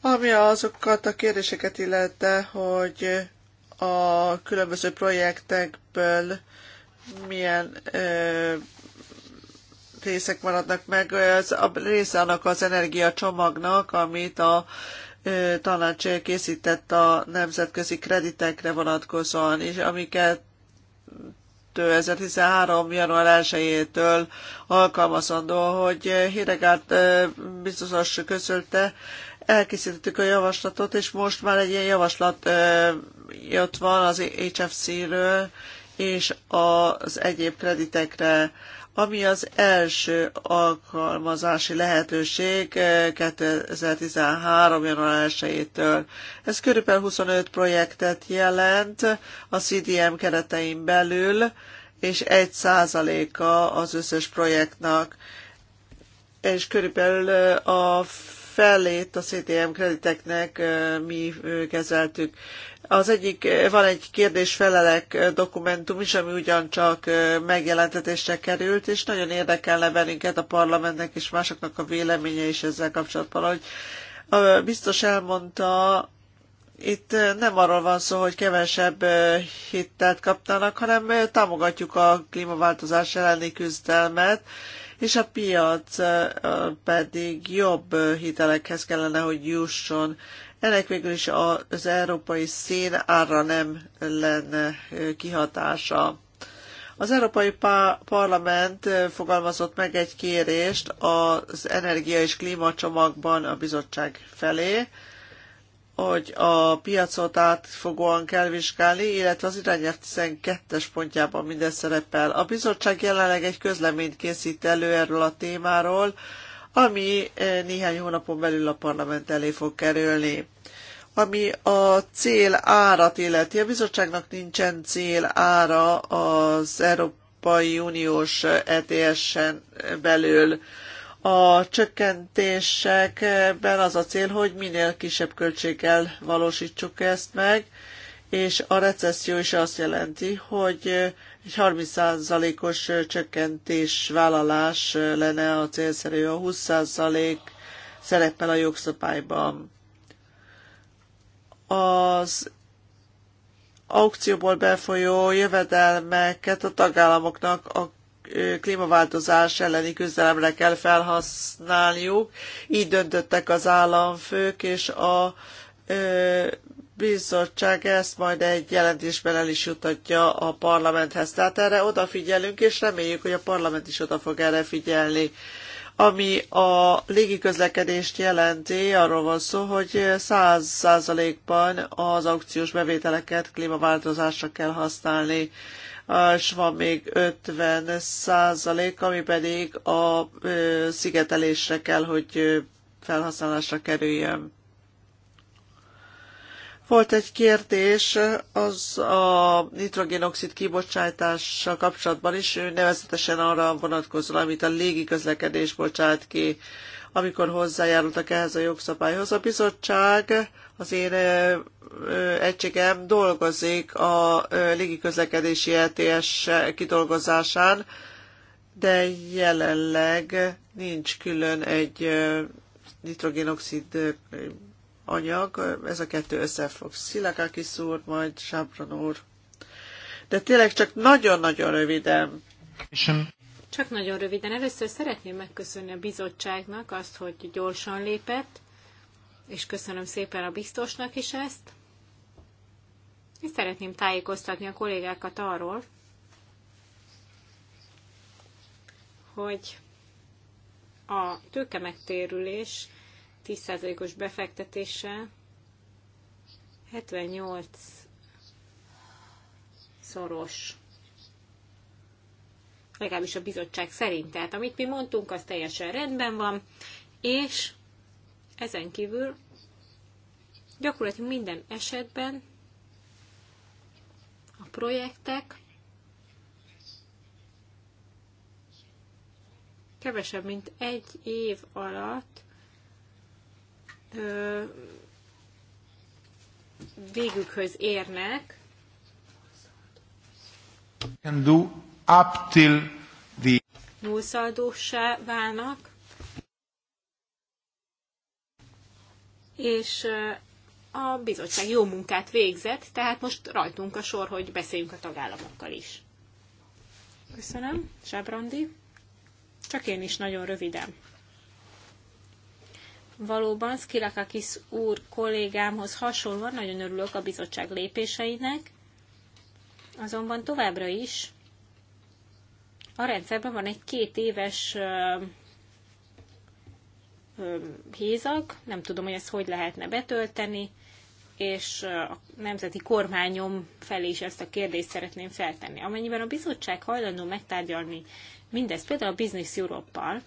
Ami azokat a kérdéseket illette, hogy a különböző projektekből milyen ö, részek maradnak meg. Ez a része annak az energiacsomagnak, amit a ö, tanács készített a nemzetközi kreditekre vonatkozóan, és amiket 2013. január 1-től alkalmazandó, hogy Hidegát biztosan közölte, elkészítettük a javaslatot, és most már egy ilyen javaslat jött van az HFC-ről, és az egyéb kreditekre, ami az első alkalmazási lehetőség 2013. január 1-től. Ez körülbelül 25 projektet jelent a CDM keretein belül, és 1 százaléka az összes projektnak, és körülbelül a fellét a CTM krediteknek mi kezeltük. Az egyik, van egy kérdés-felelek dokumentum is, ami ugyancsak megjelentetésre került, és nagyon érdekelne bennünket a parlamentnek és másoknak a véleménye is ezzel kapcsolatban, hogy biztos elmondta, itt nem arról van szó, hogy kevesebb hittet kaptanak, hanem támogatjuk a klímaváltozás elleni küzdelmet, és a piac pedig jobb hitelekhez kellene, hogy jusson. Ennek végül is az európai szén ára nem lenne kihatása. Az Európai Parlament fogalmazott meg egy kérést az energia és klímacsomagban a bizottság felé, hogy a piacot átfogóan kell vizsgálni, illetve az irányelv 12-es pontjában minden szerepel. A bizottság jelenleg egy közleményt készít elő erről a témáról, ami eh, néhány hónapon belül a parlament elé fog kerülni. Ami a cél árat illeti, a bizottságnak nincsen cél ára az Európai Uniós ETS-en belül a csökkentésekben az a cél, hogy minél kisebb költséggel valósítsuk ezt meg, és a recesszió is azt jelenti, hogy egy 30%-os csökkentés vállalás lenne a célszerű, a 20% szerepel a jogszabályban. Az aukcióból befolyó jövedelmeket a tagállamoknak a klímaváltozás elleni küzdelemre kell felhasználniuk. Így döntöttek az államfők, és a bizottság ezt majd egy jelentésben el is jutatja a parlamenthez. Tehát erre odafigyelünk, és reméljük, hogy a parlament is oda fog erre figyelni. Ami a légiközlekedést jelenti, arról van szó, hogy 100%-ban az aukciós bevételeket klímaváltozásra kell használni és van még 50 százalék, ami pedig a szigetelésre kell, hogy felhasználásra kerüljön. Volt egy kérdés az a nitrogénoxid kibocsátással kapcsolatban is, nevezetesen arra vonatkozó, amit a légiközlekedés bocsát ki, amikor hozzájárultak ehhez a jogszabályhoz. A bizottság az én egységem dolgozik a légiközlekedési LTS e kidolgozásán, de jelenleg nincs külön egy nitrogénoxid anyag, ez a kettő összefog. Szilakakis úr, majd Sábron úr. De tényleg csak nagyon-nagyon röviden. Csak nagyon röviden. Először szeretném megköszönni a bizottságnak azt, hogy gyorsan lépett, és köszönöm szépen a biztosnak is ezt. És szeretném tájékoztatni a kollégákat arról, hogy a tőke megtérülés 10%-os befektetése 78 szoros. Legalábbis a bizottság szerint. Tehát amit mi mondtunk, az teljesen rendben van, és ezen kívül gyakorlatilag minden esetben a projektek kevesebb, mint egy év alatt ö, végükhöz érnek. Can do up till the... válnak, és a bizottság jó munkát végzett, tehát most rajtunk a sor, hogy beszéljünk a tagállamokkal is. Köszönöm, Zsebrandi. Csak én is nagyon röviden. Valóban Skilakakis úr kollégámhoz hasonlóan nagyon örülök a bizottság lépéseinek, azonban továbbra is a rendszerben van egy két éves hézag, nem tudom, hogy ezt hogy lehetne betölteni, és a nemzeti kormányom felé is ezt a kérdést szeretném feltenni. Amennyiben a bizottság hajlandó megtárgyalni mindezt, például a Business europe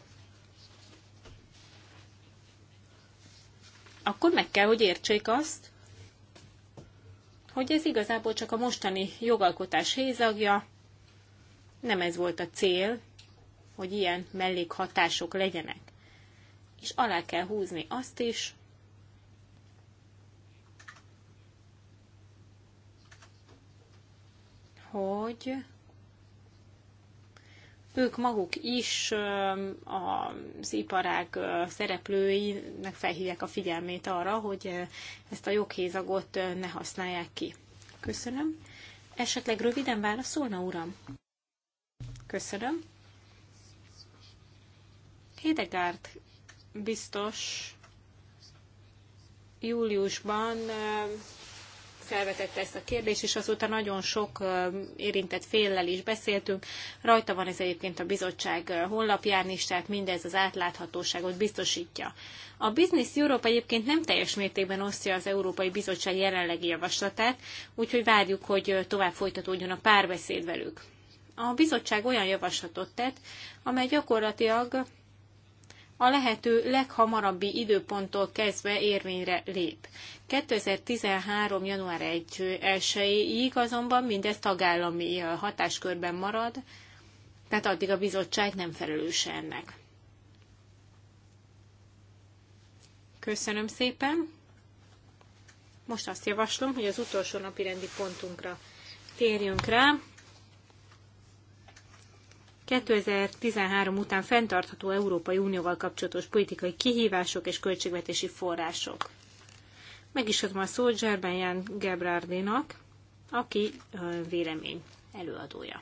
akkor meg kell, hogy értsék azt, hogy ez igazából csak a mostani jogalkotás hézagja, nem ez volt a cél, hogy ilyen mellékhatások legyenek és alá kell húzni azt is, hogy ők maguk is az iparág szereplőinek felhívják a figyelmét arra, hogy ezt a joghézagot ne használják ki. Köszönöm. Esetleg röviden válaszolna, uram? Köszönöm. Hidegárd biztos júliusban felvetette ezt a kérdést, és azóta nagyon sok érintett féllel is beszéltünk. Rajta van ez egyébként a bizottság honlapján is, tehát mindez az átláthatóságot biztosítja. A Business Europe egyébként nem teljes mértékben osztja az Európai Bizottság jelenlegi javaslatát, úgyhogy várjuk, hogy tovább folytatódjon a párbeszéd velük. A bizottság olyan javaslatot tett, amely gyakorlatilag a lehető leghamarabbi időponttól kezdve érvényre lép. 2013. január 1-ig azonban mindez tagállami hatáskörben marad, tehát addig a bizottság nem felelőse ennek. Köszönöm szépen! Most azt javaslom, hogy az utolsó napi rendi pontunkra térjünk rá. 2013 után fenntartható Európai Unióval kapcsolatos politikai kihívások és költségvetési források. Meg is adom a szót Zserben Ján Gebrardinak, aki vélemény előadója.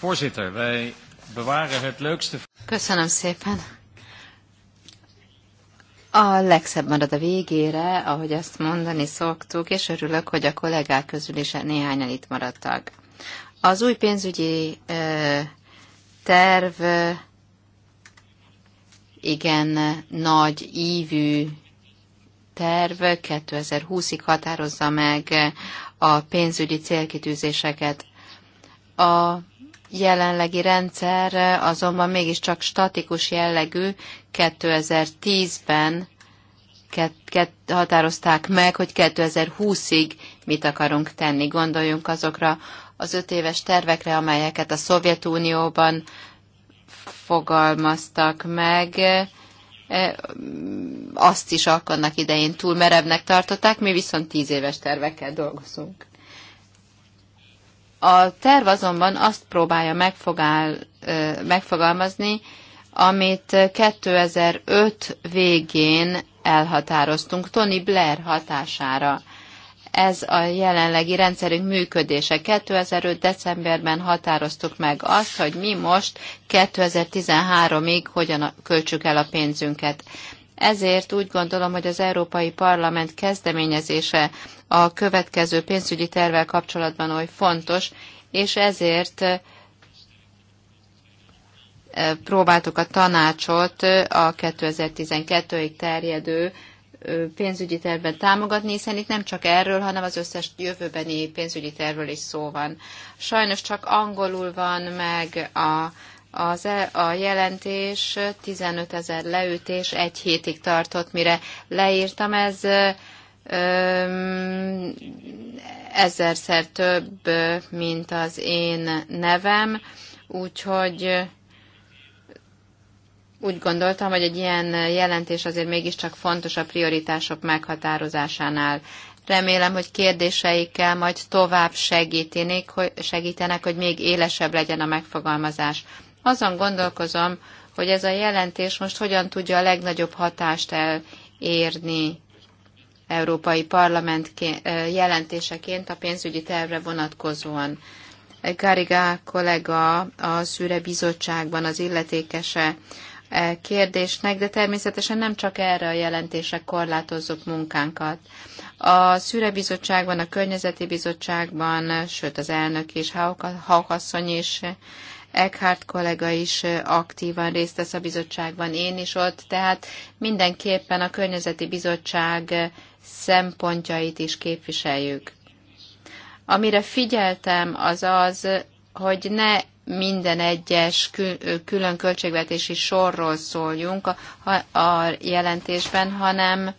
Voorzitter, wij bewaren het leukste... Köszönöm szépen. A legszebb marad a végére, ahogy azt mondani szoktuk, és örülök, hogy a kollégák közül is néhányan itt maradtak. Az új pénzügyi terv igen nagy ívű terv 2020-ig határozza meg a pénzügyi célkitűzéseket. A jelenlegi rendszer azonban mégiscsak statikus jellegű, 2010-ben határozták meg, hogy 2020-ig mit akarunk tenni. Gondoljunk azokra az öt éves tervekre, amelyeket a Szovjetunióban fogalmaztak meg, e, azt is annak idején túl merevnek tartották, mi viszont tíz éves tervekkel dolgozunk. A terv azonban azt próbálja megfogál, e, megfogalmazni, amit 2005 végén elhatároztunk Tony Blair hatására ez a jelenlegi rendszerünk működése. 2005. decemberben határoztuk meg azt, hogy mi most 2013-ig hogyan költsük el a pénzünket. Ezért úgy gondolom, hogy az Európai Parlament kezdeményezése a következő pénzügyi tervel kapcsolatban oly fontos, és ezért e, próbáltuk a tanácsot a 2012-ig terjedő pénzügyi tervben támogatni, hiszen itt nem csak erről, hanem az összes jövőbeni pénzügyi tervről is szó van. Sajnos csak angolul van meg a, az, e, a jelentés, 15 ezer leütés, egy hétig tartott, mire leírtam, ez ezerszer több, mint az én nevem, úgyhogy úgy gondoltam, hogy egy ilyen jelentés azért mégiscsak fontos a prioritások meghatározásánál. Remélem, hogy kérdéseikkel majd tovább segítenek, hogy, segítenek, hogy még élesebb legyen a megfogalmazás. Azon gondolkozom, hogy ez a jelentés most hogyan tudja a legnagyobb hatást elérni Európai Parlament jelentéseként a pénzügyi tervre vonatkozóan. Gariga kollega a Szüre Bizottságban az illetékese E, kérdésnek, de természetesen nem csak erre a jelentésre korlátozzuk munkánkat. A szürebizottságban, a környezeti bizottságban, sőt az elnök is, Haukasszony is, Eckhart kollega is aktívan részt vesz a bizottságban, én is ott, tehát mindenképpen a környezeti bizottság szempontjait is képviseljük. Amire figyeltem, az az, hogy ne minden egyes külön költségvetési sorról szóljunk a, jelentésben, hanem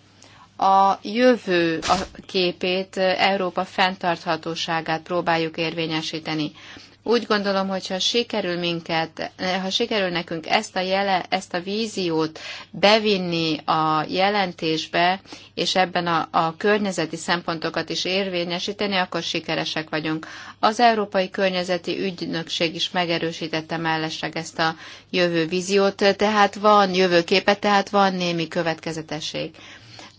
a jövő képét, Európa fenntarthatóságát próbáljuk érvényesíteni. Úgy gondolom, hogy ha sikerül minket, ha sikerül nekünk ezt a, jele, ezt a víziót bevinni a jelentésbe, és ebben a, a környezeti szempontokat is érvényesíteni, akkor sikeresek vagyunk. Az Európai Környezeti Ügynökség is megerősítette mellesleg ezt a jövő víziót, tehát van jövőképe, tehát van némi következetesség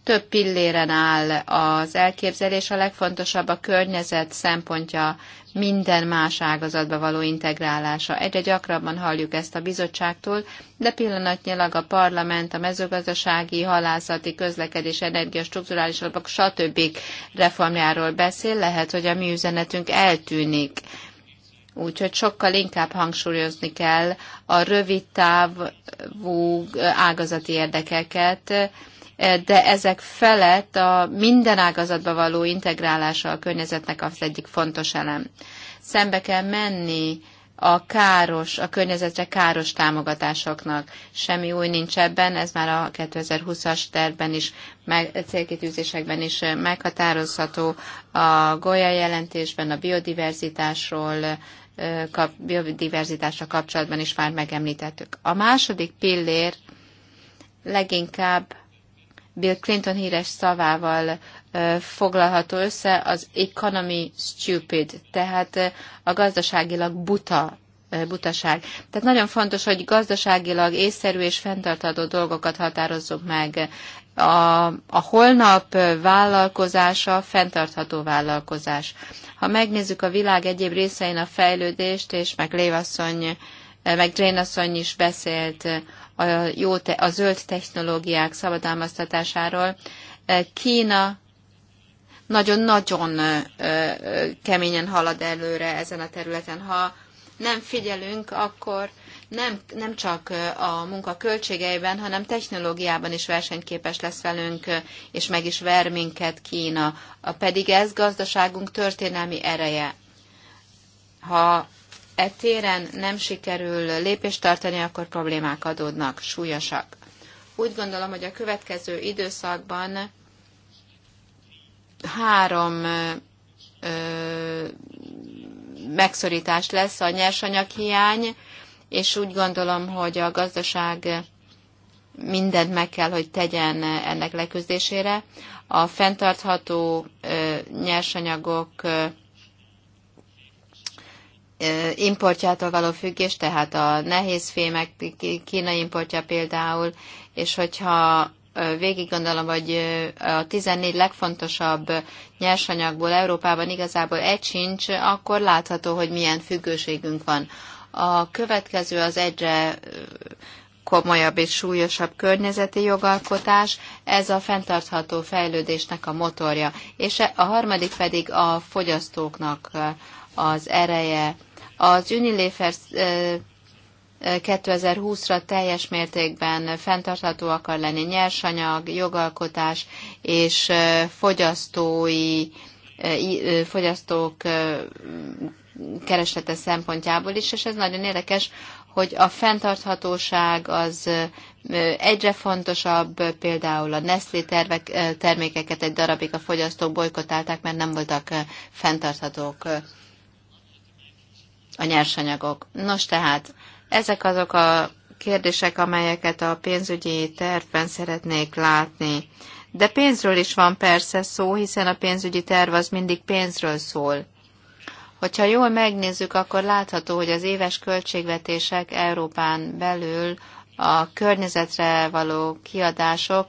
több pilléren áll az elképzelés, a legfontosabb a környezet szempontja minden más ágazatba való integrálása. Egyre gyakrabban halljuk ezt a bizottságtól, de pillanatnyilag a parlament, a mezőgazdasági, halászati, közlekedés, energia, strukturális alapok, stb. reformjáról beszél, lehet, hogy a mi üzenetünk eltűnik. Úgyhogy sokkal inkább hangsúlyozni kell a rövid távú ágazati érdekeket, de ezek felett a minden ágazatba való integrálása a környezetnek az egyik fontos elem. Szembe kell menni a káros, a környezetre káros támogatásoknak. Semmi új nincs ebben, ez már a 2020-as tervben is, meg, célkitűzésekben is meghatározható. A Goya jelentésben a biodiverzitásról kap, biodiverzitásra kapcsolatban is már megemlítettük. A második pillér leginkább Bill Clinton híres szavával foglalható össze az economy stupid, tehát a gazdaságilag buta butaság. Tehát nagyon fontos, hogy gazdaságilag észszerű és fenntartható dolgokat határozzunk meg. A, a holnap vállalkozása fenntartható vállalkozás. Ha megnézzük a világ egyéb részein a fejlődést, és meg Lévasszony, meg Drénasszony is beszélt a, jó te, a zöld technológiák szabadalmaztatásáról. E, Kína nagyon-nagyon e, e, keményen halad előre ezen a területen. Ha nem figyelünk, akkor nem, nem csak a munka költségeiben, hanem technológiában is versenyképes lesz velünk, és meg is ver minket Kína. Pedig ez gazdaságunk történelmi ereje. Ha e téren nem sikerül lépést tartani, akkor problémák adódnak, súlyosak. Úgy gondolom, hogy a következő időszakban három ö, megszorítás lesz a nyersanyaghiány, és úgy gondolom, hogy a gazdaság mindent meg kell, hogy tegyen ennek leküzdésére. A fenntartható ö, nyersanyagok ö, importjától való függés, tehát a nehéz fémek, kínai importja például, és hogyha végig gondolom, hogy a 14 legfontosabb nyersanyagból Európában igazából egy sincs, akkor látható, hogy milyen függőségünk van. A következő az egyre komolyabb és súlyosabb környezeti jogalkotás, ez a fenntartható fejlődésnek a motorja, és e, a harmadik pedig a fogyasztóknak az ereje, az Unilever 2020-ra teljes mértékben fenntartható akar lenni nyersanyag, jogalkotás és fogyasztói fogyasztók kereslete szempontjából is, és ez nagyon érdekes, hogy a fenntarthatóság az egyre fontosabb, például a Nestlé tervek, termékeket egy darabig a fogyasztók bolykotálták, mert nem voltak fenntarthatók a nyersanyagok. Nos tehát, ezek azok a kérdések, amelyeket a pénzügyi tervben szeretnék látni. De pénzről is van persze szó, hiszen a pénzügyi terv az mindig pénzről szól. Hogyha jól megnézzük, akkor látható, hogy az éves költségvetések Európán belül a környezetre való kiadások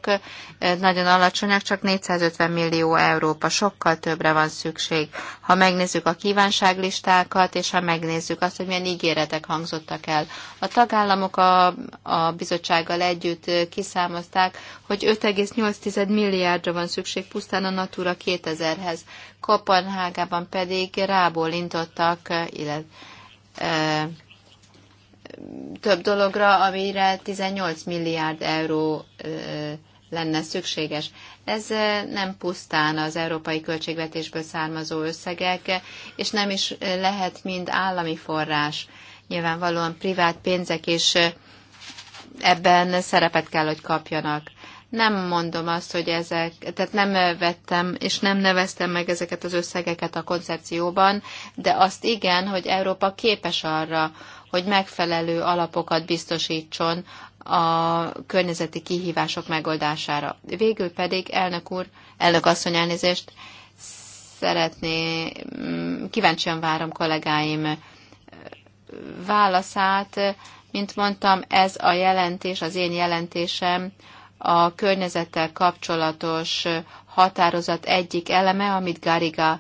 nagyon alacsonyak, csak 450 millió Európa, sokkal többre van szükség. Ha megnézzük a kívánságlistákat, és ha megnézzük azt, hogy milyen ígéretek hangzottak el. A tagállamok a, a bizottsággal együtt kiszámozták, hogy 5,8 milliárdra van szükség pusztán a Natura 2000-hez. Kopenhágában pedig rábólintottak, illetve több dologra, amire 18 milliárd euró lenne szükséges. Ez nem pusztán az európai költségvetésből származó összegek, és nem is lehet mind állami forrás. Nyilvánvalóan privát pénzek is ebben szerepet kell, hogy kapjanak nem mondom azt, hogy ezek, tehát nem vettem és nem neveztem meg ezeket az összegeket a koncepcióban, de azt igen, hogy Európa képes arra, hogy megfelelő alapokat biztosítson a környezeti kihívások megoldására. Végül pedig, elnök úr, elnök asszony elnézést, szeretné, mm, kíváncsian várom kollégáim válaszát. Mint mondtam, ez a jelentés, az én jelentésem a környezettel kapcsolatos határozat egyik eleme, amit Gariga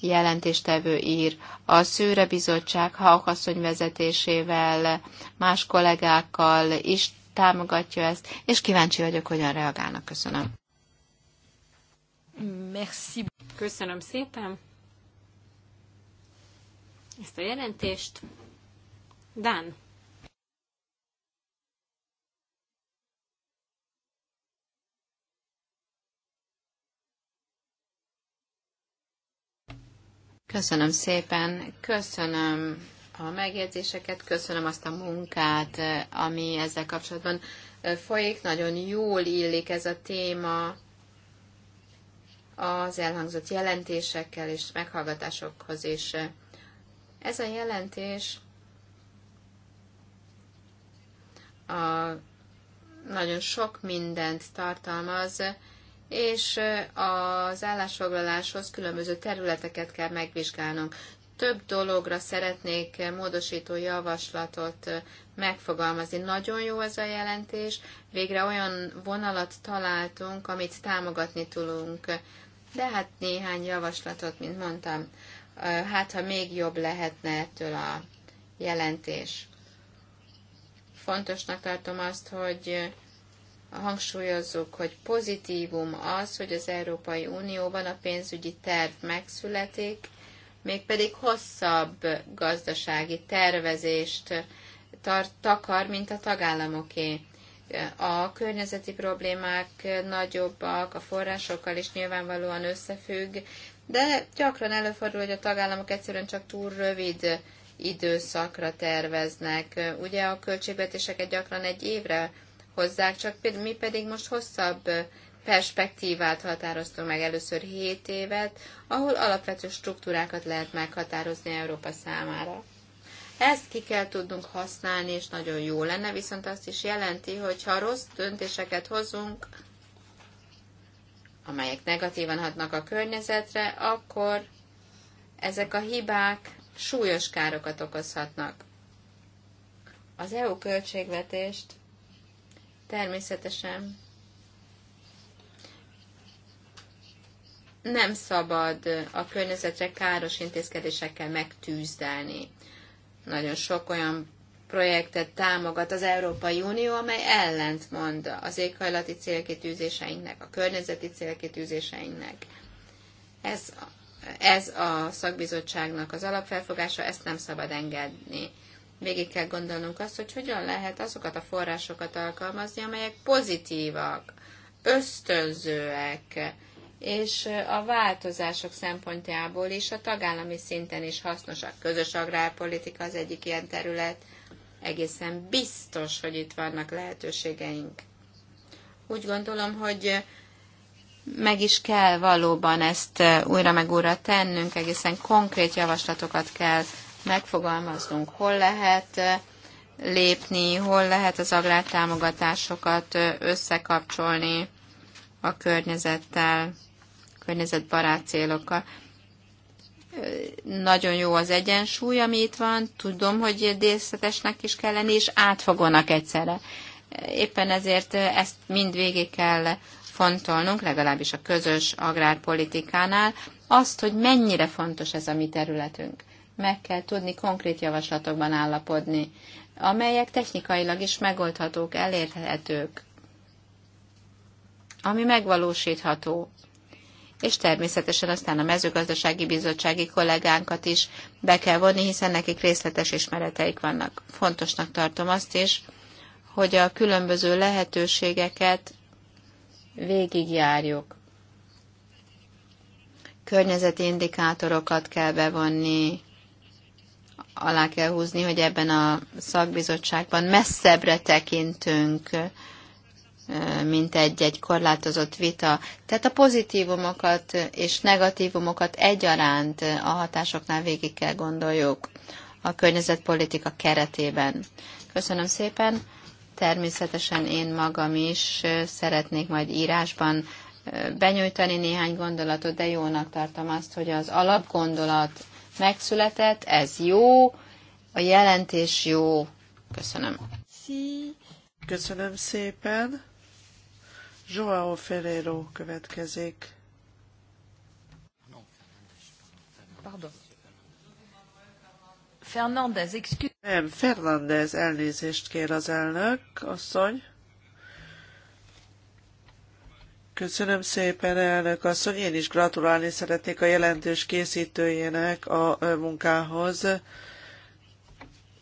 jelentéstevő ír. A Szőre Bizottság Haukasszony vezetésével, más kollégákkal is támogatja ezt, és kíváncsi vagyok, hogyan reagálnak. Köszönöm. Merci. Köszönöm szépen ezt a jelentést. Dan. Köszönöm szépen, köszönöm a megjegyzéseket, köszönöm azt a munkát, ami ezzel kapcsolatban folyik. Nagyon jól illik ez a téma az elhangzott jelentésekkel és meghallgatásokhoz is. Ez a jelentés a nagyon sok mindent tartalmaz, és az állásfoglaláshoz különböző területeket kell megvizsgálnunk. Több dologra szeretnék módosító javaslatot megfogalmazni. Nagyon jó ez a jelentés, végre olyan vonalat találtunk, amit támogatni tudunk. De hát néhány javaslatot, mint mondtam, hát ha még jobb lehetne ettől a jelentés. Fontosnak tartom azt, hogy hangsúlyozzuk, hogy pozitívum az, hogy az Európai Unióban a pénzügyi terv megszületik, mégpedig hosszabb gazdasági tervezést tart, takar, mint a tagállamoké. A környezeti problémák nagyobbak, a forrásokkal is nyilvánvalóan összefügg, de gyakran előfordul, hogy a tagállamok egyszerűen csak túl rövid időszakra terveznek. Ugye a költségvetéseket gyakran egy évre hozzák, csak mi pedig most hosszabb perspektívát határoztunk meg először 7 évet, ahol alapvető struktúrákat lehet meghatározni Európa számára. Ezt ki kell tudnunk használni, és nagyon jó lenne, viszont azt is jelenti, hogy ha rossz döntéseket hozunk, amelyek negatívan hatnak a környezetre, akkor ezek a hibák súlyos károkat okozhatnak. Az EU költségvetést Természetesen nem szabad a környezetre káros intézkedésekkel megtűzdelni. Nagyon sok olyan projektet támogat az Európai Unió, amely ellentmond az éghajlati célkitűzéseinknek, a környezeti célkitűzéseinknek. Ez, ez a szakbizottságnak az alapfelfogása, ezt nem szabad engedni végig kell gondolnunk azt, hogy hogyan lehet azokat a forrásokat alkalmazni, amelyek pozitívak, ösztönzőek, és a változások szempontjából is a tagállami szinten is hasznosak. Közös agrárpolitika az egyik ilyen terület. Egészen biztos, hogy itt vannak lehetőségeink. Úgy gondolom, hogy meg is kell valóban ezt újra meg újra tennünk, egészen konkrét javaslatokat kell megfogalmaznunk, hol lehet lépni, hol lehet az agrártámogatásokat összekapcsolni a környezettel, környezetbarát célokkal. Nagyon jó az egyensúly, ami itt van, tudom, hogy részletesnek is kell lenni, és átfogónak egyszerre. Éppen ezért ezt mind végig kell fontolnunk, legalábbis a közös agrárpolitikánál, azt, hogy mennyire fontos ez a mi területünk meg kell tudni konkrét javaslatokban állapodni, amelyek technikailag is megoldhatók, elérhetők, ami megvalósítható. És természetesen aztán a mezőgazdasági bizottsági kollégánkat is be kell vonni, hiszen nekik részletes ismereteik vannak. Fontosnak tartom azt is, hogy a különböző lehetőségeket végigjárjuk. Környezeti indikátorokat kell bevonni, alá kell húzni, hogy ebben a szakbizottságban messzebbre tekintünk, mint egy-egy korlátozott vita. Tehát a pozitívumokat és negatívumokat egyaránt a hatásoknál végig kell gondoljuk a környezetpolitika keretében. Köszönöm szépen. Természetesen én magam is szeretnék majd írásban benyújtani néhány gondolatot, de jónak tartom azt, hogy az alapgondolat megszületett, ez jó, a jelentés jó. Köszönöm. Köszönöm szépen. Joao Ferreiro következik. Pardon. Fernandez, excuse. Nem, Fernandez elnézést kér az elnök, asszony. Köszönöm szépen, elnök asszony. Én is gratulálni szeretnék a jelentős készítőjének a munkához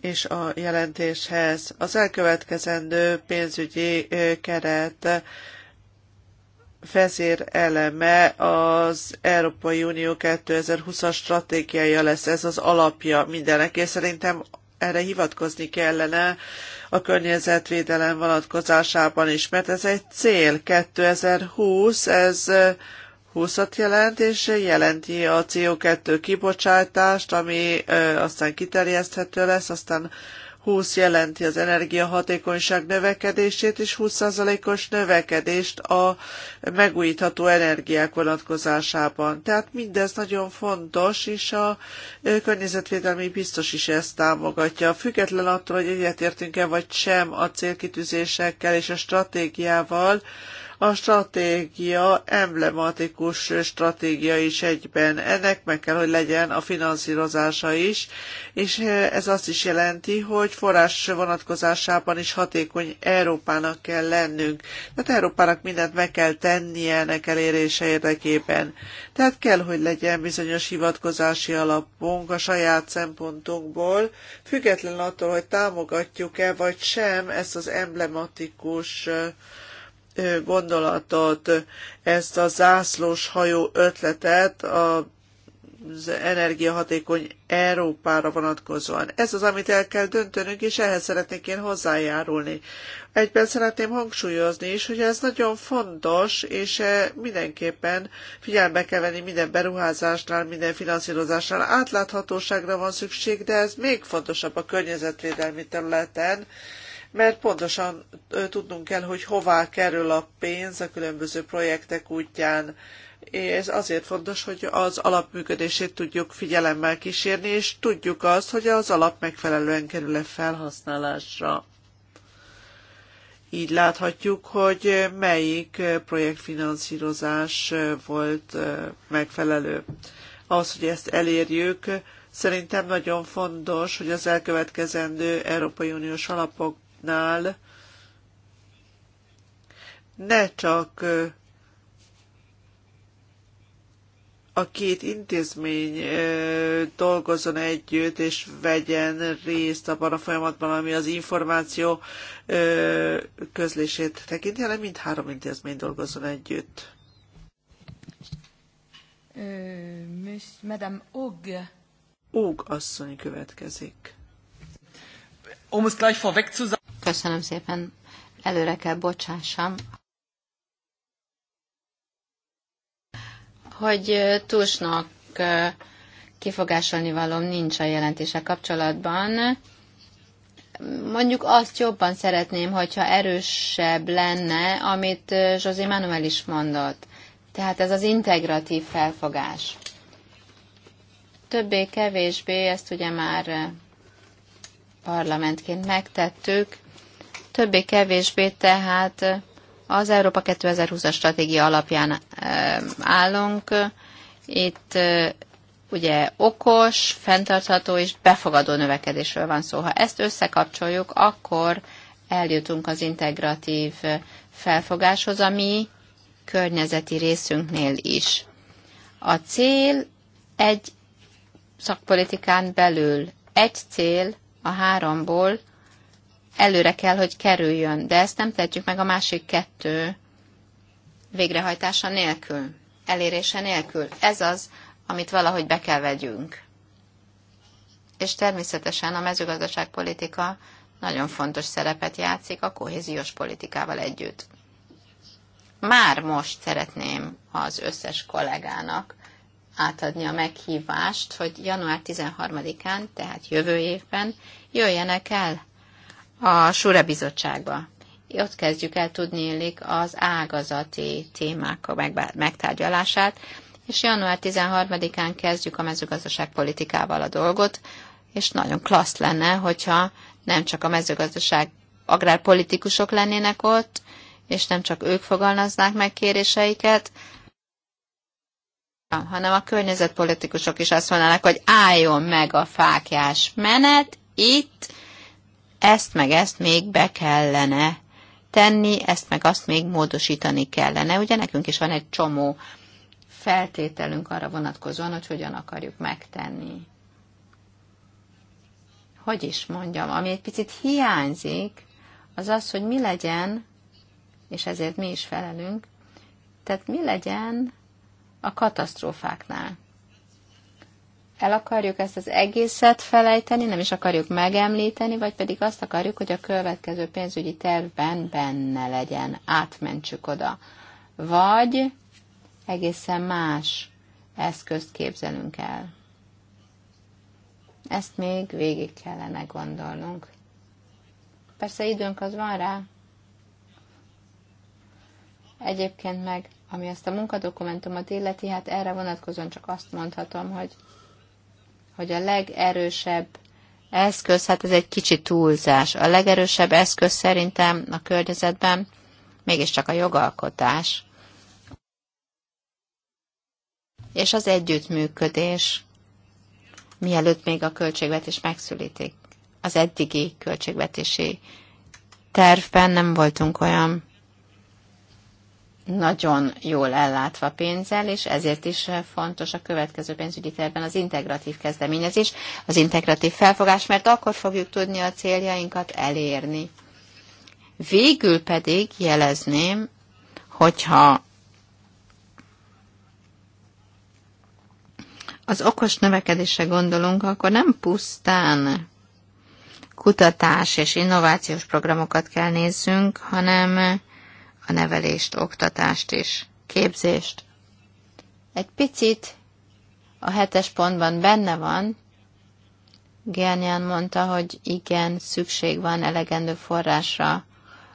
és a jelentéshez. Az elkövetkezendő pénzügyi keret vezér eleme az Európai Unió 2020-as stratégiája lesz, ez az alapja mindenek, és szerintem erre hivatkozni kellene a környezetvédelem vonatkozásában is, mert ez egy cél. 2020 ez 20-at jelent, és jelenti a CO2 kibocsátást, ami aztán kiterjeszthető lesz, aztán 20 jelenti az energiahatékonyság növekedését, és 20%-os növekedést a megújítható energiák vonatkozásában. Tehát mindez nagyon fontos, és a környezetvédelmi biztos is ezt támogatja. Független attól, hogy egyetértünk-e vagy sem a célkitűzésekkel és a stratégiával, a stratégia emblematikus stratégia is egyben. Ennek meg kell, hogy legyen a finanszírozása is, és ez azt is jelenti, hogy forrás vonatkozásában is hatékony Európának kell lennünk. Tehát Európának mindent meg kell tennie ennek elérése érdekében. Tehát kell, hogy legyen bizonyos hivatkozási alapunk a saját szempontunkból, független attól, hogy támogatjuk-e vagy sem ezt az emblematikus gondolatot, ezt a zászlós hajó ötletet a az energiahatékony Európára vonatkozóan. Ez az, amit el kell döntenünk, és ehhez szeretnék én hozzájárulni. Egyben szeretném hangsúlyozni is, hogy ez nagyon fontos, és eh, mindenképpen figyelme kell venni minden beruházásnál, minden finanszírozásnál. Átláthatóságra van szükség, de ez még fontosabb a környezetvédelmi területen, mert pontosan tudnunk kell, hogy hová kerül a pénz a különböző projektek útján. Ez azért fontos, hogy az alapműködését tudjuk figyelemmel kísérni, és tudjuk azt, hogy az alap megfelelően kerül-e felhasználásra. Így láthatjuk, hogy melyik projektfinanszírozás volt megfelelő. Ahhoz, hogy ezt elérjük, szerintem nagyon fontos, hogy az elkövetkezendő Európai Uniós alapok nál ne csak a két intézmény dolgozzon együtt, és vegyen részt abban a folyamatban, ami az információ közlését tekinti, hanem mind három intézmény dolgozzon együtt. Madame Og. Og asszony következik. Um es gleich vorweg zu Köszönöm szépen. Előre kell bocsássam, hogy túlsnak kifogásolni valóm nincs a jelentése kapcsolatban. Mondjuk azt jobban szeretném, hogyha erősebb lenne, amit José Manuel is mondott. Tehát ez az integratív felfogás. Többé-kevésbé ezt ugye már parlamentként megtettük, Többé-kevésbé tehát az Európa 2020-as stratégia alapján eh, állunk. Itt eh, ugye okos, fenntartható és befogadó növekedésről van szó. Ha ezt összekapcsoljuk, akkor eljutunk az integratív felfogáshoz, ami környezeti részünknél is. A cél egy szakpolitikán belül, egy cél a háromból előre kell, hogy kerüljön, de ezt nem tehetjük meg a másik kettő végrehajtása nélkül, elérése nélkül. Ez az, amit valahogy be kell vegyünk. És természetesen a mezőgazdaságpolitika nagyon fontos szerepet játszik a kohéziós politikával együtt. Már most szeretném az összes kollégának átadni a meghívást, hogy január 13-án, tehát jövő évben jöjjenek el a Sura Bizottságba. Ott kezdjük el tudni illik az ágazati témák megtárgyalását, és január 13-án kezdjük a mezőgazdaságpolitikával a dolgot, és nagyon klassz lenne, hogyha nem csak a mezőgazdaság agrárpolitikusok lennének ott, és nem csak ők fogalmaznák meg kéréseiket, hanem a környezetpolitikusok is azt mondanák, hogy álljon meg a fákjás menet itt, ezt meg ezt még be kellene tenni, ezt meg azt még módosítani kellene. Ugye nekünk is van egy csomó feltételünk arra vonatkozóan, hogy hogyan akarjuk megtenni. Hogy is mondjam, ami egy picit hiányzik, az az, hogy mi legyen, és ezért mi is felelünk, tehát mi legyen a katasztrófáknál el akarjuk ezt az egészet felejteni, nem is akarjuk megemlíteni, vagy pedig azt akarjuk, hogy a következő pénzügyi tervben benne legyen, átmentsük oda. Vagy egészen más eszközt képzelünk el. Ezt még végig kellene gondolnunk. Persze időnk az van rá. Egyébként meg, ami ezt a munkadokumentumot illeti, hát erre vonatkozóan csak azt mondhatom, hogy hogy a legerősebb eszköz, hát ez egy kicsi túlzás. A legerősebb eszköz szerintem a környezetben mégiscsak a jogalkotás és az együttműködés, mielőtt még a költségvetés megszülítik. Az eddigi költségvetési tervben nem voltunk olyan nagyon jól ellátva pénzzel, és ezért is fontos a következő pénzügyi tervben az integratív kezdeményezés, az integratív felfogás, mert akkor fogjuk tudni a céljainkat elérni. Végül pedig jelezném, hogyha az okos növekedésre gondolunk, akkor nem pusztán kutatás és innovációs programokat kell nézzünk, hanem a nevelést, oktatást és képzést. Egy picit a hetes pontban benne van, Gernyán mondta, hogy igen, szükség van elegendő forrásra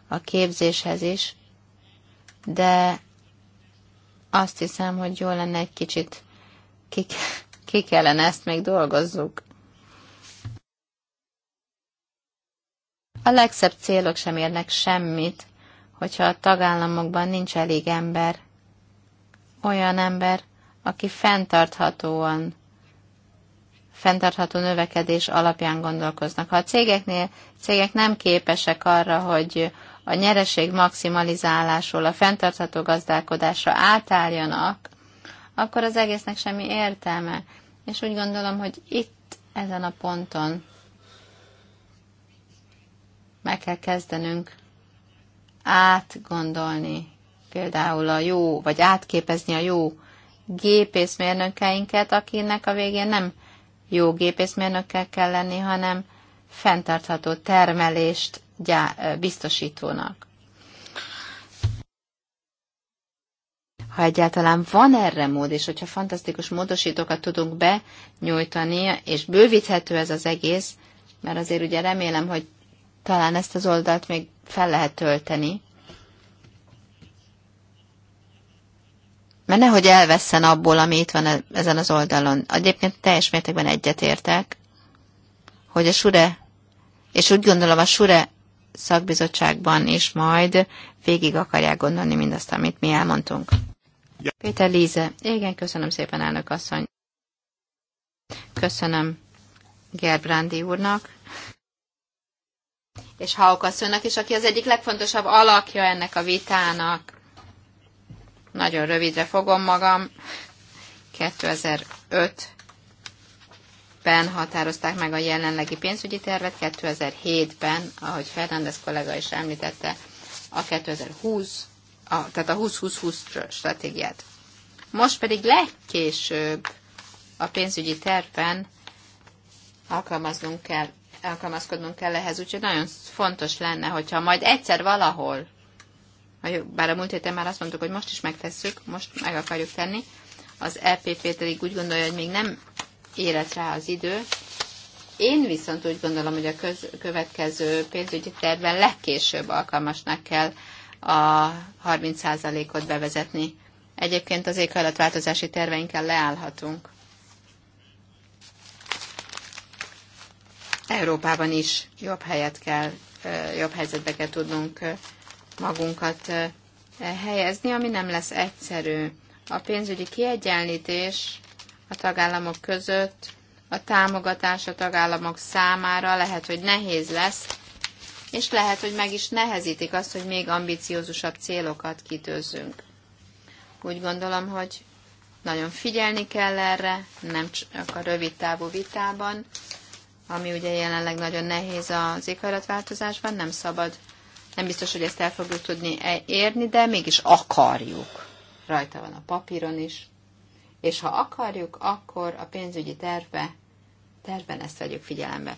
a képzéshez is, de azt hiszem, hogy jó lenne egy kicsit ki, ki kellene ezt még dolgozzuk. A legszebb célok sem érnek semmit, hogyha a tagállamokban nincs elég ember, olyan ember, aki fenntarthatóan, fenntartható növekedés alapján gondolkoznak. Ha a cégeknél, cégek nem képesek arra, hogy a nyereség maximalizálásról, a fenntartható gazdálkodásra átálljanak, akkor az egésznek semmi értelme. És úgy gondolom, hogy itt, ezen a ponton meg kell kezdenünk átgondolni például a jó, vagy átképezni a jó gépészmérnökeinket, akinek a végén nem jó gépészmérnökkel kell lenni, hanem fenntartható termelést gyá- biztosítónak. Ha egyáltalán van erre mód, és hogyha fantasztikus módosítókat tudunk benyújtani, és bővíthető ez az egész, mert azért ugye remélem, hogy talán ezt az oldalt még fel lehet tölteni, mert nehogy elveszen abból, ami itt van e- ezen az oldalon. Egyébként teljes mértékben egyetértek, hogy a SURE, és úgy gondolom a SURE szakbizottságban is majd végig akarják gondolni mindazt, amit mi elmondtunk. Ja. Péter Líze, igen, köszönöm szépen, elnök asszony. Köszönöm Gerbrandi úrnak és Haukasszonynak is, aki az egyik legfontosabb alakja ennek a vitának. Nagyon rövidre fogom magam. 2005-ben határozták meg a jelenlegi pénzügyi tervet, 2007-ben, ahogy Fernández kollega is említette, a 2020, a, tehát a 20-20-20 stratégiát. Most pedig legkésőbb a pénzügyi tervben alkalmaznunk kell alkalmazkodnunk kell ehhez, úgyhogy nagyon fontos lenne, hogyha majd egyszer valahol, bár a múlt héten már azt mondtuk, hogy most is megtesszük, most meg akarjuk tenni, az EPP pedig úgy gondolja, hogy még nem érett rá az idő. Én viszont úgy gondolom, hogy a köz, következő pénzügyi tervben legkésőbb alkalmasnak kell a 30%-ot bevezetni. Egyébként az éghajlatváltozási terveinkkel leállhatunk. Európában is jobb helyet kell, jobb helyzetbe kell tudnunk magunkat helyezni, ami nem lesz egyszerű. A pénzügyi kiegyenlítés a tagállamok között, a támogatás a tagállamok számára lehet, hogy nehéz lesz, és lehet, hogy meg is nehezítik azt, hogy még ambiciózusabb célokat kitőzzünk. Úgy gondolom, hogy nagyon figyelni kell erre, nem csak a rövid távú vitában, ami ugye jelenleg nagyon nehéz az éghajlatváltozásban, nem szabad, nem biztos, hogy ezt el fogjuk tudni e- érni, de mégis akarjuk. Rajta van a papíron is. És ha akarjuk, akkor a pénzügyi terve, tervben ezt vegyük figyelembe.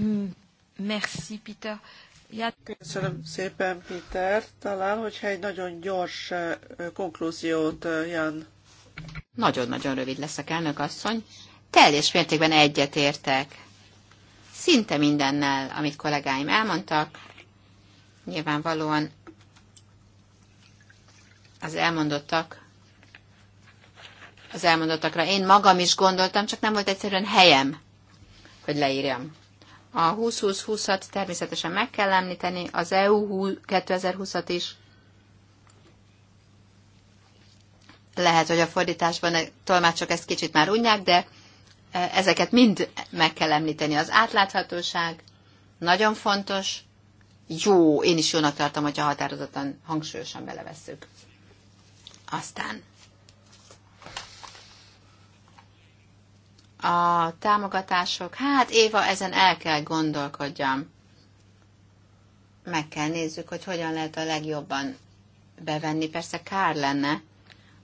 Mm, merci, Peter. Ja. Köszönöm szépen, Peter. Talán, hogyha egy nagyon gyors konklúziót, Jan. Nagyon-nagyon rövid leszek, elnök asszony teljes mértékben egyetértek. Szinte mindennel, amit kollégáim elmondtak, nyilvánvalóan az elmondottak, az elmondottakra én magam is gondoltam, csak nem volt egyszerűen helyem, hogy leírjam. A 2020 at természetesen meg kell említeni, az EU 2020-at is. Lehet, hogy a fordításban a tolmácsok ezt kicsit már unják, de ezeket mind meg kell említeni. Az átláthatóság nagyon fontos, jó, én is jónak tartom, hogyha határozottan, hangsúlyosan belevesszük. Aztán a támogatások, hát Éva, ezen el kell gondolkodjam. Meg kell nézzük, hogy hogyan lehet a legjobban bevenni. Persze kár lenne,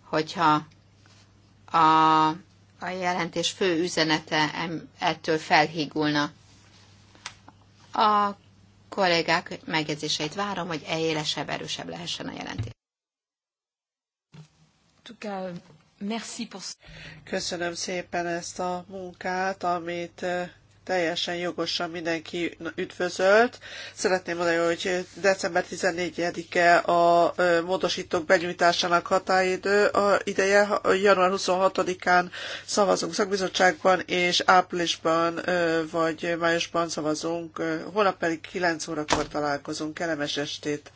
hogyha a a jelentés fő üzenete ettől felhígulna. A kollégák megjegyzéseit várom, hogy élesebb, erősebb lehessen a jelentés. Köszönöm szépen ezt a munkát, amit teljesen jogosan mindenki üdvözölt. Szeretném mondani, hogy december 14-e a módosítók benyújtásának határidő a ideje. Január 26-án szavazunk szakbizottságban, és áprilisban vagy májusban szavazunk. Holnap pedig 9 órakor találkozunk. Kellemes estét!